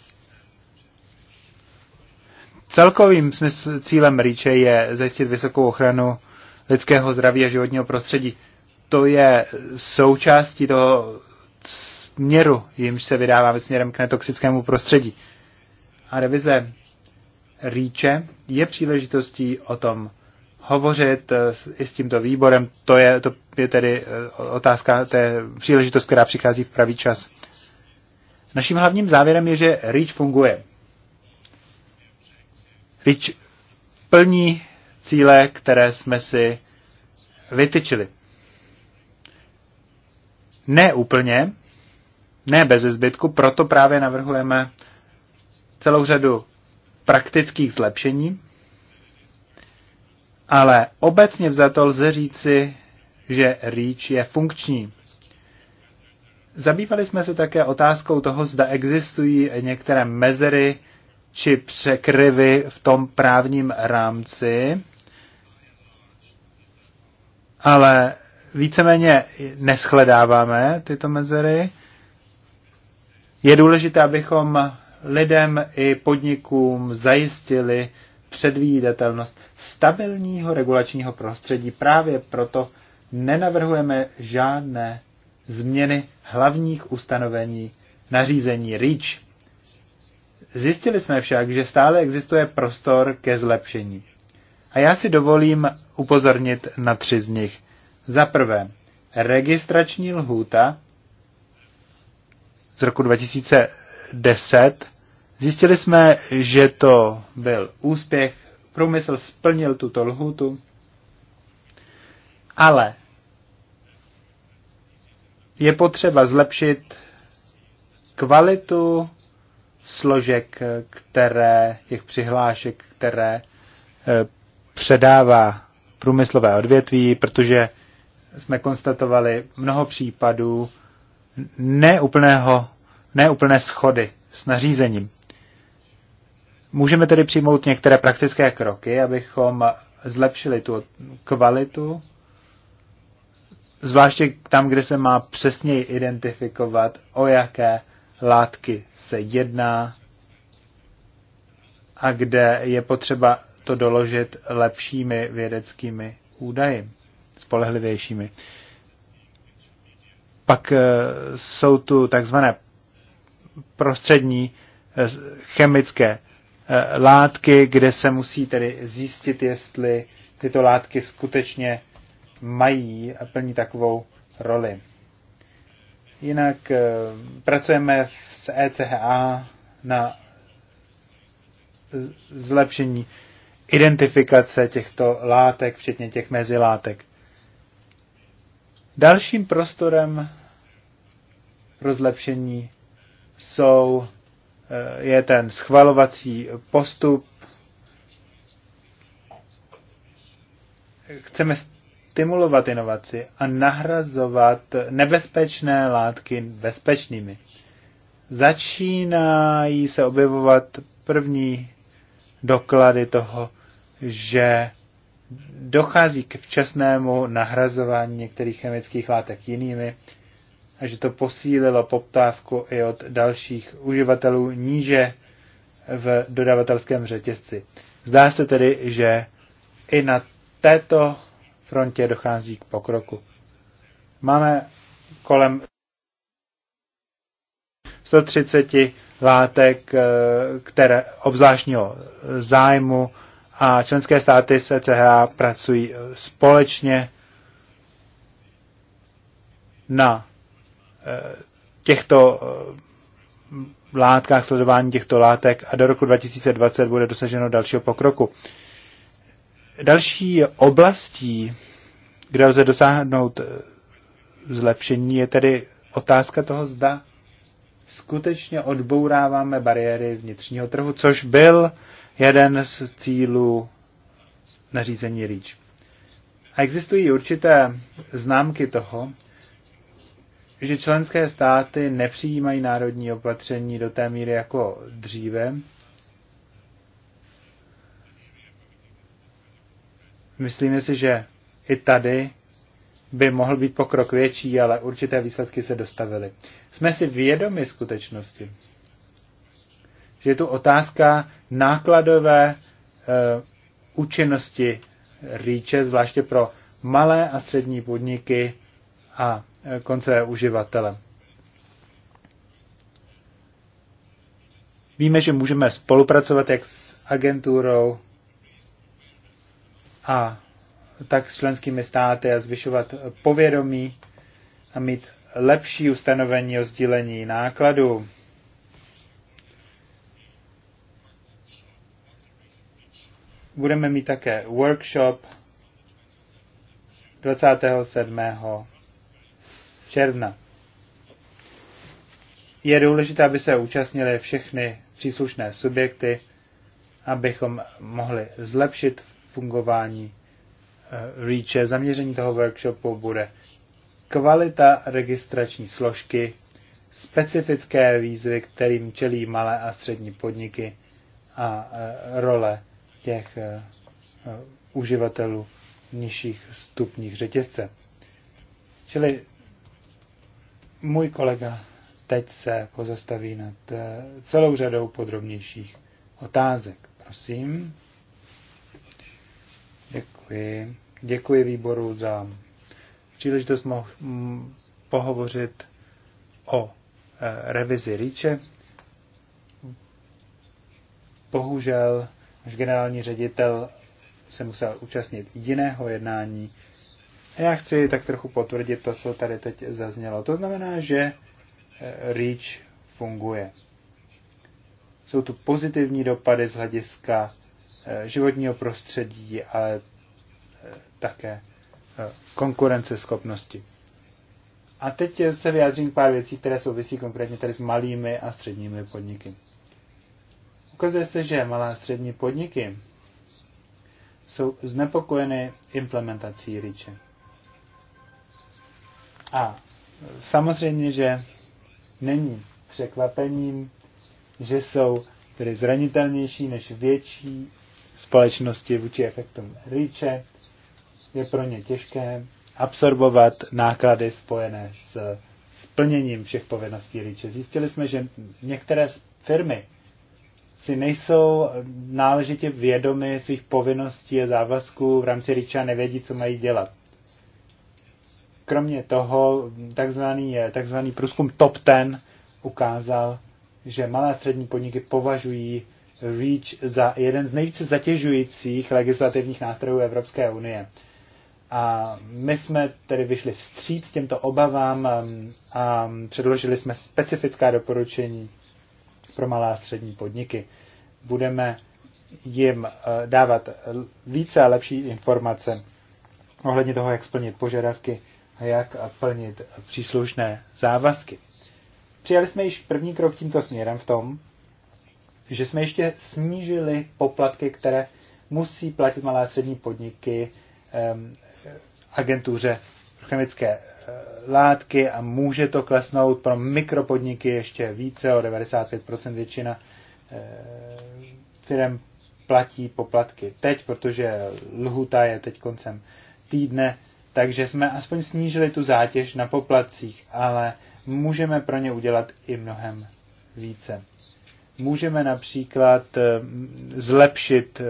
Celkovým smysl, cílem REACHE je zajistit vysokou ochranu lidského zdraví a životního prostředí. To je součástí toho směru, jimž se vydáváme směrem k netoxickému prostředí. A revize REACHE je příležitostí o tom hovořit eh, i s tímto výborem. To je, to je tedy eh, otázka, to je příležitost, která přichází v pravý čas. Naším hlavním závěrem je, že REACH funguje. REACH plní cíle, které jsme si vytyčili. Ne úplně, ne bez zbytku, proto právě navrhujeme celou řadu praktických zlepšení, ale obecně vzato lze říci, že REACH je funkční. Zabývali jsme se také otázkou toho, zda existují některé mezery či překryvy v tom právním rámci, ale víceméně neschledáváme tyto mezery. Je důležité, abychom lidem i podnikům zajistili předvídatelnost stabilního regulačního prostředí. Právě proto nenavrhujeme žádné změny hlavních ustanovení nařízení REACH. Zjistili jsme však, že stále existuje prostor ke zlepšení. A já si dovolím upozornit na tři z nich. Za prvé, registrační lhůta z roku 2010. Zjistili jsme, že to byl úspěch Průmysl splnil tuto lhutu, ale je potřeba zlepšit kvalitu složek, které, těch přihlášek, které eh, předává průmyslové odvětví, protože jsme konstatovali mnoho případů neúplného, neúplné schody s nařízením. Můžeme tedy přijmout některé praktické kroky, abychom zlepšili tu kvalitu, zvláště tam, kde se má přesněji identifikovat, o jaké látky se jedná a kde je potřeba to doložit lepšími vědeckými údaji, spolehlivějšími. Pak eh, jsou tu takzvané prostřední eh, chemické Eh, látky, kde se musí tedy zjistit, jestli tyto látky skutečně mají a plní takovou roli. Jinak eh, pracujeme s ECHA na zlepšení identifikace těchto látek, včetně těch mezilátek. Dalším prostorem pro zlepšení jsou je ten schvalovací postup. Chceme stimulovat inovaci a nahrazovat nebezpečné látky bezpečnými. Začínají se objevovat první doklady toho, že dochází k včasnému nahrazování některých chemických látek jinými, a že to posílilo poptávku i od dalších uživatelů níže v dodavatelském řetězci. Zdá se tedy, že i na této frontě dochází k pokroku. Máme kolem 130 látek, eh, které obzvláštního zájmu a členské státy se CHA pracují společně na Eh, těchto eh, látkách, sledování těchto látek a do roku 2020 bude dosaženo dalšího pokroku. Další oblastí, kde lze dosáhnout eh, zlepšení, je tedy otázka toho, zda skutečně odbouráváme bariéry vnitřního trhu, což byl jeden z cílů nařízení REACH. A existují určité známky toho, že členské státy nepřijímají národní opatření do té míry jako dříve. Myslíme si, že i tady by mohl být pokrok větší, ale určité výsledky se dostavily. Jsme si vědomi skutečnosti, že je tu otázka nákladové e, účinnosti rýče, zvláště pro malé a střední podniky a Eh, konce uživatele. Víme, že můžeme spolupracovat jak s agenturou a tak s členskými státy a zvyšovat povědomí a mít lepší ustanovení o sdílení nákladů. Budeme mít také workshop 27 června. Je důležité, aby se účastnili všechny příslušné subjekty, abychom mohli zlepšit fungování eh, REACHe. Zaměření toho workshopu bude kvalita registrační složky, specifické výzvy, kterým čelí malé a střední podniky a eh, role těch eh, uživatelů nižších stupních řetězce. Čili můj kolega teď se pozastaví nad eh, celou řadou podrobnějších otázek. Prosím. Děkuji. Děkuji výboru za příležitost mohl pohovořit o eh, revizi Ríče. Bohužel, až generální ředitel se musel účastnit jiného jednání, já chci tak trochu potvrdit to, co tady teď zaznělo. To znamená, že eh, REACH funguje. Jsou tu pozitivní dopady z hlediska eh, životního prostředí, ale eh, také konkurenceschopnosti. A teď se vyjádřím k pár věcí, které souvisí konkrétně tady s malými a středními podniky. Ukazuje se, že malé a střední podniky jsou znepokojeny implementací REACHe. A samozřejmě, že není překvapením, že jsou tedy zranitelnější než větší společnosti vůči efektům rýče. Je pro ně těžké absorbovat náklady spojené s splněním všech povinností rýče. Zjistili jsme, že některé firmy si nejsou náležitě vědomy svých povinností a závazků v rámci rýče a nevědí, co mají dělat. Kromě toho takzvaný, takzvaný průzkum Top Ten ukázal, že malé a střední podniky považují REACH za jeden z nejvíce zatěžujících legislativních nástrojů Evropské unie. A my jsme tedy vyšli vstříc těmto obavám um, a předložili jsme specifická doporučení pro malé a střední podniky. Budeme jim uh, dávat více a lepší informace ohledně toho, jak splnit požadavky jak plnit příslušné závazky. Přijali jsme již první krok tímto směrem v tom, že jsme ještě snížili poplatky, které musí platit malé a střední podniky um, agentuře chemické eh, látky a může to klesnout pro mikropodniky ještě více, o 95% většina eh, firm platí poplatky teď, protože lhuta je teď koncem týdne takže jsme aspoň snížili tu zátěž na poplacích, ale můžeme pro ně udělat i mnohem více. Můžeme například eh, zlepšit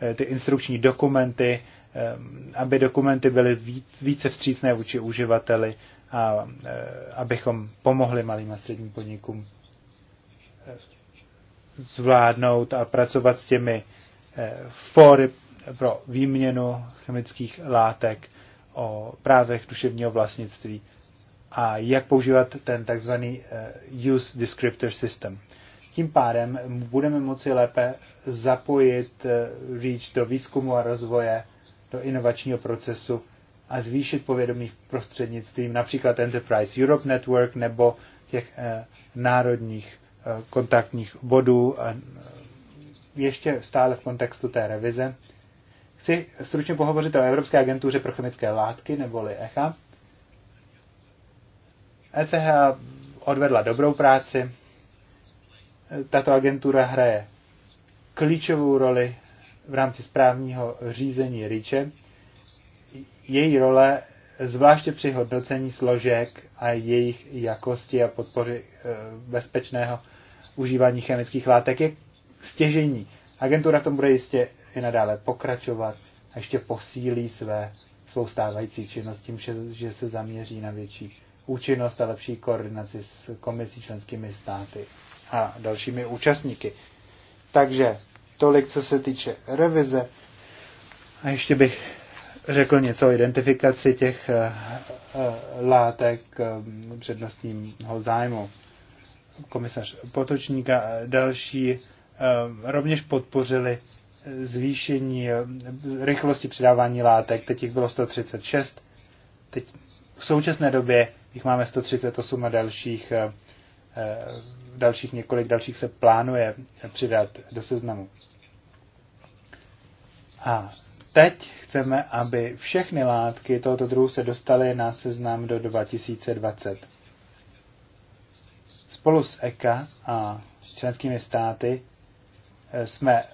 eh, ty instrukční dokumenty, eh, aby dokumenty byly více vstřícné vůči uživateli a abychom pomohli malým a středním podnikům zvládnout a pracovat s těmi fory pro výměnu chemických látek o právech duševního vlastnictví a jak používat ten takzvaný eh, Use Descriptor System. Tím pádem budeme moci lépe zapojit eh, REACH do výzkumu a rozvoje, do inovačního procesu a zvýšit povědomí prostřednictvím například Enterprise Europe Network nebo těch eh, národních kontaktních bodů ještě stále v kontextu té revize Chci stručně pohovořit o Evropské agentuře pro chemické látky, neboli ECHA. ECHA odvedla dobrou práci. Tato agentura hraje klíčovou roli v rámci správního řízení RIČE. Její role zvláště při hodnocení složek a jejich jakosti a podpory eh, bezpečného užívání chemických látek je stěžení. Agentura v tom bude jistě i nadále pokračovat a ještě posílí své, svou stávající činnost tím, že, že se zaměří na větší účinnost a lepší koordinaci s komisí členskými státy a dalšími účastníky. Takže tolik, co se týče revize. A ještě bych řekl něco o identifikaci těch eh, eh, látek eh, přednostního zájmu. Komisař potočníka, a další rovněž podpořili zvýšení eh, rychlosti předávání látek, teď jich bylo 136, teď v současné době jich máme 138 a dalších, eh, eh, dalších několik dalších se plánuje přidat do seznamu. A teď chceme, aby všechny látky tohoto druhu se dostaly na seznam do 2020. Spolu s ECA a členskými státy jsme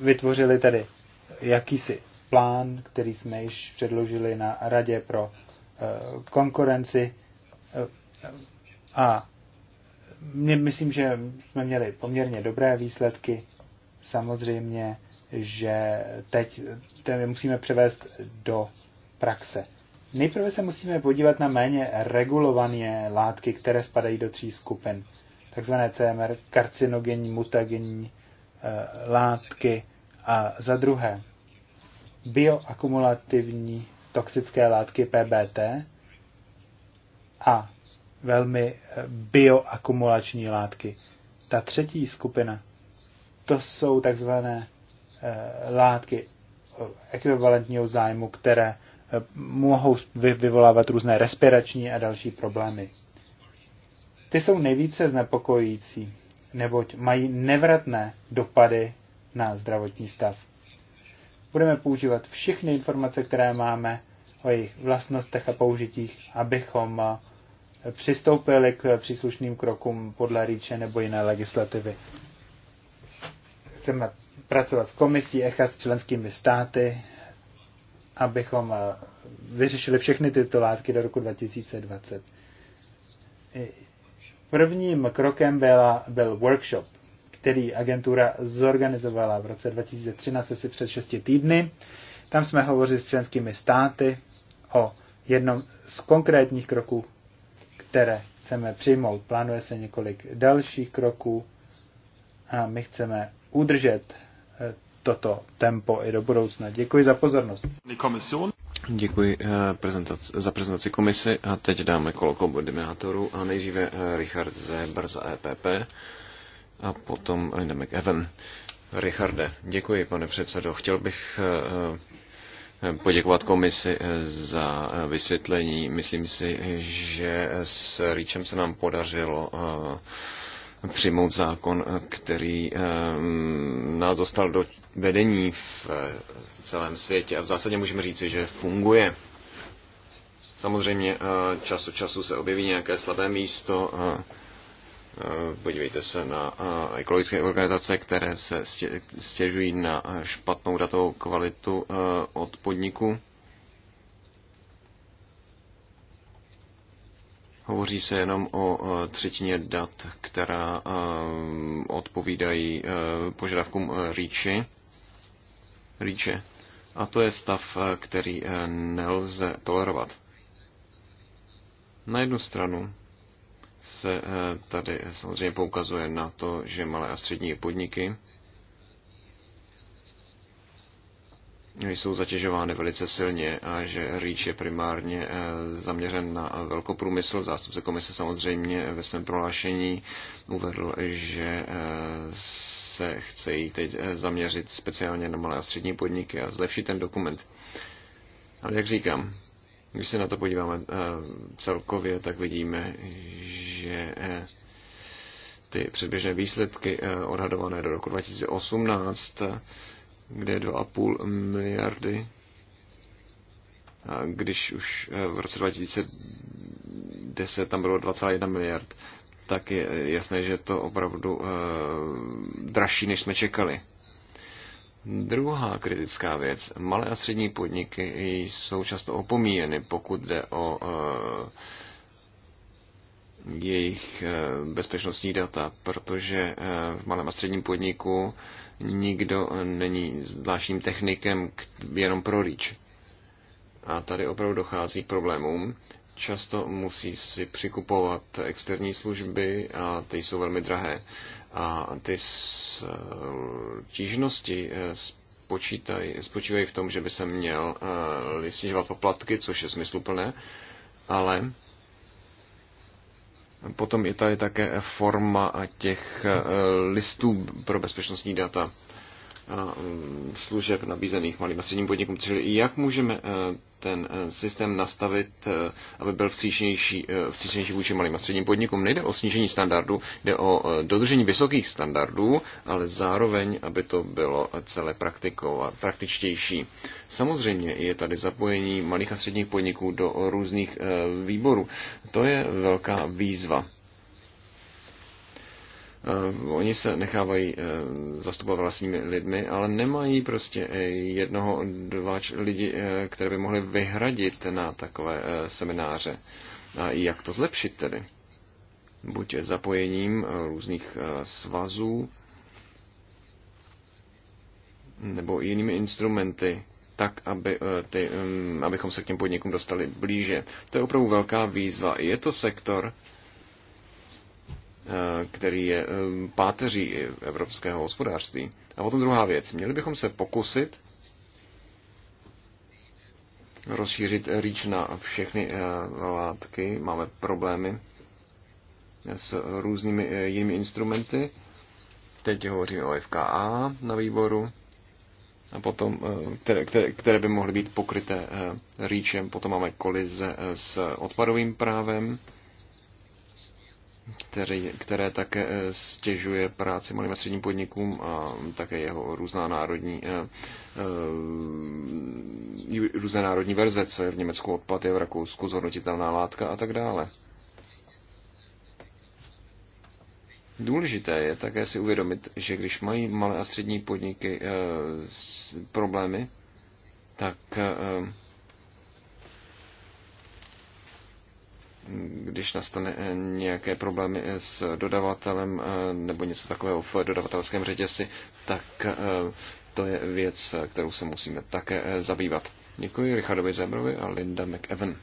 vytvořili tedy jakýsi plán, který jsme již předložili na Radě pro eh, konkurenci eh, a myslím, že jsme měli poměrně dobré výsledky. Samozřejmě, že teď to musíme převést do praxe. Nejprve se musíme podívat na méně regulované látky, které spadají do tří skupin. Takzvané CMR, karcinogenní, mutagenní Eh, látky a za druhé bioakumulativní toxické látky PBT a velmi eh, bioakumulační látky. Ta třetí skupina, to jsou takzvané eh, látky ekvivalentního zájmu, které mohou vyvolávat různé respirační a další problémy. Ty jsou nejvíce znepokojící neboť mají nevratné dopady na zdravotní stav. Budeme používat všechny informace, které máme o jejich vlastnostech a použitích, abychom eh, přistoupili k příslušným krokům podle rýče nebo jiné legislativy. Chceme pracovat s komisí ECHA s členskými státy, abychom eh, vyřešili všechny tyto látky do roku 2020 Prvním krokem byla, byl workshop, který agentura zorganizovala v roce 2013, asi před 6 týdny. Tam jsme hovořili s členskými státy o jednom z konkrétních kroků, které chceme přijmout. Plánuje se několik dalších kroků a my chceme udržet eh, toto tempo i do budoucna. Děkuji za pozornost.
Děkuji eh, prezentaci, za prezentaci komisy a teď dáme kolo koordinátorů a nejdříve eh, Richard Zebr za EPP a potom Linda McEwen. Richarde, děkuji pane předsedo. Chtěl bych eh, poděkovat komisi za vysvětlení. Myslím si, že s Ríčem se nám podařilo přijmout zákon, který eh, nás dostal do vedení v eh, celém světě. A v zásadě můžeme říci, že funguje. Samozřejmě eh, čas od času se objeví nějaké slabé místo. Podívejte se na ekologické organizace, které se stěžují na špatnou datovou kvalitu od podniku. Hovoří se jenom o třetině dat, která eh, odpovídají eh, požadavkům eh, REACHy. REACHy. A to je stav, který nelze tolerovat. Na jednu stranu se tady samozřejmě poukazuje na to, že malé a střední podniky jsou zatěžovány velice silně a že REACH je primárně eh, zaměřen na velkoprůmysl. Zástupce komise samozřejmě ve svém prohlášení uvedl, že eh, se chce jí teď eh, zaměřit speciálně na malé a střední podniky a zlepšit ten dokument. Ale jak říkám, když se na to podíváme celkově, tak vidíme, že ty předběžné výsledky odhadované do roku 2018 kde je 2,5 miliardy. A když už eh, v roce 2010 tam bylo 2,1 miliard, tak je jasné, že je to opravdu e, dražší, než jsme čekali. Druhá kritická věc. Malé a střední podniky jsou často opomíjeny, pokud jde o e, jejich eh, bezpečnostní data, protože eh, v malém a středním podniku nikdo eh, není zvláštním technikem jenom pro REACH. A tady opravdu dochází k problémům. Často musí si přikupovat externí služby a ty jsou velmi drahé. A ty tížnosti spočítaj, spočívají v tom, že by se měl snižovat poplatky, což je smysluplné, ale Potom je tady také forma těch eh, listů pro bezpečnostní data. Um, služeb nabízených malým a středním podnikům. Čili jak můžeme e, ten e, systém nastavit, e, aby byl vstřícnější, vůči malým a středním podnikům. Nejde o snížení standardů, jde o dodržení vysokých standardů, ale zároveň, aby to bylo celé praktikou a praktičtější. Samozřejmě je tady zapojení malých a středních podniků do různých výborů. To je velká výzva. Eh, oni se nechávají eh, zastupovat vlastními lidmi, ale nemají prostě eh, jednoho, dva lidi, které by mohli vyhradit na takové semináře. A jak to zlepšit tedy? Buď zapojením různých svazů, nebo jinými instrumenty, tak, aby, ty, mm, abychom se k těm podnikům dostali blíže. To je opravdu velká výzva. Je to sektor, Eh, který je páteří evropského hospodářství. A potom druhá věc. Měli bychom se pokusit rozšířit rýč na všechny eh, látky. Máme problémy s různými eh, jinými instrumenty. Teď hovoříme o FKA na výboru, a potom, které, které, které by mohly být pokryté rýčem. Potom máme kolize s odpadovým právem který, které také eh, stěžuje práci malým a středním podnikům a také jeho různá národní, eh, eh, různé národní verze, co je v Německu odpad, je v Rakousku zhodnotitelná látka a tak dále. Důležité je také si uvědomit, že když mají malé a střední podniky problémy, tak když nastane eh, nějaké problémy eh, s dodavatelem eh, nebo něco takového v dodavatelském řetězci, tak to je věc, kterou se musíme také zabývat. Děkuji Richardovi Zemrovi a Linda McEwen.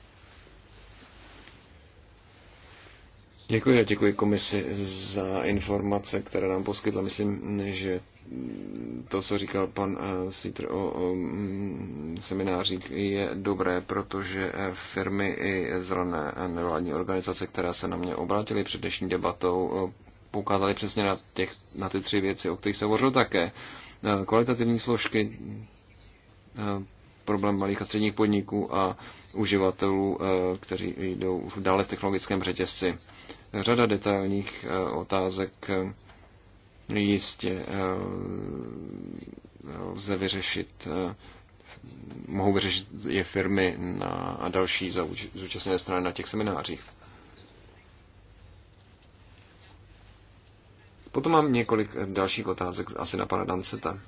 Děkuji a děkuji komisi za informace, které nám poskytla. Myslím, že to, co říkal pan eh, Sítr o mm, seminářích, je dobré, protože eh, firmy i zrané eh, nevládní organizace, které se na mě obrátily před dnešní debatou, poukázaly přesně na, těch, na ty tři věci, o kterých se hovořil také. Kvalitativní složky, problém malých a středních podniků a uživatelů, kteří jdou dále v technologickém řetězci. Řada detailních otázek jistě eh, lze vyřešit eh, mohou vyřešit je firmy na, a další zúčastněné strany na těch seminářích. Potom mám několik eh, dalších otázek asi na pana Danceta.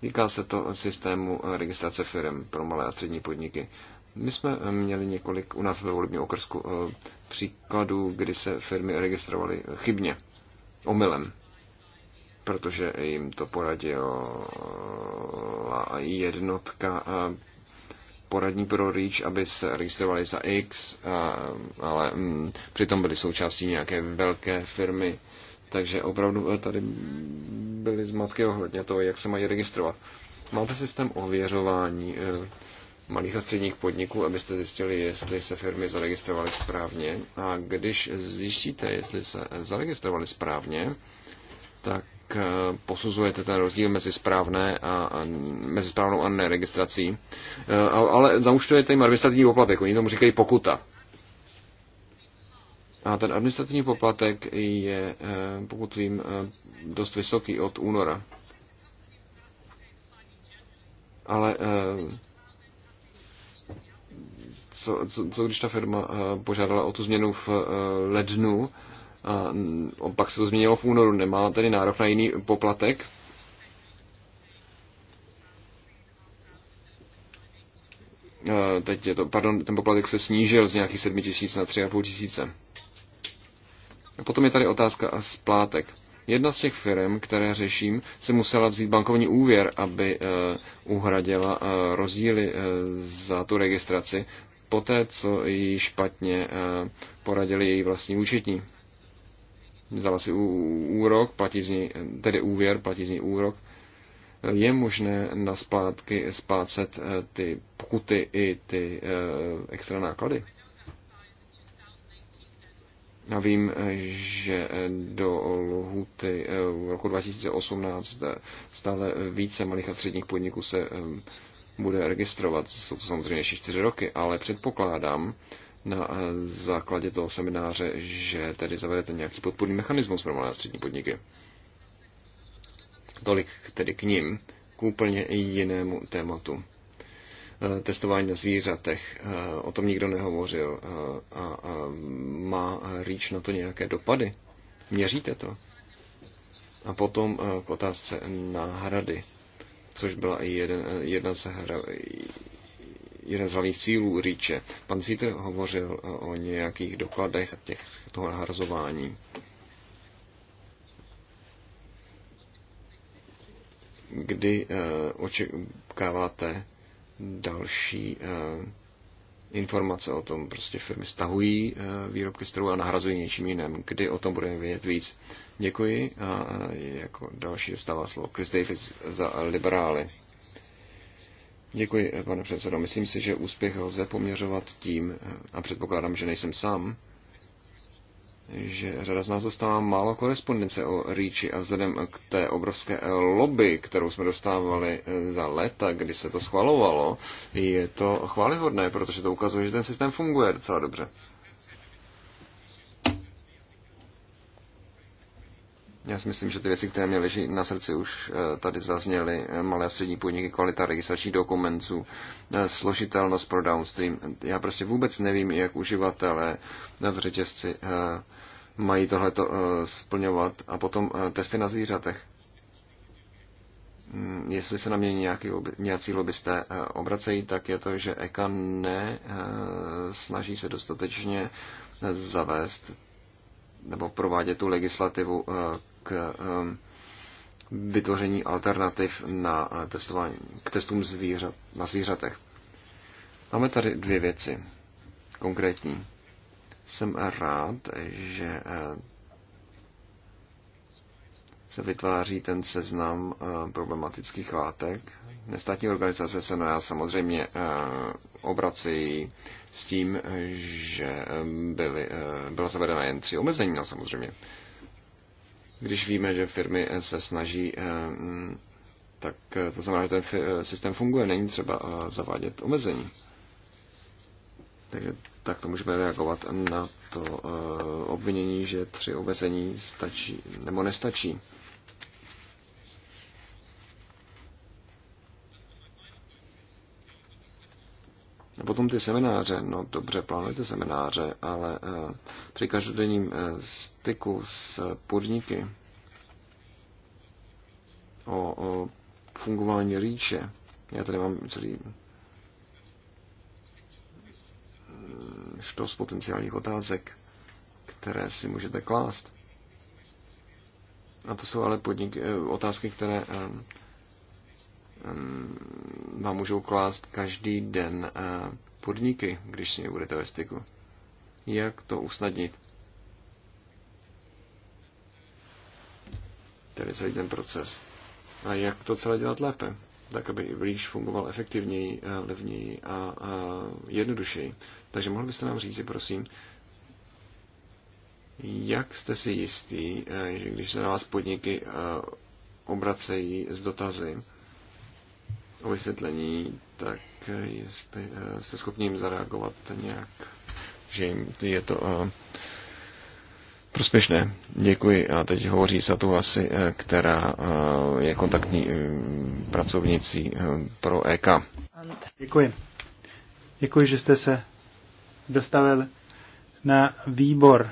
Týká se to systému registrace firm pro malé a střední podniky. My jsme měli několik u nás ve volebním okrsku příkladů, kdy se firmy registrovaly chybně, omylem protože jim to poradila jednotka poradní pro REACH, aby se registrovali za X, ale mm, přitom byli součástí nějaké velké firmy. Takže opravdu e, tady byly zmatky ohledně toho, jak se mají registrovat. Máte systém ověřování e, malých a středních podniků, abyste zjistili, jestli se firmy zaregistrovaly správně. A když zjistíte, jestli se zaregistrovaly správně, tak Eh, posuzujete ten rozdíl mezi, správné a, a mezi správnou a neregistrací. Eh, ale zaúčtujete jim administrativní poplatek, oni tomu říkají pokuta. A ten administrativní poplatek je, eh, pokud vím, dost vysoký od února. Ale co, co, co když ta firma požádala o tu změnu v lednu, a mm, pak se to změnilo v únoru. Nemá tedy nárok na jiný poplatek? Teď je to, pardon, ten poplatek se snížil z nějakých 7 tisíc na 3,5 tisíce. A potom je tady otázka a splátek. Jedna z těch firm, které řeším, se musela vzít bankovní úvěr, aby e, uhradila e, rozdíly e, za tu registraci, poté co ji špatně poradili její vlastní účetní vzala si úrok, platí z ní, tedy úvěr, platí z ní úrok, je možné na splátky splácet eh, ty pokuty i ty eh, extra náklady. Já vím, eh, že do lhuty v roku 2018 stále více malých a středních podniků se bude registrovat. Jsou to samozřejmě ještě čtyři roky, ale předpokládám, na eh, základě toho semináře, že tedy zavedete nějaký podpůrný mechanismus pro malé a střední podniky. Tolik tedy k ním, k úplně jinému tématu. Eh, testování na zvířatech, eh, o tom nikdo nehovořil. A má rýč na to nějaké dopady? Měříte to? A potom k otázce náhrady, což byla i jeden, jedna z jeden z hlavních cílů říče. Pan Zíte hovořil e, o nějakých dokladech těch, toho nahrazování. Kdy e, očekáváte další e, informace o tom. Prostě firmy stahují výrobky z trhu a nahrazují něčím jiným. Kdy o tom budeme vědět víc? Děkuji a jako další dostává slovo Chris Davis za liberály. Děkuji, pane předsedo. Myslím si, že úspěch lze poměřovat tím, a předpokládám, že nejsem sám, že řada z nás dostává málo korespondence o Ríči a vzhledem k té obrovské lobby, kterou jsme dostávali za léta, kdy se to schvalovalo, je to chválihodné, protože to ukazuje, že ten systém funguje docela dobře. Já si myslím, že ty věci, které mě leží na srdci, už eh, tady zazněly. Malé a střední podniky, kvalita registračních dokumentů, eh, složitelnost pro downstream. Já prostě vůbec nevím, jak uživatelé eh, v řetězci mají tohleto splňovat. A potom testy na zvířatech. Hmm, jestli se na mě nějaký, nějací lobbysté obracejí, tak je to, že EKA ne snaží se dostatečně zavést nebo provádět tu legislativu k ehm, vytvoření alternativ na eh, testování, k testům zvířat, na zvířatech. Máme tady dvě věci konkrétní. Jsem rád, že eh, se vytváří ten seznam eh, problematických látek. Nestátní organizace se na nás samozřejmě obrací s tím, že byly, byla zavedena jen tři omezení, no samozřejmě. Když víme, že firmy se snaží, eh, mm, tak eh, to znamená, že ten eh, systém funguje, není třeba zavádět omezení. Takže tak to můžeme reagovat na to obvinění, že tři omezení stačí nebo nestačí. A potom ty semináře, no dobře, plánujte semináře, ale eh, při každodenním eh, styku s podniky o, o fungování rýče, já tady mám celý z hm, potenciálních otázek, které si můžete klást. A to jsou ale podniky, eh, otázky, které Ehm, vám můžou klást každý den eh, podniky, když s nimi budete ve styku. Jak to usnadnit? Tedy celý ten proces. A jak to celé dělat lépe? Tak, aby i blíž fungoval efektivněji, eh, levněji a, a jednodušeji. Takže mohl byste nám říct, prosím, jak jste si jistý, eh, že když se na vás podniky obracejí s dotazy, o vysvětlení, tak jestli eh, jste schopni jim zareagovat nějak, že jim je to eh, prospěšné. Děkuji. A teď hovoří Satu asi, eh, která je kontaktní pracovnicí pro EK.
Děkuji. Děkuji, že jste se dostavil na výbor.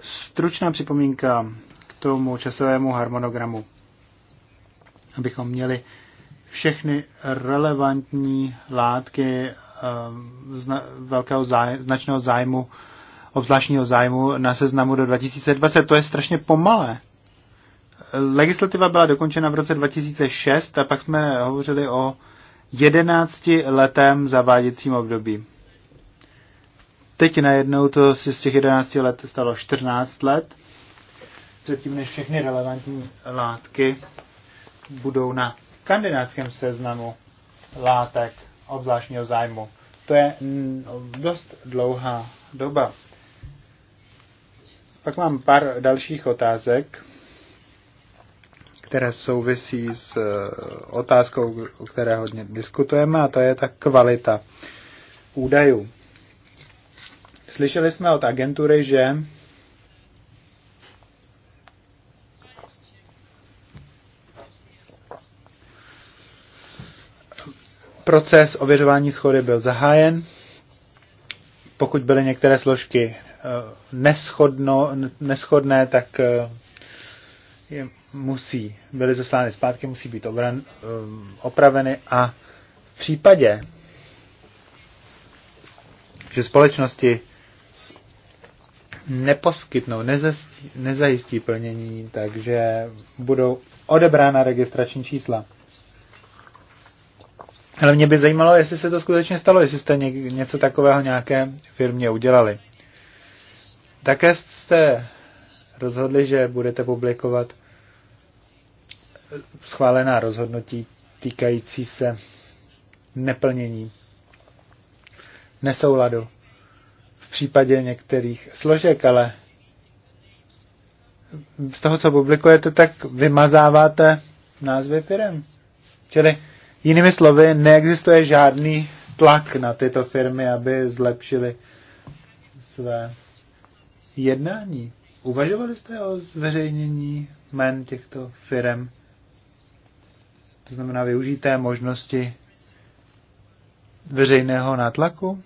Stručná připomínka k tomu časovému harmonogramu, abychom měli všechny relevantní látky eh, velkého zájmu, značného zájmu, obzvláštního zájmu na seznamu do 2020. To je strašně pomalé. Legislativa byla dokončena v roce 2006 a pak jsme hovořili o 11 letém zaváděcím období. Teď najednou to si z těch 11 let stalo 14 let, předtím než všechny relevantní látky budou na skandinávském seznamu látek obzvláštního zájmu. To je dost dlouhá doba. Pak mám pár dalších otázek, které souvisí s eh, otázkou, o které hodně diskutujeme, a to je ta kvalita údajů. Slyšeli jsme od agentury, že Proces ověřování schody byl zahájen. Pokud byly některé složky eh, neschodno, neschodné, tak eh, je musí, byly zaslány zpátky, musí být obran, eh, opraveny a v případě, že společnosti neposkytnou, nezajistí plnění, takže budou odebrána registrační čísla. Ale mě by zajímalo, jestli se to skutečně stalo, jestli jste něco takového nějaké firmě udělali. Také jste rozhodli, že budete publikovat schválená rozhodnutí týkající se neplnění, nesouladu v případě některých složek, ale z toho, co publikujete, tak vymazáváte názvy firm. Čili Jinými slovy, neexistuje žádný tlak na tyto firmy, aby zlepšily své jednání. Uvažovali jste o zveřejnění jmen těchto firm? To znamená využité možnosti veřejného nátlaku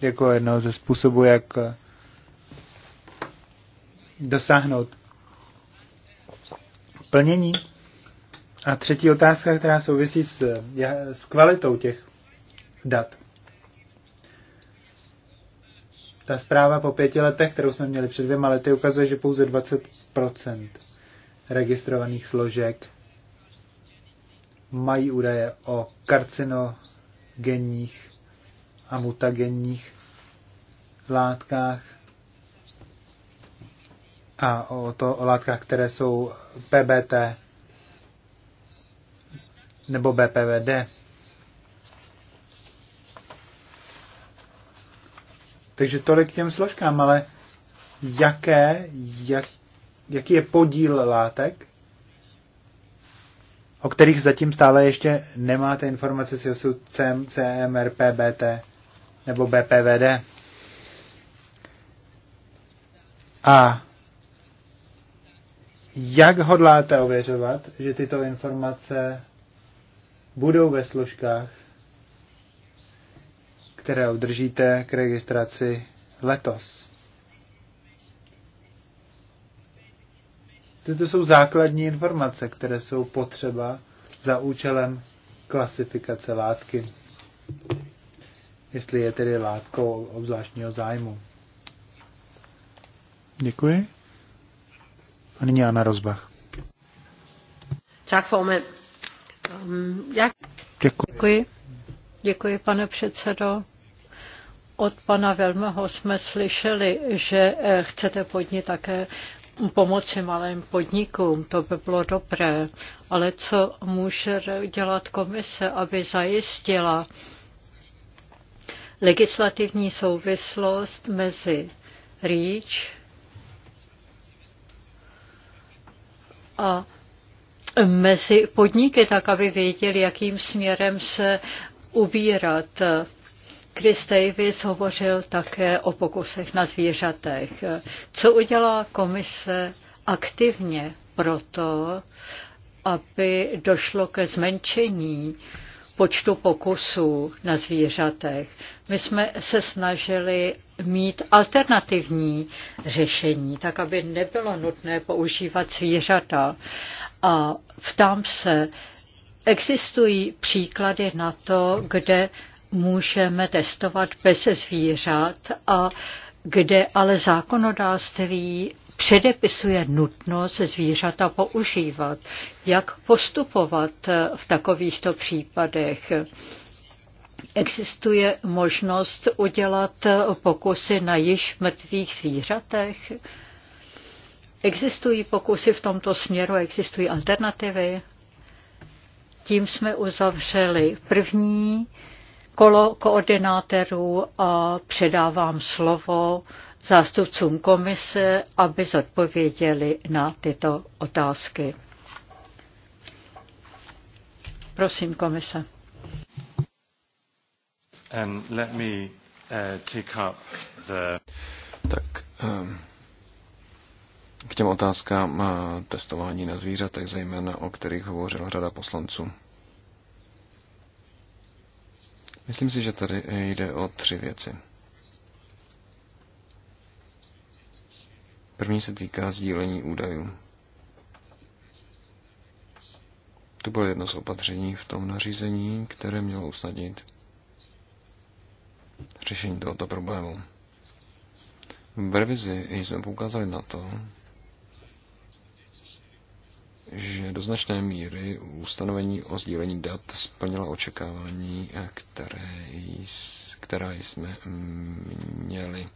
jako jedno ze způsobů, jak dosáhnout plnění a třetí otázka, která souvisí s, s kvalitou těch dat. Ta zpráva po pěti letech, kterou jsme měli před dvěma lety, ukazuje, že pouze 20% registrovaných složek mají údaje o karcinogenních a mutagenních látkách a o, to, o látkách, které jsou PBT nebo BPVD. Takže tolik těm složkám, ale jaké, jak, jaký je podíl látek, o kterých zatím stále ještě nemáte informace, jestli jsou CM, CMR, PBT nebo BPVD. A jak hodláte ověřovat, že tyto informace budou ve složkách, které udržíte k registraci letos. Tyto jsou základní informace, které jsou potřeba za účelem klasifikace látky, jestli je tedy látkou obzvláštního zájmu. Děkuji. A nyní Anna Rozbach.
Tak, formand. Jak... Děkuji. Děkuji. Děkuji, pane předsedo. Od pana Velmeho jsme slyšeli, že eh, chcete podnit také pomoci malým podnikům, to by bylo dobré. Ale co může dělat komise, aby zajistila legislativní souvislost mezi REACH a mezi podniky, tak aby věděli, jakým směrem se ubírat. Chris Davis hovořil také o pokusech na zvířatech. Co udělá komise aktivně proto, aby došlo ke zmenšení počtu pokusů na zvířatech. My jsme se snažili mít alternativní řešení, tak aby nebylo nutné používat zvířata. A ptám se, existují příklady na to, kde můžeme testovat bez zvířat a kde ale zákonodárství předepisuje nutnost zvířata používat. Jak postupovat v takovýchto případech? Existuje možnost udělat pokusy na již mrtvých zvířatech? Existují pokusy v tomto směru, existují alternativy? Tím jsme uzavřeli první kolo koordinátorů a předávám slovo zástupcům komise, aby zodpověděli na tyto otázky. Prosím, komise.
Um, let me, uh, take up the...
Tak um, k těm otázkám eh, testování na zvířatech, zejména o kterých hovořila řada poslanců. Myslím si, že tady jde o tři věci. První se týká sdílení údajů. To bylo jedno z opatření v tom nařízení, které mělo usnadnit řešení tohoto problému. V revizi jsme poukázali na to, že do značné míry ustanovení o sdílení dat splnila očekávání, eh, které, která jsme mm, měli.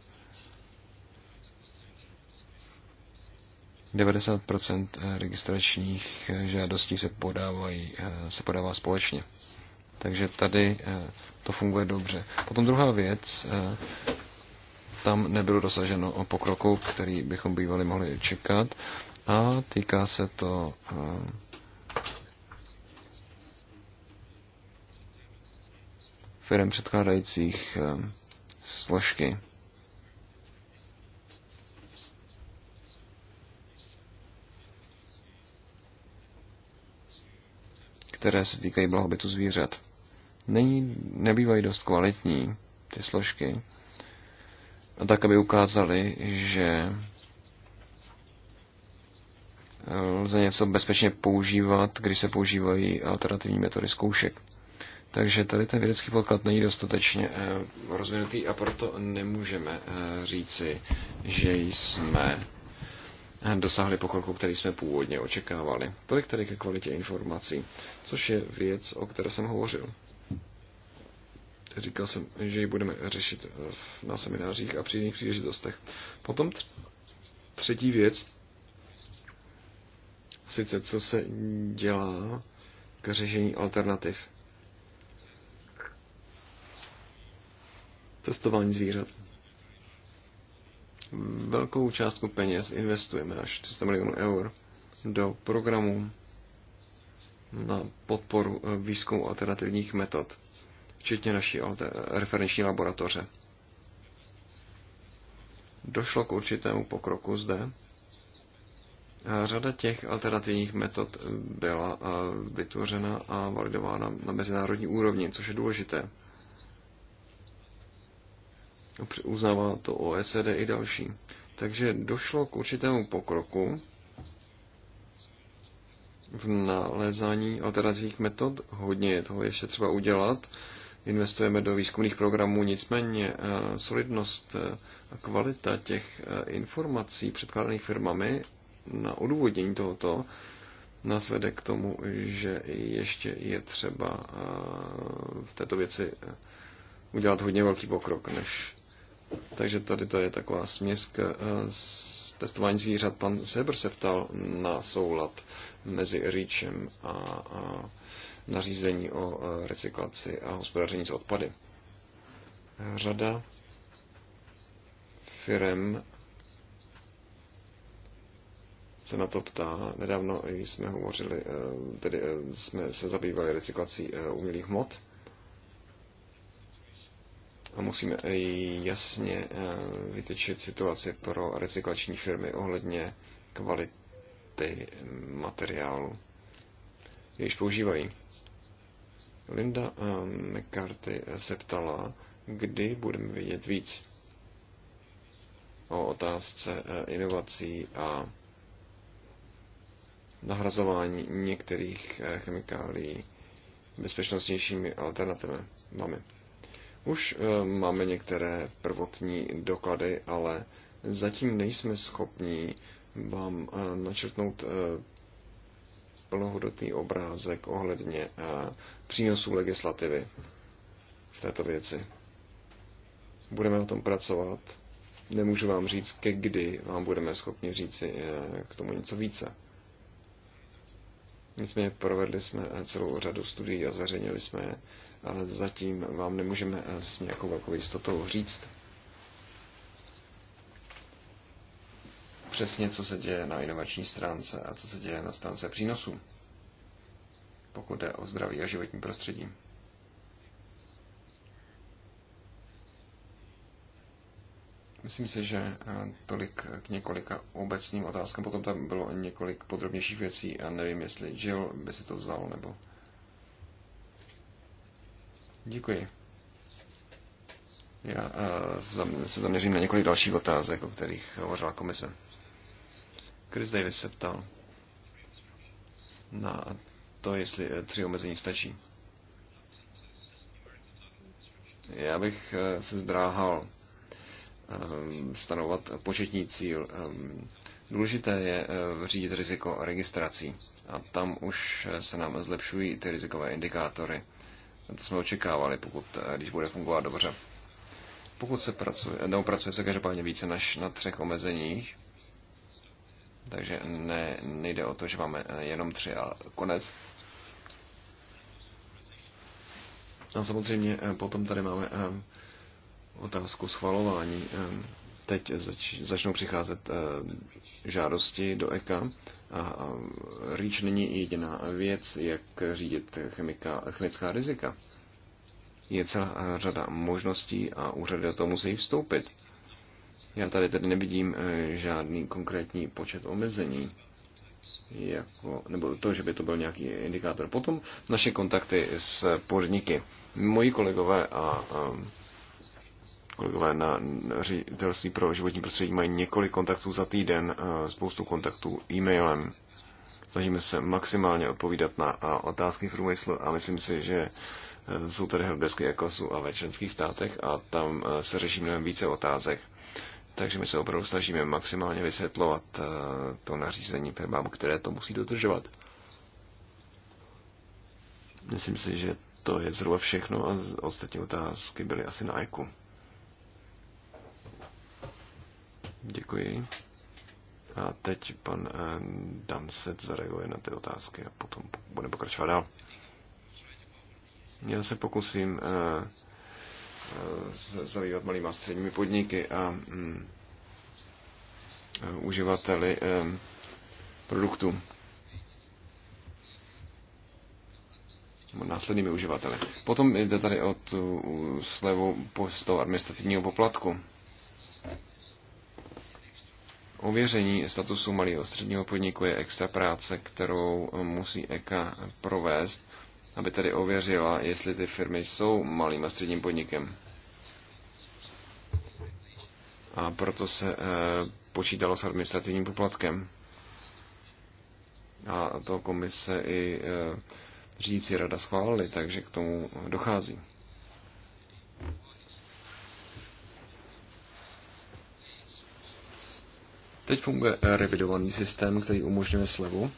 90% eh, registračních eh, žádostí se, podávají, se podává společně. Takže tady to funguje dobře. Potom druhá věc, tam nebylo dosaženo o pokroku, který bychom bývali mohli čekat. A týká se to eh, firm předkládajících eh, složky. které se týkají blahobytu zvířat. Není, nebývají dost kvalitní ty složky, a tak, aby ukázali, že lze něco bezpečně používat, když se používají alternativní metody zkoušek. Takže tady ten vědecký podklad není dostatečně eh, rozvinutý a proto nemůžeme eh, říci, že jsme eh, dosáhli pokroku, který jsme původně očekávali. Tolik tedy ke kvalitě informací, což je věc, o které jsem hovořil. Říkal jsem, že ji budeme řešit na seminářích a při jiných příležitostech. Potom třetí věc, sice co se dělá k řešení alternativ. Testování zvířat. Velkou částku peněz investujeme až 300 milionů eur do programů na podporu eh, výzkumu alternativních metod, včetně naší referenční laboratoře. Došlo k určitému pokroku zde, Řada těch alternativních metod byla vytvořena a validována na mezinárodní úrovni, což je důležité. Uznává to OSD e i další. Takže došlo k určitému pokroku v nalézání alternativních metod. Hodně je toho ještě třeba udělat. Investujeme do výzkumných programů, nicméně solidnost a kvalita těch informací předkládaných firmami na odůvodnění tohoto nás vede k tomu, že ještě je třeba eh, v této věci eh, udělat hodně velký pokrok, než... Takže tady to je taková směs k eh, testování zvířat. Pan Sebr se ptal na soulad mezi REACHem a nařízení o recyklaci a hospodaření s odpady. Řada firm se na to ptá. Nedávno jsme hovořili, eh, tedy eh, jsme se zabývali recyklací eh, umělých hmot a musíme jasně vytyčit situaci pro recyklační firmy ohledně kvality materiálu, jejíž používají. Linda McCarthy se ptala, kdy budeme vědět víc o otázce inovací a nahrazování některých eh, chemikálií bezpečnostnějšími alternativami. Už eh, máme některé prvotní doklady, ale zatím nejsme schopni vám eh, načrtnout plnohodnotný obrázek ohledně přínosů legislativy v této věci. Budeme na tom pracovat. Nemůžu vám říct, ke kdy vám budeme schopni říci k tomu něco více. Nicméně provedli jsme eh, celou řadu studií a zveřejnili jsme je, ale zatím vám nemůžeme eh, s nějakou velkou jistotou říct. Přesně, co se děje na inovační stránce a co se děje na stránce přínosů, pokud jde o zdraví a životní prostředí. Myslím si, že eh, tolik k několika obecným otázkám. Potom tam bylo několik podrobnějších věcí a nevím, jestli Jill by si to vzal nebo. Děkuji. Já eh, se zaměřím na několik dalších otázek, o kterých hovořila komise. Chris Davis se ptal na to, jestli eh, tři omezení stačí. Já bych se zdráhal Ehm, stanovat početní cíl. Ehm, důležité je eh, řídit riziko registrací a tam už se nám zlepšují ty rizikové indikátory. To jsme očekávali, pokud, eh, když bude fungovat dobře. Pokud se pracuje, eh, nebo pracuje se každopádně více než na třech omezeních, takže ne, nejde o to, že máme jenom tři a konec. A samozřejmě potom tady máme otázku schvalování. Teď zač, začnou přicházet eh, žádosti do EKA a REACH není jediná věc, jak řídit chemika, chemická rizika. Je celá řada možností a úřady do toho musí vstoupit. Já tady tedy nevidím eh, žádný konkrétní počet omezení jako, nebo to, že by to byl nějaký indikátor. Potom naše kontakty s podniky. Moji kolegové a um, kolegové na ředitelství pro životní prostředí mají několik kontaktů za týden, eh, spoustu kontaktů e-mailem. Snažíme se maximálně odpovídat na eh, otázky v průmyslu a myslím si, že eh, jsou tady jako jsou a ve členských státech a tam se řeší mnohem více otázek. Takže my se opravdu snažíme maximálně vysvětlovat to nařízení firmám, které to musí dodržovat. Myslím si, že to je zhruba všechno a ostatní otázky byly asi na IQ. Děkuji. A teď pan eh, Danset zareaguje na ty otázky a potom bude pokračovat dál. Já se pokusím eh, eh, zabývat malými a středními podniky a mm, uživateli produktů. následnými uživateli. Potom jde tady o tu slevu po z toho administrativního poplatku. Ověření statusu malého středního podniku je extra práce, kterou eh, musí EKA provést, aby tedy ověřila, jestli ty firmy jsou malým a středním podnikem. A proto se eh, počítalo s administrativním poplatkem. A to komise i eh, řídící rada schválili, takže k tomu dochází. Teď funguje revidovaný systém, který umožňuje slevu.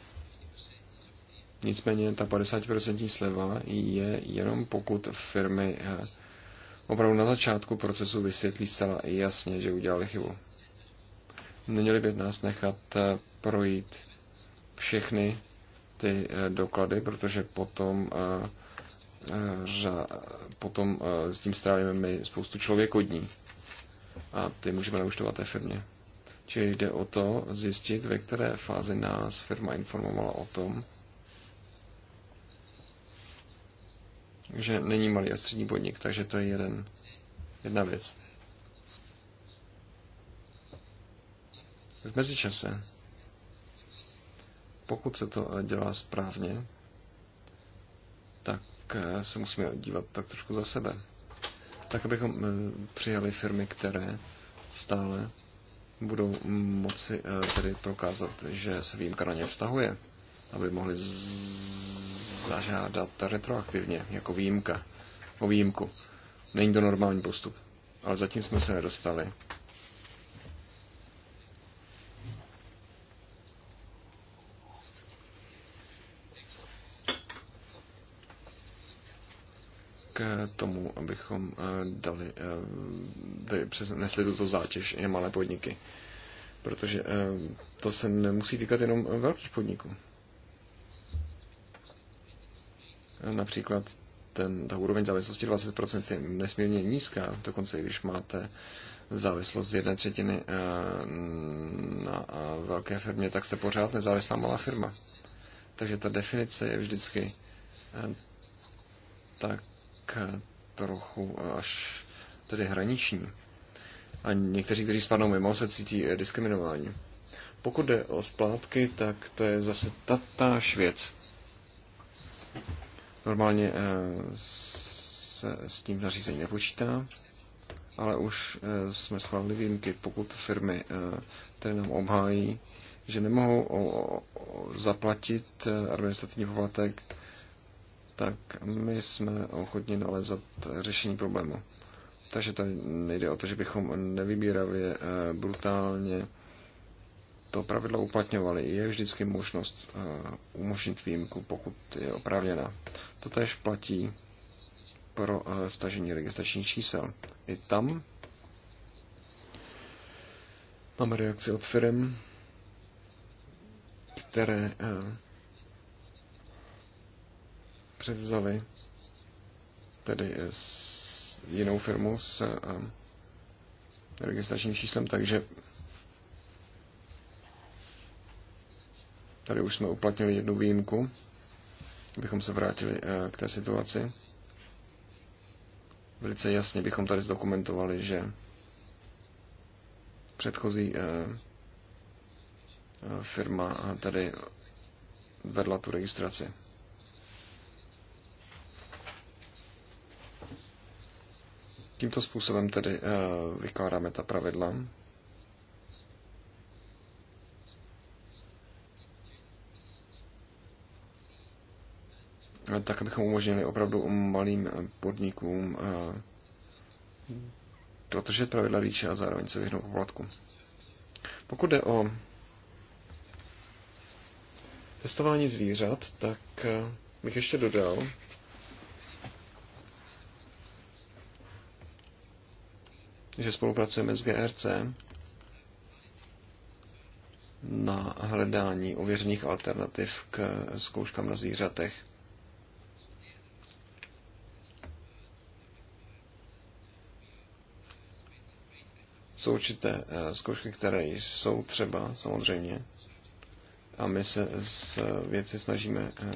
Nicméně ta 50% sleva je jenom pokud firmy eh, opravdu na začátku procesu vysvětlí zcela jasně, že udělali chybu. Neměli by nás nechat eh, projít všechny ty eh, doklady, protože potom, potom s tím strávíme my spoustu člověkodní a ty můžeme naučtovat té firmě. Čili jde o to zjistit, ve které fázi nás firma informovala o tom, že není malý a střední podnik, takže to je jeden, jedna věc. V mezičase, pokud se to dělá správně, tak eh, se musíme dívat tak trošku za sebe. Tak, abychom eh, přijali firmy, které stále budou moci eh, tedy prokázat, že se výjimka na ně vztahuje, aby mohli zažádat retroaktivně jako výjimka, o výjimku. Není to normální postup, ale zatím jsme se nedostali k tomu, abychom eh, dali, dali eh, nesli tuto zátěž i malé podniky. Protože eh, to se nemusí týkat jenom velkých podniků. Například ten, ta úroveň závislosti 20% je nesmírně nízká, dokonce i když máte závislost z jedné třetiny na velké firmě, tak jste pořád nezávislá malá firma. Takže ta definice je vždycky tak trochu eh, až tedy hraniční. A někteří, kteří spadnou mimo, se cítí eh, diskriminování. Pokud jde o splátky, tak to je zase tatáž věc. Normálně eh, se s tím nařízení nepočítá, ale už jsme schválili výjimky, pokud firmy, které nám obhájí, že nemohou zaplatit administrativní poplatek tak my jsme ochotni nalézat řešení problému. Takže to nejde o to, že bychom nevybíravě eh, brutálně to pravidlo uplatňovali. Je vždycky možnost eh, umožnit výjimku, pokud je oprávněná. To tež platí pro eh, stažení registračních čísel. I tam máme reakci od firm, které převzali tedy s jinou firmu s eh, registračním číslem, takže tady už jsme uplatnili jednu výjimku, abychom se vrátili eh, k té situaci. Velice jasně bychom tady zdokumentovali, že předchozí eh, firma tady vedla tu registraci. Tímto způsobem tedy eh, vykládáme ta pravidla. Eh, tak abychom umožnili opravdu malým eh, podnikům dotržet pravidla rýče a zároveň se vyhnout poplatku. Pokud jde o testování zvířat, tak bych ještě dodal, že spolupracujeme s GRC na hledání ověřených alternativ k zkouškám na zvířatech. Jsou určité eh, zkoušky, které jsou třeba, samozřejmě, a my se s věci snažíme eh,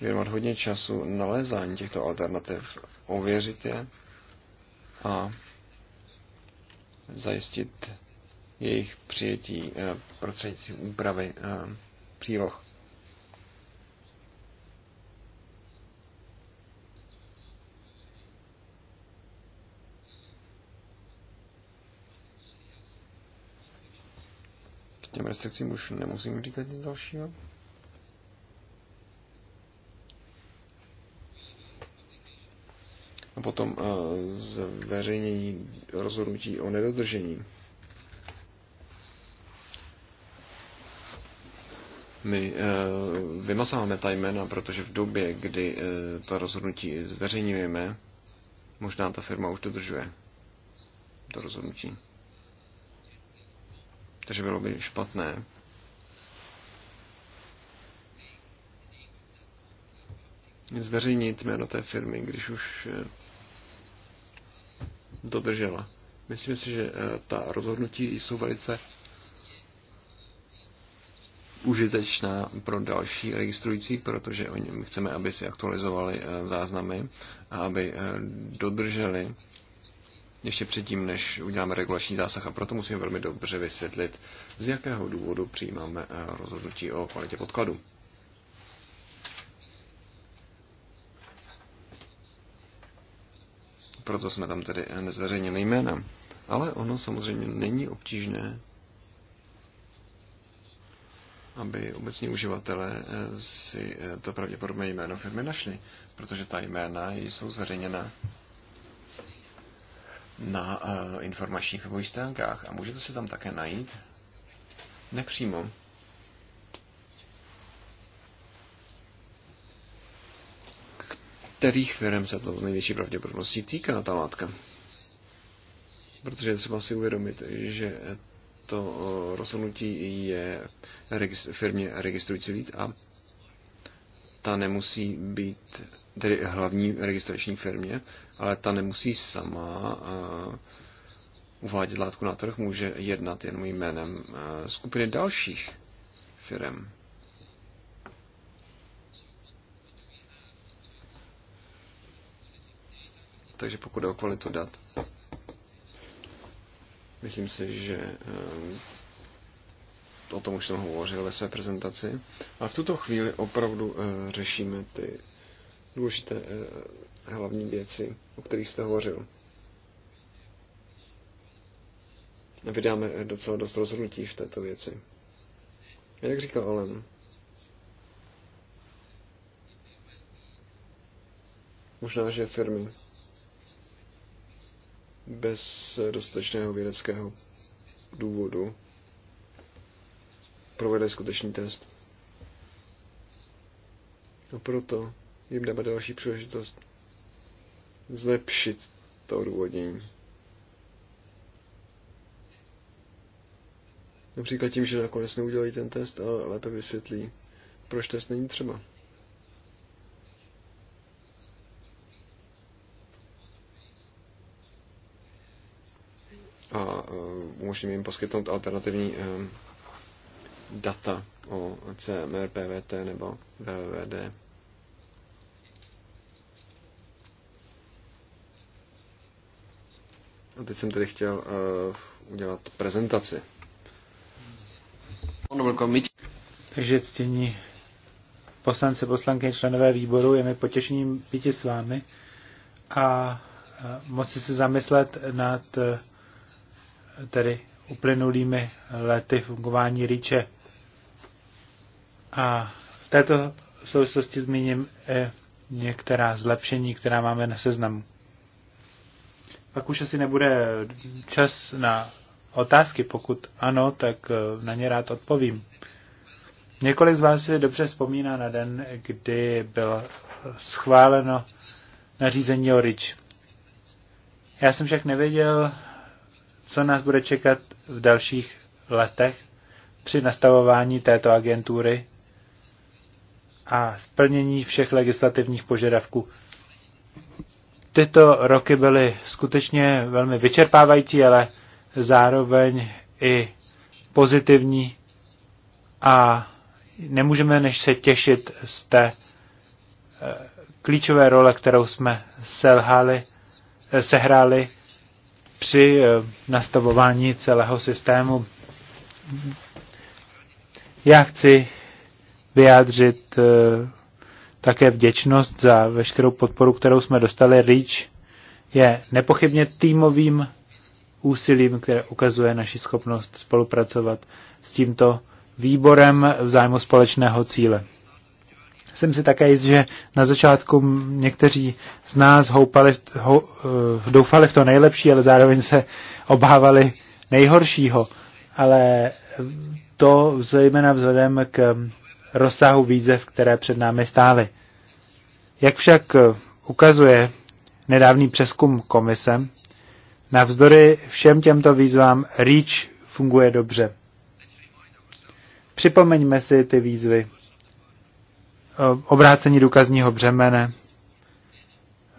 věnovat hodně času nalézání těchto alternativ, ověřit je a zajistit jejich přijetí eh, prostřednictvím úpravy eh, příloh. těm restrikcím už nemusím říkat nic dalšího. potom eh, zveřejnění rozhodnutí o nedodržení. My eh, vymazáváme ta jména, protože v době, kdy eh, to rozhodnutí zveřejňujeme, možná ta firma už dodržuje to rozhodnutí. Takže bylo by špatné. Zveřejnit jméno té firmy, když už dodržela. Myslím si, že eh, ta rozhodnutí jsou velice užitečná pro další registrující, protože oni chceme, aby si aktualizovali eh, záznamy a aby eh, dodrželi ještě předtím, než uděláme regulační zásah. A proto musíme velmi dobře vysvětlit, z jakého důvodu přijímáme rozhodnutí o kvalitě podkladu. proto jsme tam tedy nezveřejnili jména. Ale ono samozřejmě není obtížné, aby obecní uživatelé eh, si eh, to pravděpodobné jméno firmy našli, protože ta jména jsou zveřejněna na eh, informačních webových stránkách a můžete si tam také najít nepřímo kterých firm se to z největší pravděpodobností týká ta látka. Protože je třeba si uvědomit, že to eh, rozhodnutí je firmě registrující lít a ta nemusí být, tedy hlavní registrační firmě, ale ta nemusí sama eh, uvádět látku na trh, může jednat jenom jménem eh, skupiny dalších firm. Takže pokud jde o kvalitu dat, myslím si, že ehm, o tom už jsem hovořil ve své prezentaci. A v tuto chvíli opravdu eh, řešíme ty důležité eh, hlavní věci, o kterých jste hovořil. Vydáme eh, docela dost rozhodnutí v této věci. jak říkal Alem, možná, že firmy bez dostatečného vědeckého důvodu provede skutečný test.
A proto jim dáme další příležitost
zlepšit to odůvodnění. Například tím, že nakonec neudělají ten test, ale lépe vysvětlí, proč test není třeba. umožním jim poskytnout alternativní ehm, data o CMR, PVT nebo VVD. A teď jsem tedy chtěl eh, udělat
prezentaci. Takže ctění poslance, poslanky, členové výboru, je mi potěšením být s vámi a eh, moci se zamyslet nad eh, tedy uplynulými lety fungování rýče. A v této souvislosti zmíním i některá zlepšení, která máme na seznamu. Pak už asi nebude čas na otázky. Pokud ano, tak na ně rád odpovím. Několik z vás si dobře vzpomíná na den, kdy bylo schváleno nařízení o RIČ. Já jsem však nevěděl, co nás bude čekat v dalších letech při nastavování této agentury a splnění všech legislativních požadavků. Tyto roky byly skutečně velmi vyčerpávající, ale zároveň i pozitivní a nemůžeme než se těšit z té eh, klíčové role, kterou jsme selhali, eh, sehráli při eh, nastavování celého systému. Já chci vyjádřit eh, také vděčnost za veškerou podporu, kterou jsme dostali. REACH je nepochybně týmovým úsilím, které ukazuje naši schopnost spolupracovat s tímto výborem v zájmu společného cíle jsem si také jist, že na začátku někteří z nás houpali, hou, eh, doufali v to nejlepší, ale zároveň se obávali nejhoršího. Ale eh, to zejména vzhledem k rozsahu výzev, které před námi stály. Jak však eh, ukazuje nedávný přeskum komise, navzdory všem těmto výzvám REACH funguje dobře. Připomeňme si ty výzvy Eh, obrácení důkazního břemene,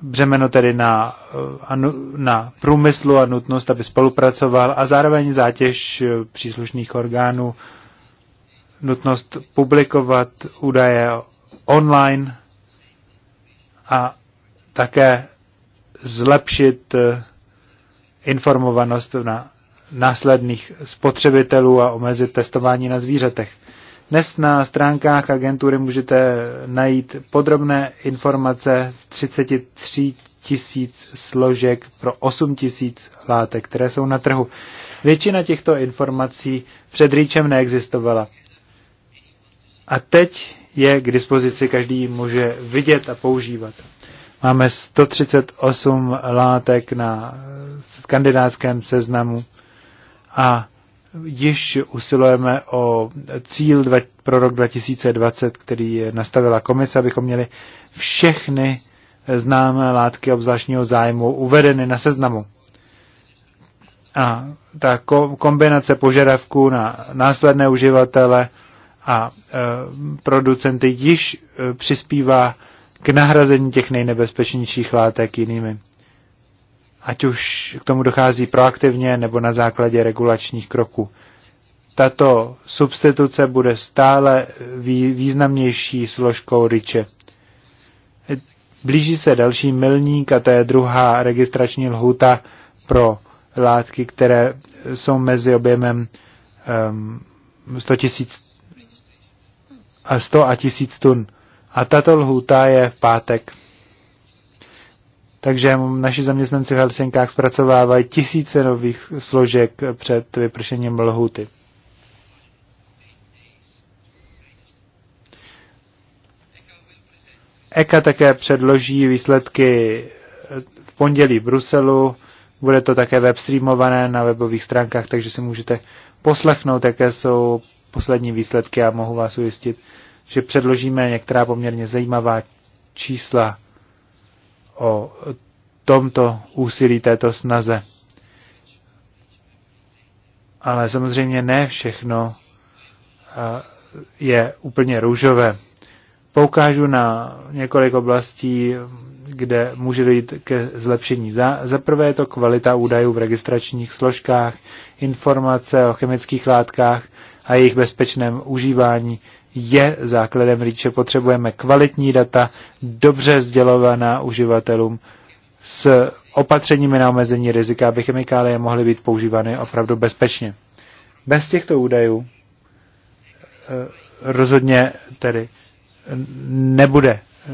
břemeno tedy na, eh, na průmyslu a nutnost, aby spolupracoval a zároveň zátěž eh, příslušných orgánů, nutnost publikovat údaje online a také zlepšit informovanost na následných spotřebitelů a omezit testování na zvířatech. Dnes na stránkách agentury můžete najít podrobné informace z 33 tisíc složek pro 8 tisíc látek, které jsou na trhu. Většina těchto informací před rýčem neexistovala. A teď je k dispozici, každý může vidět a používat. Máme 138 látek na skandinávském seznamu a již usilujeme o cíl pro rok 2020, který nastavila komise, abychom měli všechny známé látky obzvláštního zájmu uvedeny na seznamu. A ta kombinace požadavků na následné uživatele a e, producenty již e, přispívá k nahrazení těch nejnebezpečnějších látek jinými ať už k tomu dochází proaktivně nebo na základě regulačních kroků. Tato substituce bude stále významnější složkou ryče. Blíží se další milník a to je druhá registrační lhůta pro látky, které jsou mezi objemem 100 ehm, a 100 a tun. A tato lhůta je v pátek. Takže naši zaměstnanci v Helsinkách zpracovávají tisíce nových složek před vypršením lhuty. EKA také předloží výsledky v pondělí v Bruselu. Bude to také webstreamované na webových stránkách, takže si můžete poslechnout, jaké jsou poslední výsledky a mohu vás ujistit, že předložíme některá poměrně zajímavá čísla o tomto úsilí, této snaze. Ale samozřejmě ne všechno eh, je úplně růžové. Poukážu na několik oblastí, kde může dojít ke zlepšení. Za, prvé je to kvalita údajů v registračních složkách, informace o chemických látkách a jejich bezpečném užívání je základem rýče. Potřebujeme kvalitní data, dobře sdělovaná uživatelům s opatřeními na omezení rizika, aby chemikálie mohly být používány opravdu bezpečně. Bez těchto údajů eh, rozhodně tedy nebude eh,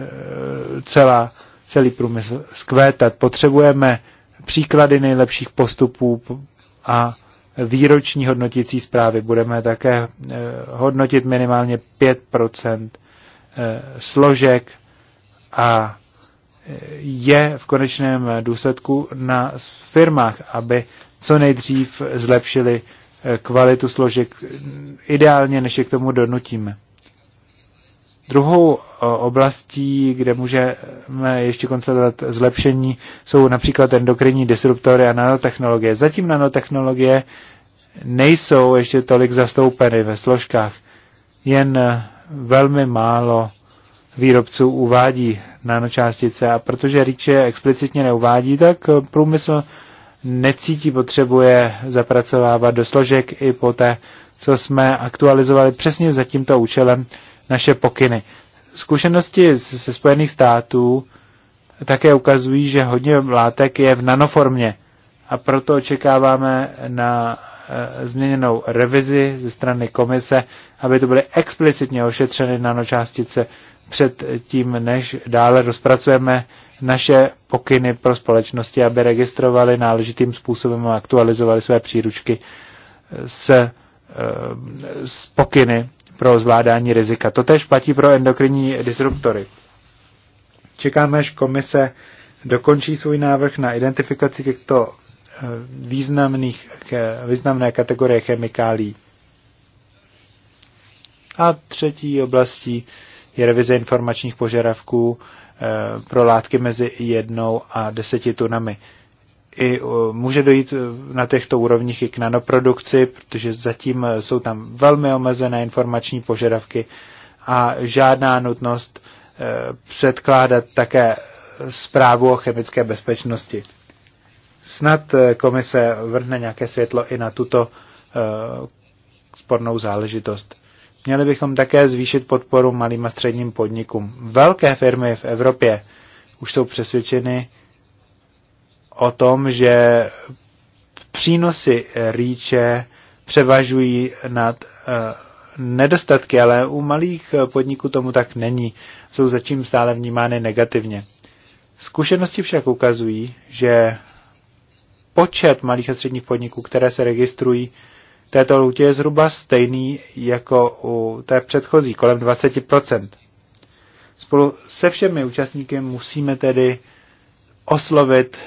celá, celý průmysl zkvétat. Potřebujeme příklady nejlepších postupů a výroční hodnotící zprávy budeme také eh, hodnotit minimálně 5 eh, složek a eh, je v konečném důsledku na firmách, aby co nejdřív zlepšili kvalitu složek ideálně, než je k tomu donutíme. Druhou eh, oblastí, kde můžeme ještě konstatovat zlepšení, jsou například endokrinní disruptory a nanotechnologie. Zatím nanotechnologie nejsou ještě tolik zastoupeny ve složkách. Jen eh, velmi málo výrobců uvádí nanočástice a protože Riče explicitně neuvádí, tak eh, průmysl necítí potřebuje zapracovávat do složek i poté, co jsme aktualizovali přesně za tímto účelem naše pokyny. Zkušenosti ze Spojených států také ukazují, že hodně látek je v nanoformě a proto očekáváme na eh, změněnou revizi ze strany komise, aby to byly explicitně ošetřeny nanočástice před tím, než dále rozpracujeme naše pokyny pro společnosti, aby registrovali náležitým způsobem a aktualizovali své příručky s z eh, pokyny pro zvládání rizika. To tež platí pro endokrinní disruptory. Čekáme, až komise dokončí svůj návrh na identifikaci těchto eh, významných, významné kategorie chemikálí. A třetí oblastí je revize informačních požadavků eh, pro látky mezi jednou a deseti tunami i e, může dojít e, na těchto úrovních i k nanoprodukci, protože zatím e, jsou tam velmi omezené informační požadavky a žádná nutnost předkládat také zprávu o chemické bezpečnosti. Snad komise vrhne nějaké světlo i na tuto spornou záležitost. Měli bychom také zvýšit podporu malým a středním podnikům. Velké firmy v Evropě už jsou přesvědčeny, o tom, že přínosy rýče převažují nad eh, nedostatky, ale u malých podniků tomu tak není. Jsou zatím stále vnímány negativně. Zkušenosti však ukazují, že počet malých a středních podniků, které se registrují této lůtě je zhruba stejný jako u té předchozí, kolem 20%. Spolu se všemi účastníky musíme tedy oslovit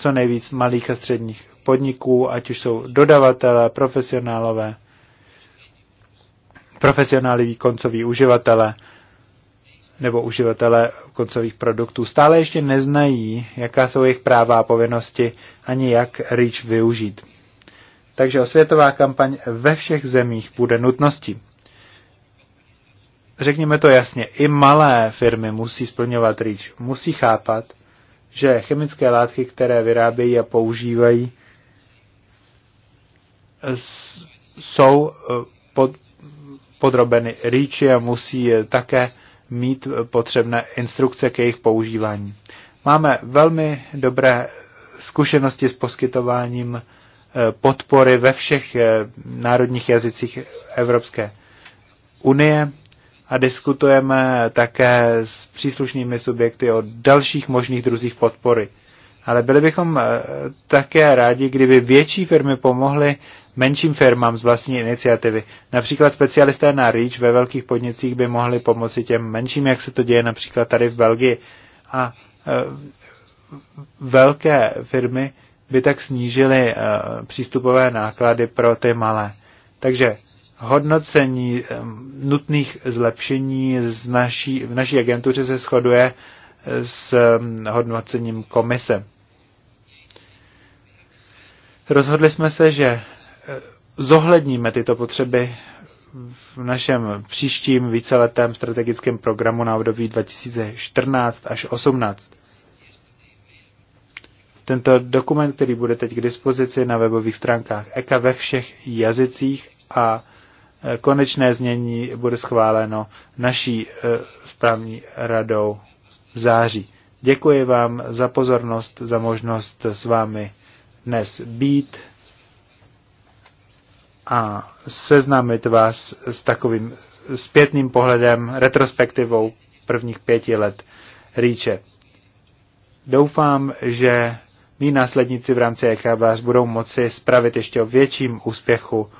co nejvíc malých a středních podniků, ať už jsou dodavatelé, profesionálové, profesionáliví koncoví uživatelé nebo uživatelé koncových produktů stále ještě neznají, jaká jsou jejich práva a povinnosti, ani jak REACH využít. Takže osvětová kampaň ve všech zemích bude nutností. Řekněme to jasně, i malé firmy musí splňovat REACH, musí chápat, že chemické látky, které vyrábějí a používají, jsou eh, pod, podrobeny rýči a musí také mít potřebné instrukce k jejich používání. Máme velmi dobré zkušenosti s poskytováním eh, podpory ve všech eh, národních jazycích Evropské unie a diskutujeme také s příslušnými subjekty o dalších možných druzích podpory. Ale byli bychom eh, také rádi, kdyby větší firmy pomohly menším firmám z vlastní iniciativy. Například specialisté na REACH ve velkých podnicích by mohli pomoci těm menším, jak se to děje například tady v Belgii. A eh, velké firmy by tak snížily eh, přístupové náklady pro ty malé. Takže hodnocení nutných zlepšení z naší, v naší agentuře se shoduje eh, s hodnocením komise. Rozhodli jsme se, že eh, zohledníme tyto potřeby v našem příštím víceletém strategickém programu na období 2014 až 2018. Tento dokument, který bude teď k dispozici na webových stránkách EKA ve všech jazycích a konečné znění bude schváleno naší eh, správní radou v září. Děkuji vám za pozornost, za možnost s vámi dnes být a seznámit vás s takovým zpětným pohledem, retrospektivou prvních pěti let Rýče. Doufám, že mý následníci v rámci EK vás budou moci spravit ještě o větším úspěchu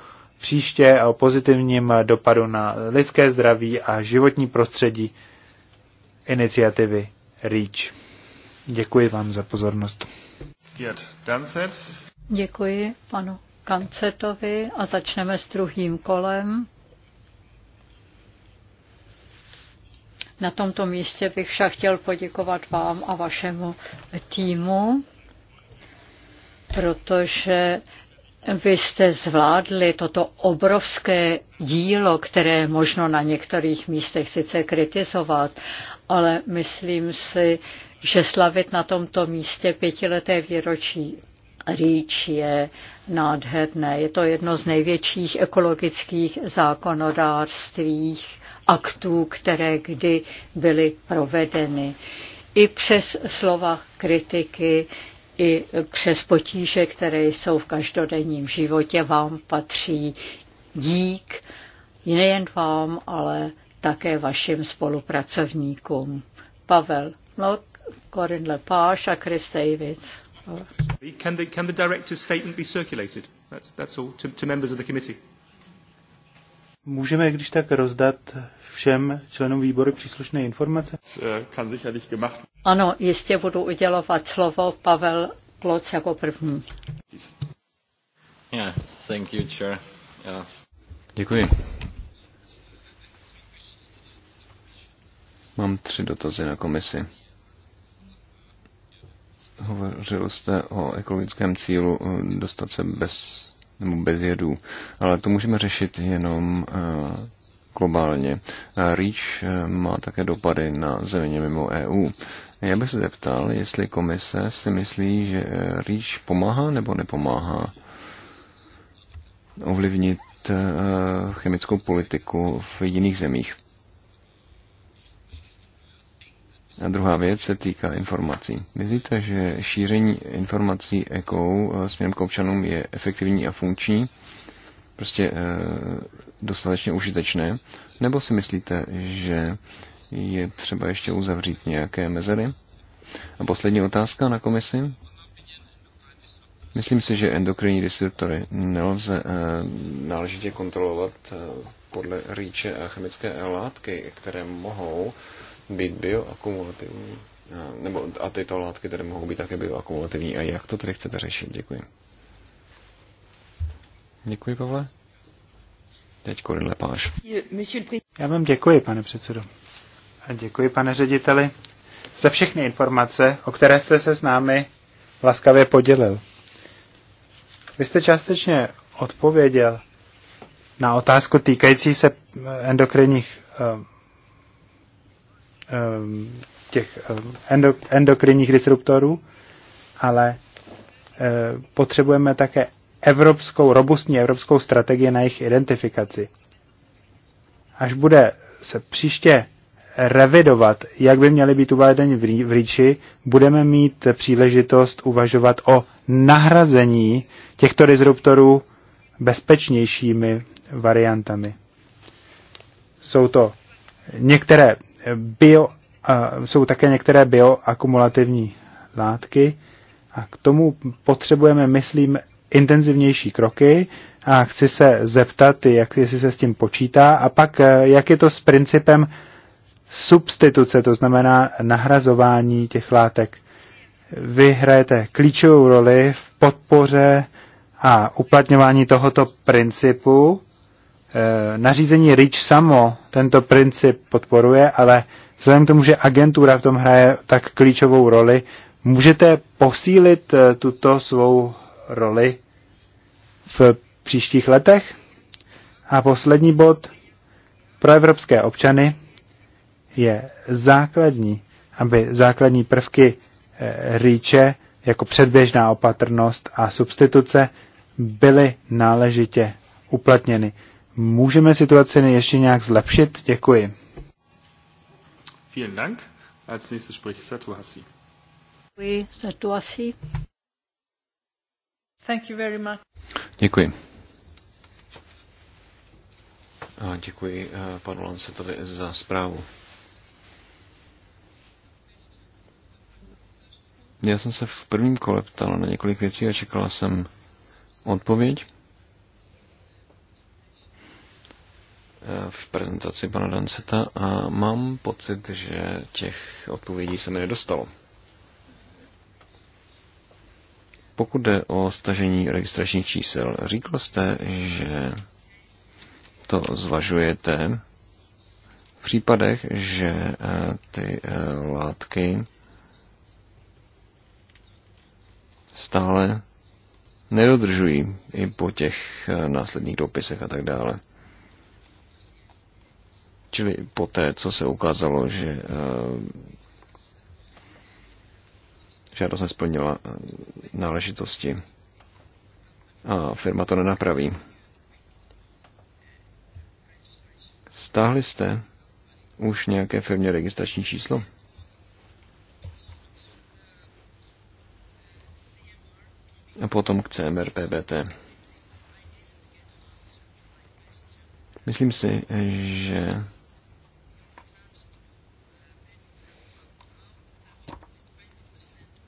příště a o pozitivním dopadu na lidské zdraví a životní prostředí iniciativy REACH. Děkuji vám za pozornost.
Děkuji panu Kancetovi a začneme s druhým kolem. Na tomto místě bych však chtěl poděkovat vám a vašemu týmu, protože vy jste zvládli toto obrovské dílo, které možno na některých místech sice kritizovat, ale myslím si, že slavit na tomto místě pětileté výročí Rýč je nádherné. Je to jedno z největších ekologických zákonodárstvích aktů, které kdy byly provedeny. I přes slova kritiky i přes potíže, které jsou v každodenním životě, vám patří dík nejen vám, ale také vašim spolupracovníkům. Pavel Mlot, Corinne Lepáš a Chris David.
Can the, can the director's statement be circulated? That's, that's all to, to members of the committee. Můžeme, když tak, rozdat všem členům výboru příslušné informace? Eh,
ano, jistě budu udělovat slovo Pavel Kloc jako první.
Yeah, thank you, chair. Yeah. Děkuji. Mám tři dotazy na komisi. Hovořil jste o ekologickém cílu eh, dostat se bez nebo bez jedů. Ale to můžeme řešit jenom eh, globálně. REACH eh, má také dopady na země mimo EU. Já bych se zeptal, jestli komise si myslí, že eh, REACH pomáhá nebo nepomáhá ovlivnit chemickou politiku v jiných zemích. A druhá věc se týká informací. Myslíte, že šíření informací ECO eh, směrem k občanům je efektivní a funkční? Prostě e, dostatečně užitečné? Nebo si myslíte, že je třeba ještě uzavřít nějaké mezery? A poslední otázka na komisi. Myslím si, že endokrinní disruptory nelze e, náležitě kontrolovat e, podle rýče a chemické látky, které mohou být bioakumulativní? Nebo a tyto látky tedy mohou být také bioakumulativní. A jak to tedy chcete řešit? Děkuji. Děkuji, Pavle. Teď Korin Lepáš.
Já vám děkuji, pane předsedo. A děkuji, pane řediteli, za všechny informace, o které jste se s námi laskavě podělil. Vy jste částečně odpověděl na otázku týkající se endokrinních eh, Ehm, těch ehm, endokrinních disruptorů, ale eh, potřebujeme také evropskou, robustní evropskou strategii na jejich identifikaci. Až bude se příště revidovat, jak by měly být uvedeny v REACHi, budeme mít příležitost uvažovat o nahrazení těchto disruptorů bezpečnějšími variantami. Jsou to některé bio, jsou také některé bioakumulativní látky a k tomu potřebujeme, myslím, intenzivnější kroky a chci se zeptat, jak, jestli se s tím počítá a pak eh, jak je to s principem substituce, to znamená nahrazování těch látek. Vy hrajete klíčovou roli v podpoře a uplatňování tohoto principu Eh, nařízení REACH samo tento princip podporuje, ale vzhledem k tomu, že agentura v tom hraje tak klíčovou roli, můžete posílit eh, tuto svou roli v příštích letech? A poslední bod pro evropské občany je základní, aby základní prvky eh, rýče jako předběžná opatrnost a substituce byly náležitě uplatněny. Můžeme situaci ještě nějak zlepšit? Děkuji.
Vielen Dank. Als nächstes spricht Satu Hassi.
Oui, Satu Hassi. Thank you very much.
Děkuji. A děkuji eh, panu Lancetovi za zprávu. Já jsem se v prvním kole ptal na několik věcí a čekala jsem odpověď. v prezentaci pana Danceta a mám pocit, že těch odpovědí se mi nedostalo. Pokud jde o stažení registračních čísel, říkal jste, že to zvažujete v případech, že eh, ty eh, látky stále nedodržují i po těch eh, následných dopisech a tak dále. Čili po té, co se ukázalo, že eh, žádost nesplnila eh, náležitosti a firma to nenapraví. Stáhli jste už nějaké firmě registrační číslo? A potom k CMR PBT. Myslím si, že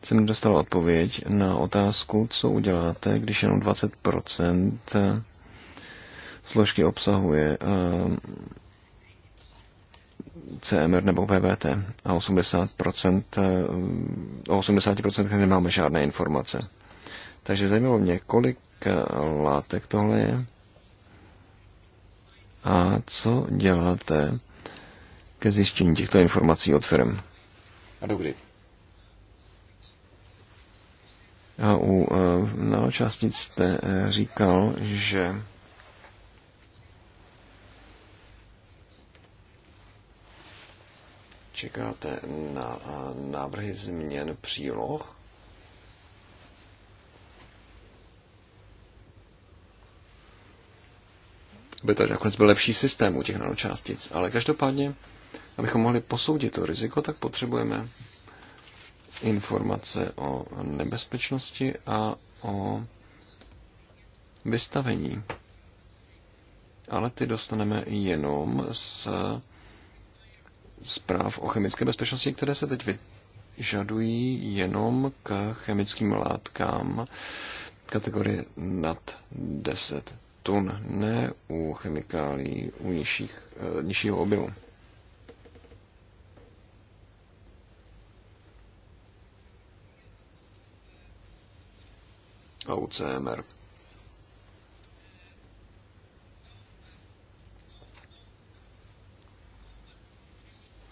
jsem dostal odpověď na otázku, co uděláte, když jenom 20% složky obsahuje eh, CMR nebo PBT a 80%, eh, o 80% nemáme žádné informace. Takže zajímalo mě, kolik eh, látek tohle je a co děláte ke zjištění těchto informací od firm. A dobrý. A u eh, mnohočástic jste eh, říkal, že čekáte na eh, návrhy změn příloh? By to nakonec byl lepší systém u těch nanočástic, ale každopádně, abychom mohli posoudit to riziko, tak potřebujeme informace o nebezpečnosti a o vystavení. Ale ty dostaneme jenom z zpráv o chemické bezpečnosti, které se teď vyžadují jenom k chemickým látkám kategorie nad 10 tun, ne u chemikálií u nižších, nižšího objemu. a UCMR.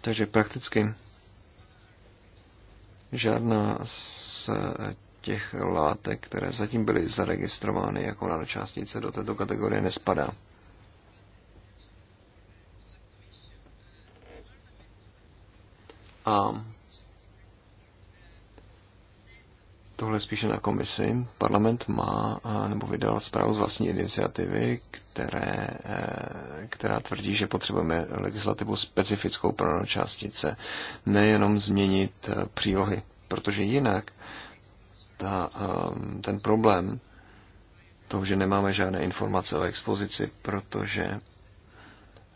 Takže prakticky žádná z těch látek, které zatím byly zaregistrovány jako nanočástice, do této kategorie nespadá. A tohle spíše na komisi. Parlament má nebo vydal zprávu z vlastní iniciativy, které, e, která tvrdí, že potřebujeme legislativu specifickou pro nanočástice, nejenom změnit e, přílohy, protože jinak ta, e, ten problém toho, že nemáme žádné informace o expozici, protože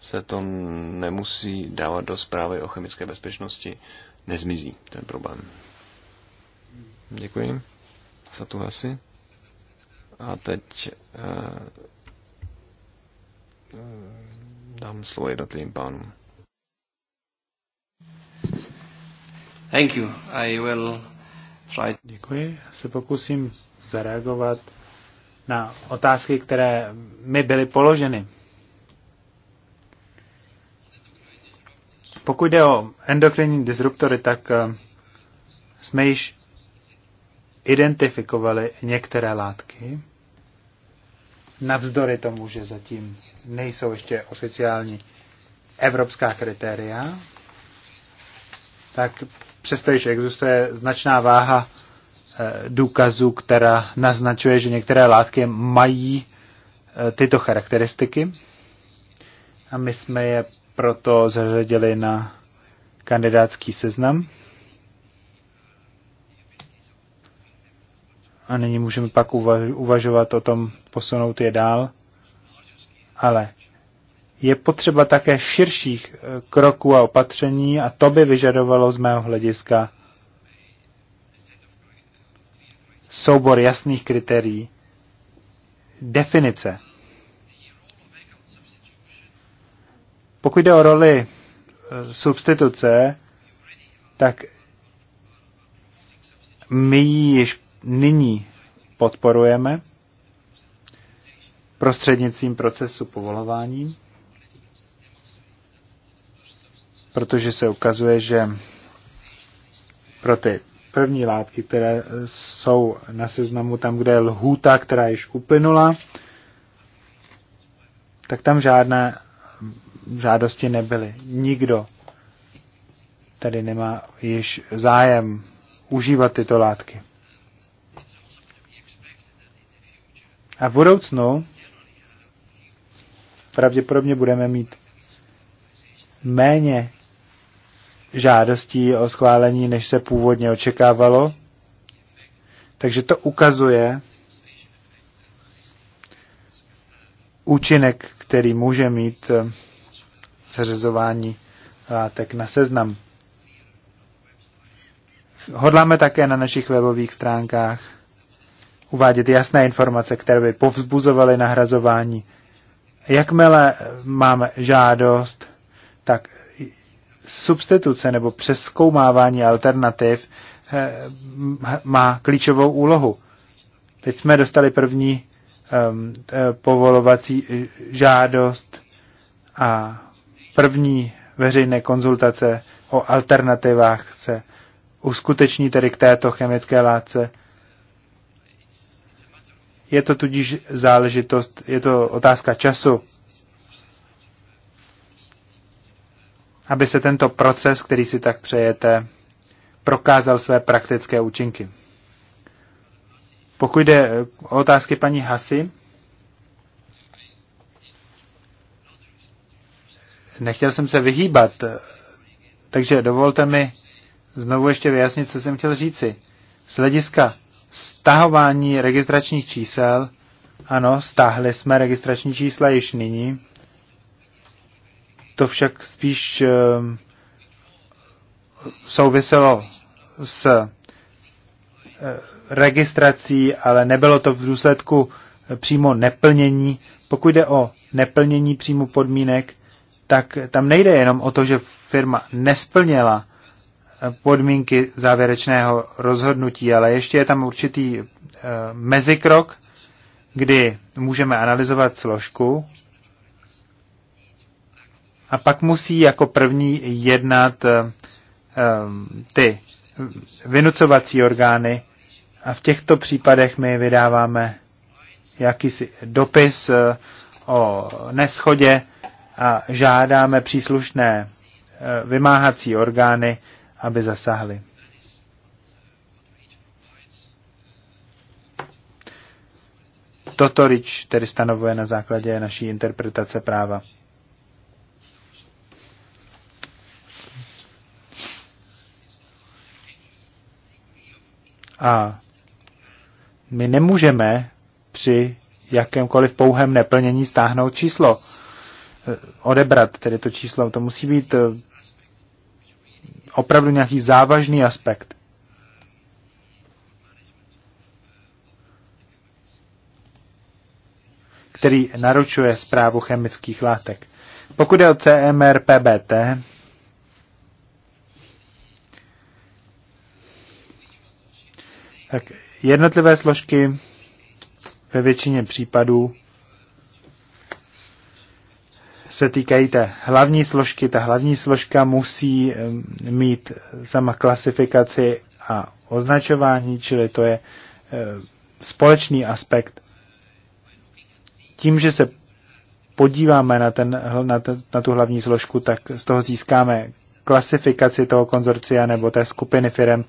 se to nemusí dávat do zprávy o chemické bezpečnosti, nezmizí ten problém. Děkuji. Satuhasi. A teď uh, dám slovo jednotlivým pánům.
Thank you. I will try... Děkuji. Se pokusím zareagovat na otázky, které mi byly položeny. Pokud jde o endokrinní disruptory, tak eh, jsme již identifikovali některé látky, navzdory tomu, že zatím nejsou ještě oficiální evropská kritéria, tak přesto, že existuje značná váha eh, důkazů, která naznačuje, že některé látky mají eh, tyto charakteristiky. A my jsme je proto zařadili na kandidátský seznam. a nyní můžeme pak uvažovat o tom posunout je dál, ale je potřeba také širších eh, kroků a opatření a to by vyžadovalo z mého hlediska soubor jasných kritérií, definice. Pokud jde o roli eh, substituce, tak my ji již nyní podporujeme prostřednictvím procesu povolování, protože se ukazuje, že pro ty první látky, které jsou na seznamu tam, kde je lhůta, která již uplynula, tak tam žádné žádosti nebyly. Nikdo tady nemá již zájem užívat tyto látky. A v budoucnu pravděpodobně budeme mít méně žádostí o schválení, než se původně očekávalo. Takže to ukazuje účinek, který může mít seřizování eh, látek na seznam. Hodláme také na našich webových stránkách uvádět jasné informace, které by povzbuzovaly nahrazování. Jakmile máme žádost, tak substituce nebo přeskoumávání alternativ eh, má klíčovou úlohu. Teď jsme dostali první ehm, eh, povolovací eh, žádost a první veřejné konzultace o alternativách se uskuteční tedy k této chemické látce je to tudíž záležitost, je to otázka času, aby se tento proces, který si tak přejete, prokázal své praktické účinky. Pokud jde eh, o otázky paní Hasy, nechtěl jsem se vyhýbat, eh, takže dovolte mi znovu ještě vyjasnit, co jsem chtěl říci. Z hlediska stahování registračních čísel. Ano, stáhli jsme registrační čísla již nyní. To však spíš ehm, souviselo s uh, registrací, ale nebylo to v důsledku eh, přímo neplnění. Pokud jde o neplnění přímo podmínek, tak tam nejde jenom o to, že firma nesplněla podmínky závěrečného rozhodnutí, ale ještě je tam určitý eh, mezikrok, kdy můžeme analyzovat složku a pak musí jako první jednat eh, eh, ty vynucovací orgány a v těchto případech my vydáváme jakýsi dopis o neschodě a žádáme příslušné vymáhací orgány, aby zasáhli. Toto RIČ tedy stanovuje na základě naší interpretace práva. A my nemůžeme při jakémkoliv pouhém neplnění stáhnout číslo, eh, odebrat tedy to číslo. To musí být eh, opravdu nějaký závažný aspekt. který naručuje zprávu chemických látek. Pokud je o CMR PBT, tak jednotlivé složky ve většině případů se týkají té hlavní složky. Ta hlavní složka musí mít sama klasifikaci a označování, čili to je společný aspekt. Tím, že se podíváme na, ten, na, ten, na tu hlavní složku, tak z toho získáme klasifikaci toho konzorcia nebo té skupiny firm,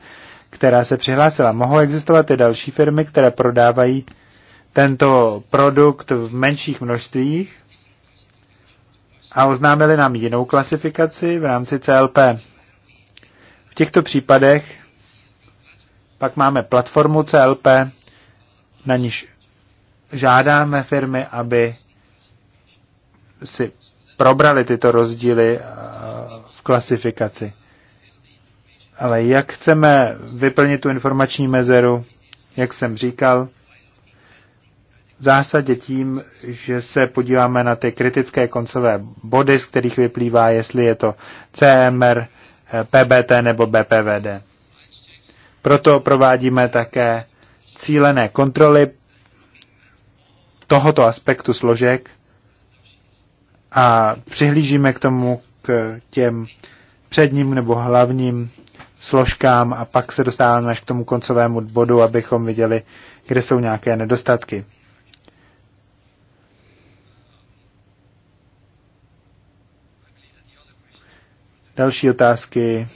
která se přihlásila. Mohou existovat i další firmy, které prodávají tento produkt v menších množstvích, a oznámili nám jinou klasifikaci v rámci CLP. V těchto případech pak máme platformu CLP, na níž žádáme firmy, aby si probrali tyto rozdíly eh, v klasifikaci. Ale jak chceme vyplnit tu informační mezeru, jak jsem říkal, v zásadě tím, že se podíváme na ty kritické koncové body, z kterých vyplývá, jestli je to CMR, PBT nebo BPVD. Proto provádíme také cílené kontroly tohoto aspektu složek a přihlížíme k tomu k těm předním nebo hlavním složkám a pak se dostáváme až k tomu koncovému bodu, abychom viděli, kde jsou nějaké nedostatky. Další otázky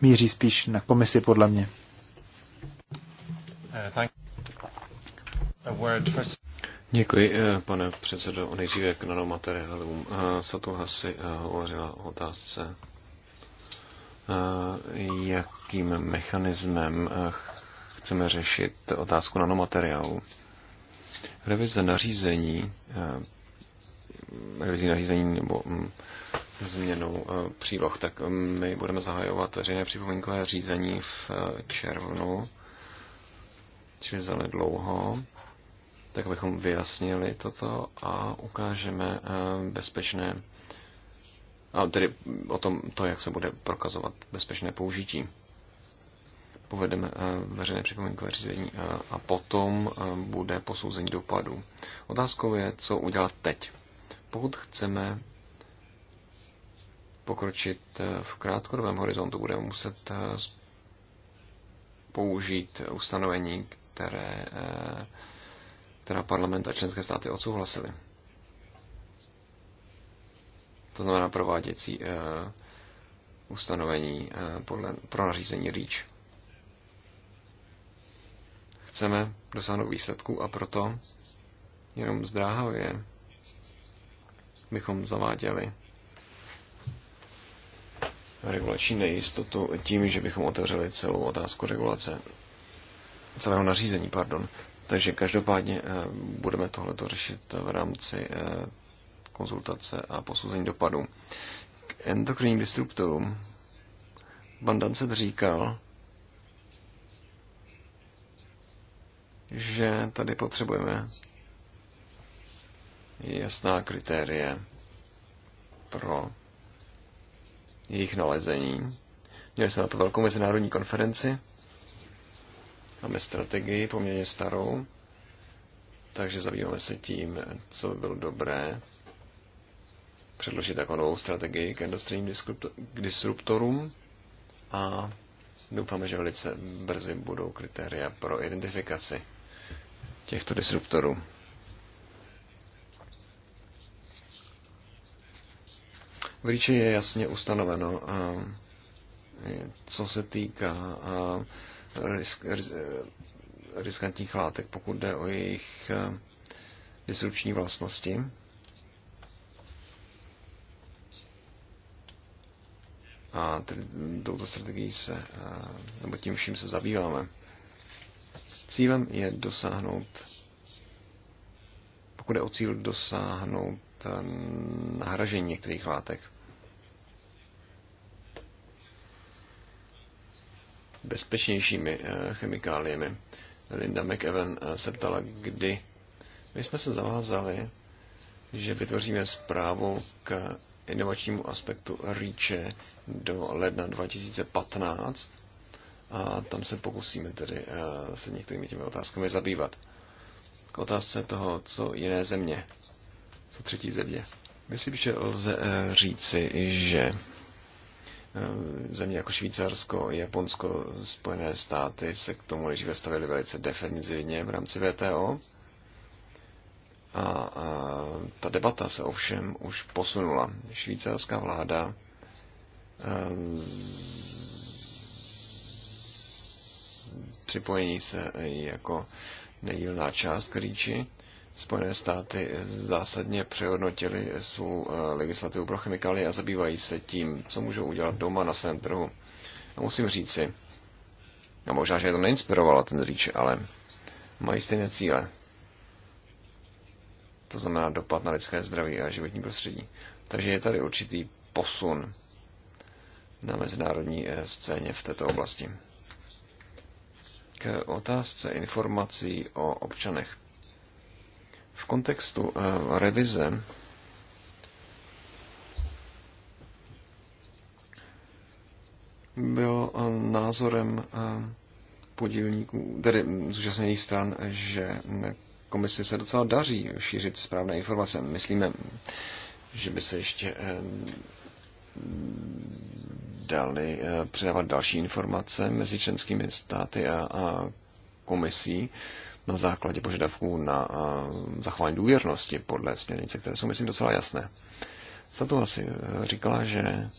míří spíš na komisi, podle mě. Eh,
Děkuji, eh, pane předsedo. Nejdříve k nanomateriálům. Eh, Satuhasi hovořila o otázce, jakým mechanismem chceme řešit otázku nanomateriálu. Revize nařízení, revizní nařízení nebo mm, změnou eh, příloh, tak eh, my budeme zahajovat veřejné připomínkové řízení v eh, červnu, čili zanedlouho, tak abychom vyjasnili toto a ukážeme bezpečné, a tedy o tom, to, jak se bude prokazovat bezpečné použití. Povedeme veřejné připomínkové řízení a potom bude posouzení dopadů. Otázkou je, co udělat teď. Pokud chceme pokročit eh, v krátkodobém horizontu, budeme muset eh, použít ustanovení, které, eh, která parlament a členské státy odsouhlasily. To znamená prováděcí ustanovení podle, pro nařízení REACH. Chceme dosáhnout výsledku a proto jenom zdráhavě bychom zaváděli regulační nejistotu tím, že bychom otevřeli celou otázku regulace, celého nařízení, pardon. Takže každopádně eh, budeme tohleto řešit v rámci eh, konzultace a posouzení dopadů. K endokrinním disruptorům pan říkal, že tady potřebujeme jasná kritérie pro jejich nalezení. Měli jsme na to velkou mezinárodní konferenci. Máme strategii poměrně starou, takže zabýváme se tím, co by bylo dobré předložit jako novou strategii k endostrinním disruptorům a doufáme, že velice brzy budou kritéria pro identifikaci těchto disruptorů. V říči je jasně ustanoveno, co se týká risk, riskantních látek, pokud jde o jejich disrupční vlastnosti. A tedy touto strategií se, nebo tím vším se zabýváme. Cílem je dosáhnout, pokud je o cíl dosáhnout nahražení některých látek. bezpečnějšími eh, chemikáliemi. Linda McEwen eh, se ptala, kdy. My jsme se zavázali, že vytvoříme zprávu k inovačnímu aspektu REACHE do ledna 2015 a tam se pokusíme tedy eh, se některými těmi otázkami zabývat. K otázce toho, co jiné země do třetí země. Myslím, že lze říci, že země jako Švýcarsko, Japonsko, Spojené státy se k tomu nejdříve stavili velice defenzivně v rámci VTO. A, a ta debata se ovšem už posunula. Švýcarská vláda z... připojení se jako nedílná část k říči Spojené státy zásadně přehodnotili svou eh, legislativu pro chemikálie a zabývají se tím, co můžou udělat doma na svém trhu. A musím říci, a možná, že je to neinspirovalo ten rýč, ale mají stejné cíle. To znamená dopad na lidské zdraví a životní prostředí. Takže je tady určitý posun na mezinárodní eh, scéně v této oblasti. K otázce informací o občanech. V kontextu eh, revize byl eh, názorem eh, podílníků, tedy hm, zúčastněných stran, že hm, komisi se docela daří šířit správné informace. Myslíme, že by se ještě dali předávat další informace mezi členskými státy a, komisí na základě požadavků na zachování důvěrnosti podle směrnice, které jsou, myslím, docela jasné. Sato asi e, říkala, že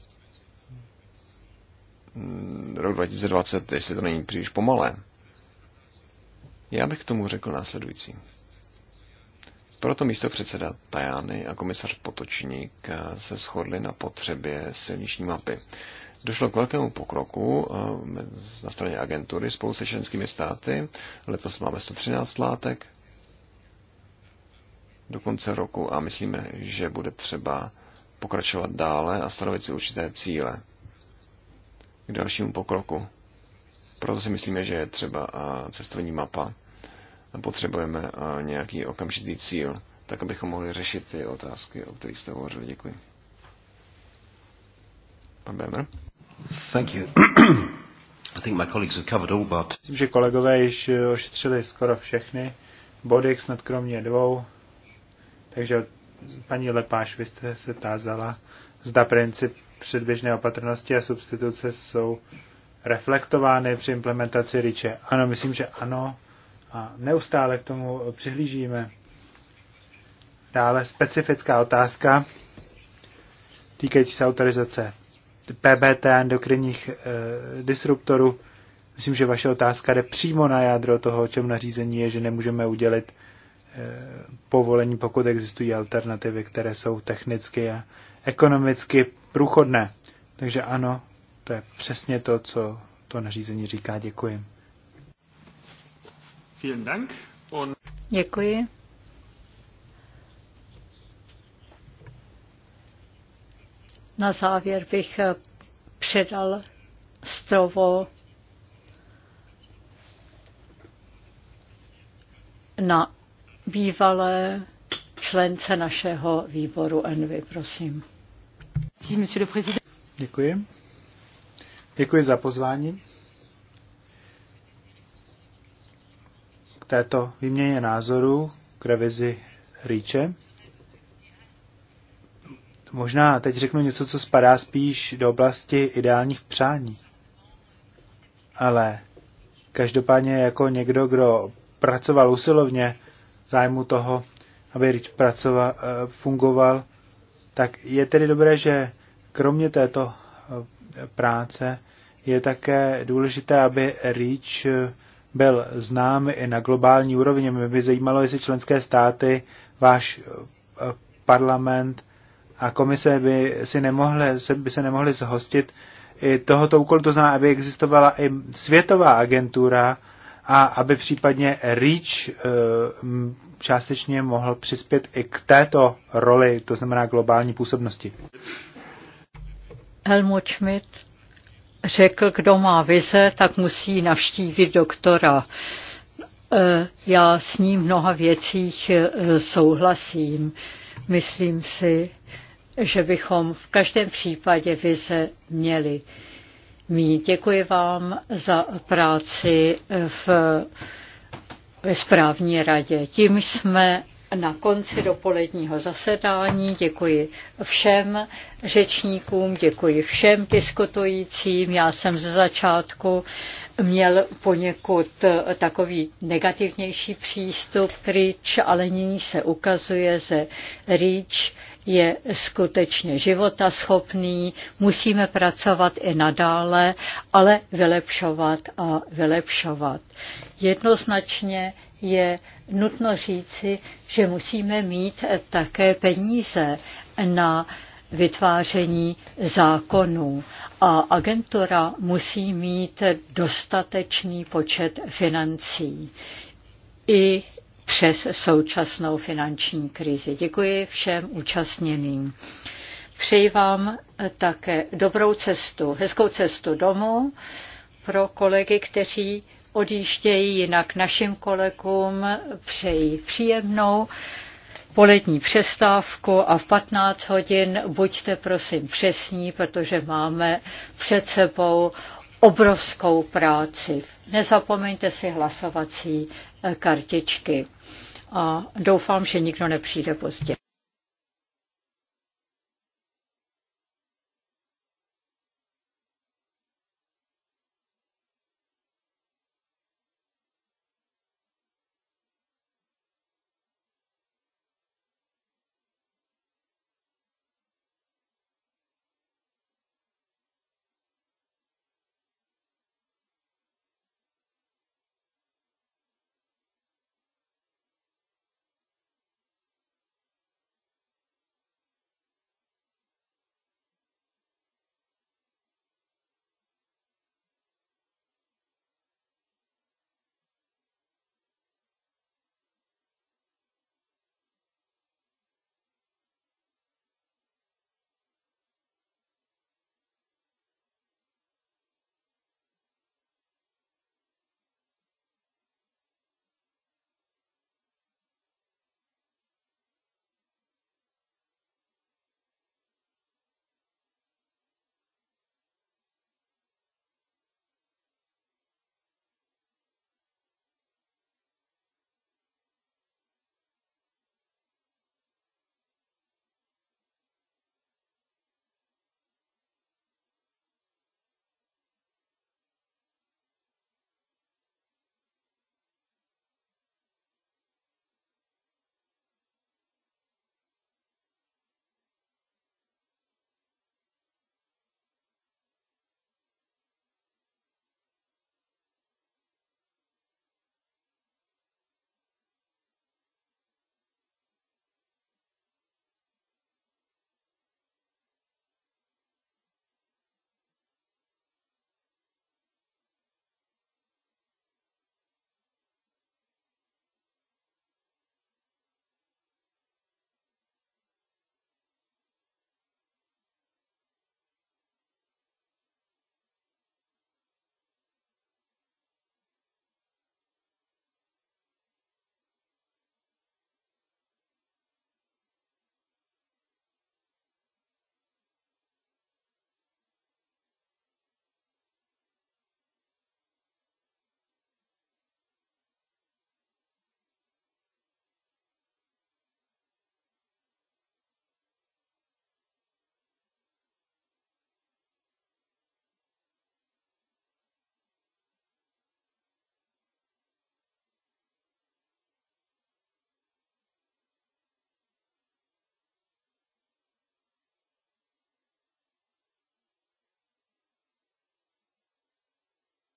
mm, rok 2020, jestli to není příliš pomalé, já bych k tomu řekl následující. Proto místo předseda Tajány a komisař Potočník e, se shodli na potřebě silniční mapy. Došlo k velkému pokroku eh, na straně agentury spolu se členskými státy. Letos máme 113 látek do konce roku a myslíme, že bude třeba pokračovat dále a stanovit si určité cíle k dalšímu pokroku. Proto si myslíme, že je třeba eh, cestovní mapa a potřebujeme eh, nějaký okamžitý cíl, tak abychom mohli řešit ty otázky, o kterých jste hovořili. Děkuji.
Pan Thank you. (clears throat) I think my colleagues have covered all but...
Myslím, že kolegové již eh, ošetřili skoro všechny body, snad kromě dvou. Takže paní Lepáš, vy jste se tázala, zda princip předběžné opatrnosti a substituce jsou reflektovány při implementaci RIČE. Ano, myslím, že ano. A neustále k tomu přihlížíme. Dále specifická otázka týkající se autorizace PBT endokrinních eh, disruptorů. Myslím, že vaše otázka jde přímo na jádro toho, o čem nařízení je, že nemůžeme udělit eh, povolení, pokud existují alternativy, které jsou technicky a ekonomicky průchodné. Takže ano, to je přesně to, co to nařízení říká. Děkuji.
Děkuji. Na závěr bych eh, předal strovo na bývalé člence našeho výboru Envy, prosím.
Děkuji. Děkuji za pozvání k této výměně názorů k revizi Rýče. Možná teď řeknu něco, co spadá spíš do oblasti ideálních přání. Ale každopádně jako někdo, kdo pracoval usilovně v zájmu toho, aby Rich pracoval, eh, fungoval, tak je tedy dobré, že kromě této eh, práce je také důležité, aby REACH byl znám i na globální úrovni. Mě by zajímalo, jestli členské státy, váš eh, parlament a komise by, si nemohly, se, by se nemohly zhostit i tohoto úkolu, to znamená, aby existovala i světová agentura a aby případně REACH e, částečně mohl přispět i k této roli, to znamená globální působnosti.
Helmut Schmidt řekl, kdo má vize, tak musí navštívit doktora. Eh, já s ním mnoha věcích eh, souhlasím. Myslím si, že bychom v každém případě vize měli mít. Děkuji vám za práci v, ve správní radě. Tím jsme na konci dopoledního zasedání. Děkuji všem řečníkům, děkuji všem diskutujícím. Já jsem ze začátku měl poněkud takový negativnější přístup k REACH, ale nyní se ukazuje, že REACH je skutečně životaschopný, musíme pracovat i nadále, ale vylepšovat a vylepšovat. Jednoznačně je nutno říci, že musíme mít také peníze na vytváření zákonů a agentura musí mít dostatečný počet financí. I přes současnou finanční krizi. Děkuji všem účastněným. Přeji vám také dobrou cestu, hezkou cestu domů pro kolegy, kteří odjíždějí, jinak našim kolegům přeji příjemnou polední přestávku a v 15 hodin buďte prosím přesní, protože máme před sebou obrovskou práci. Nezapomeňte si hlasovací kartičky. A doufám, že nikdo nepřijde pozdě.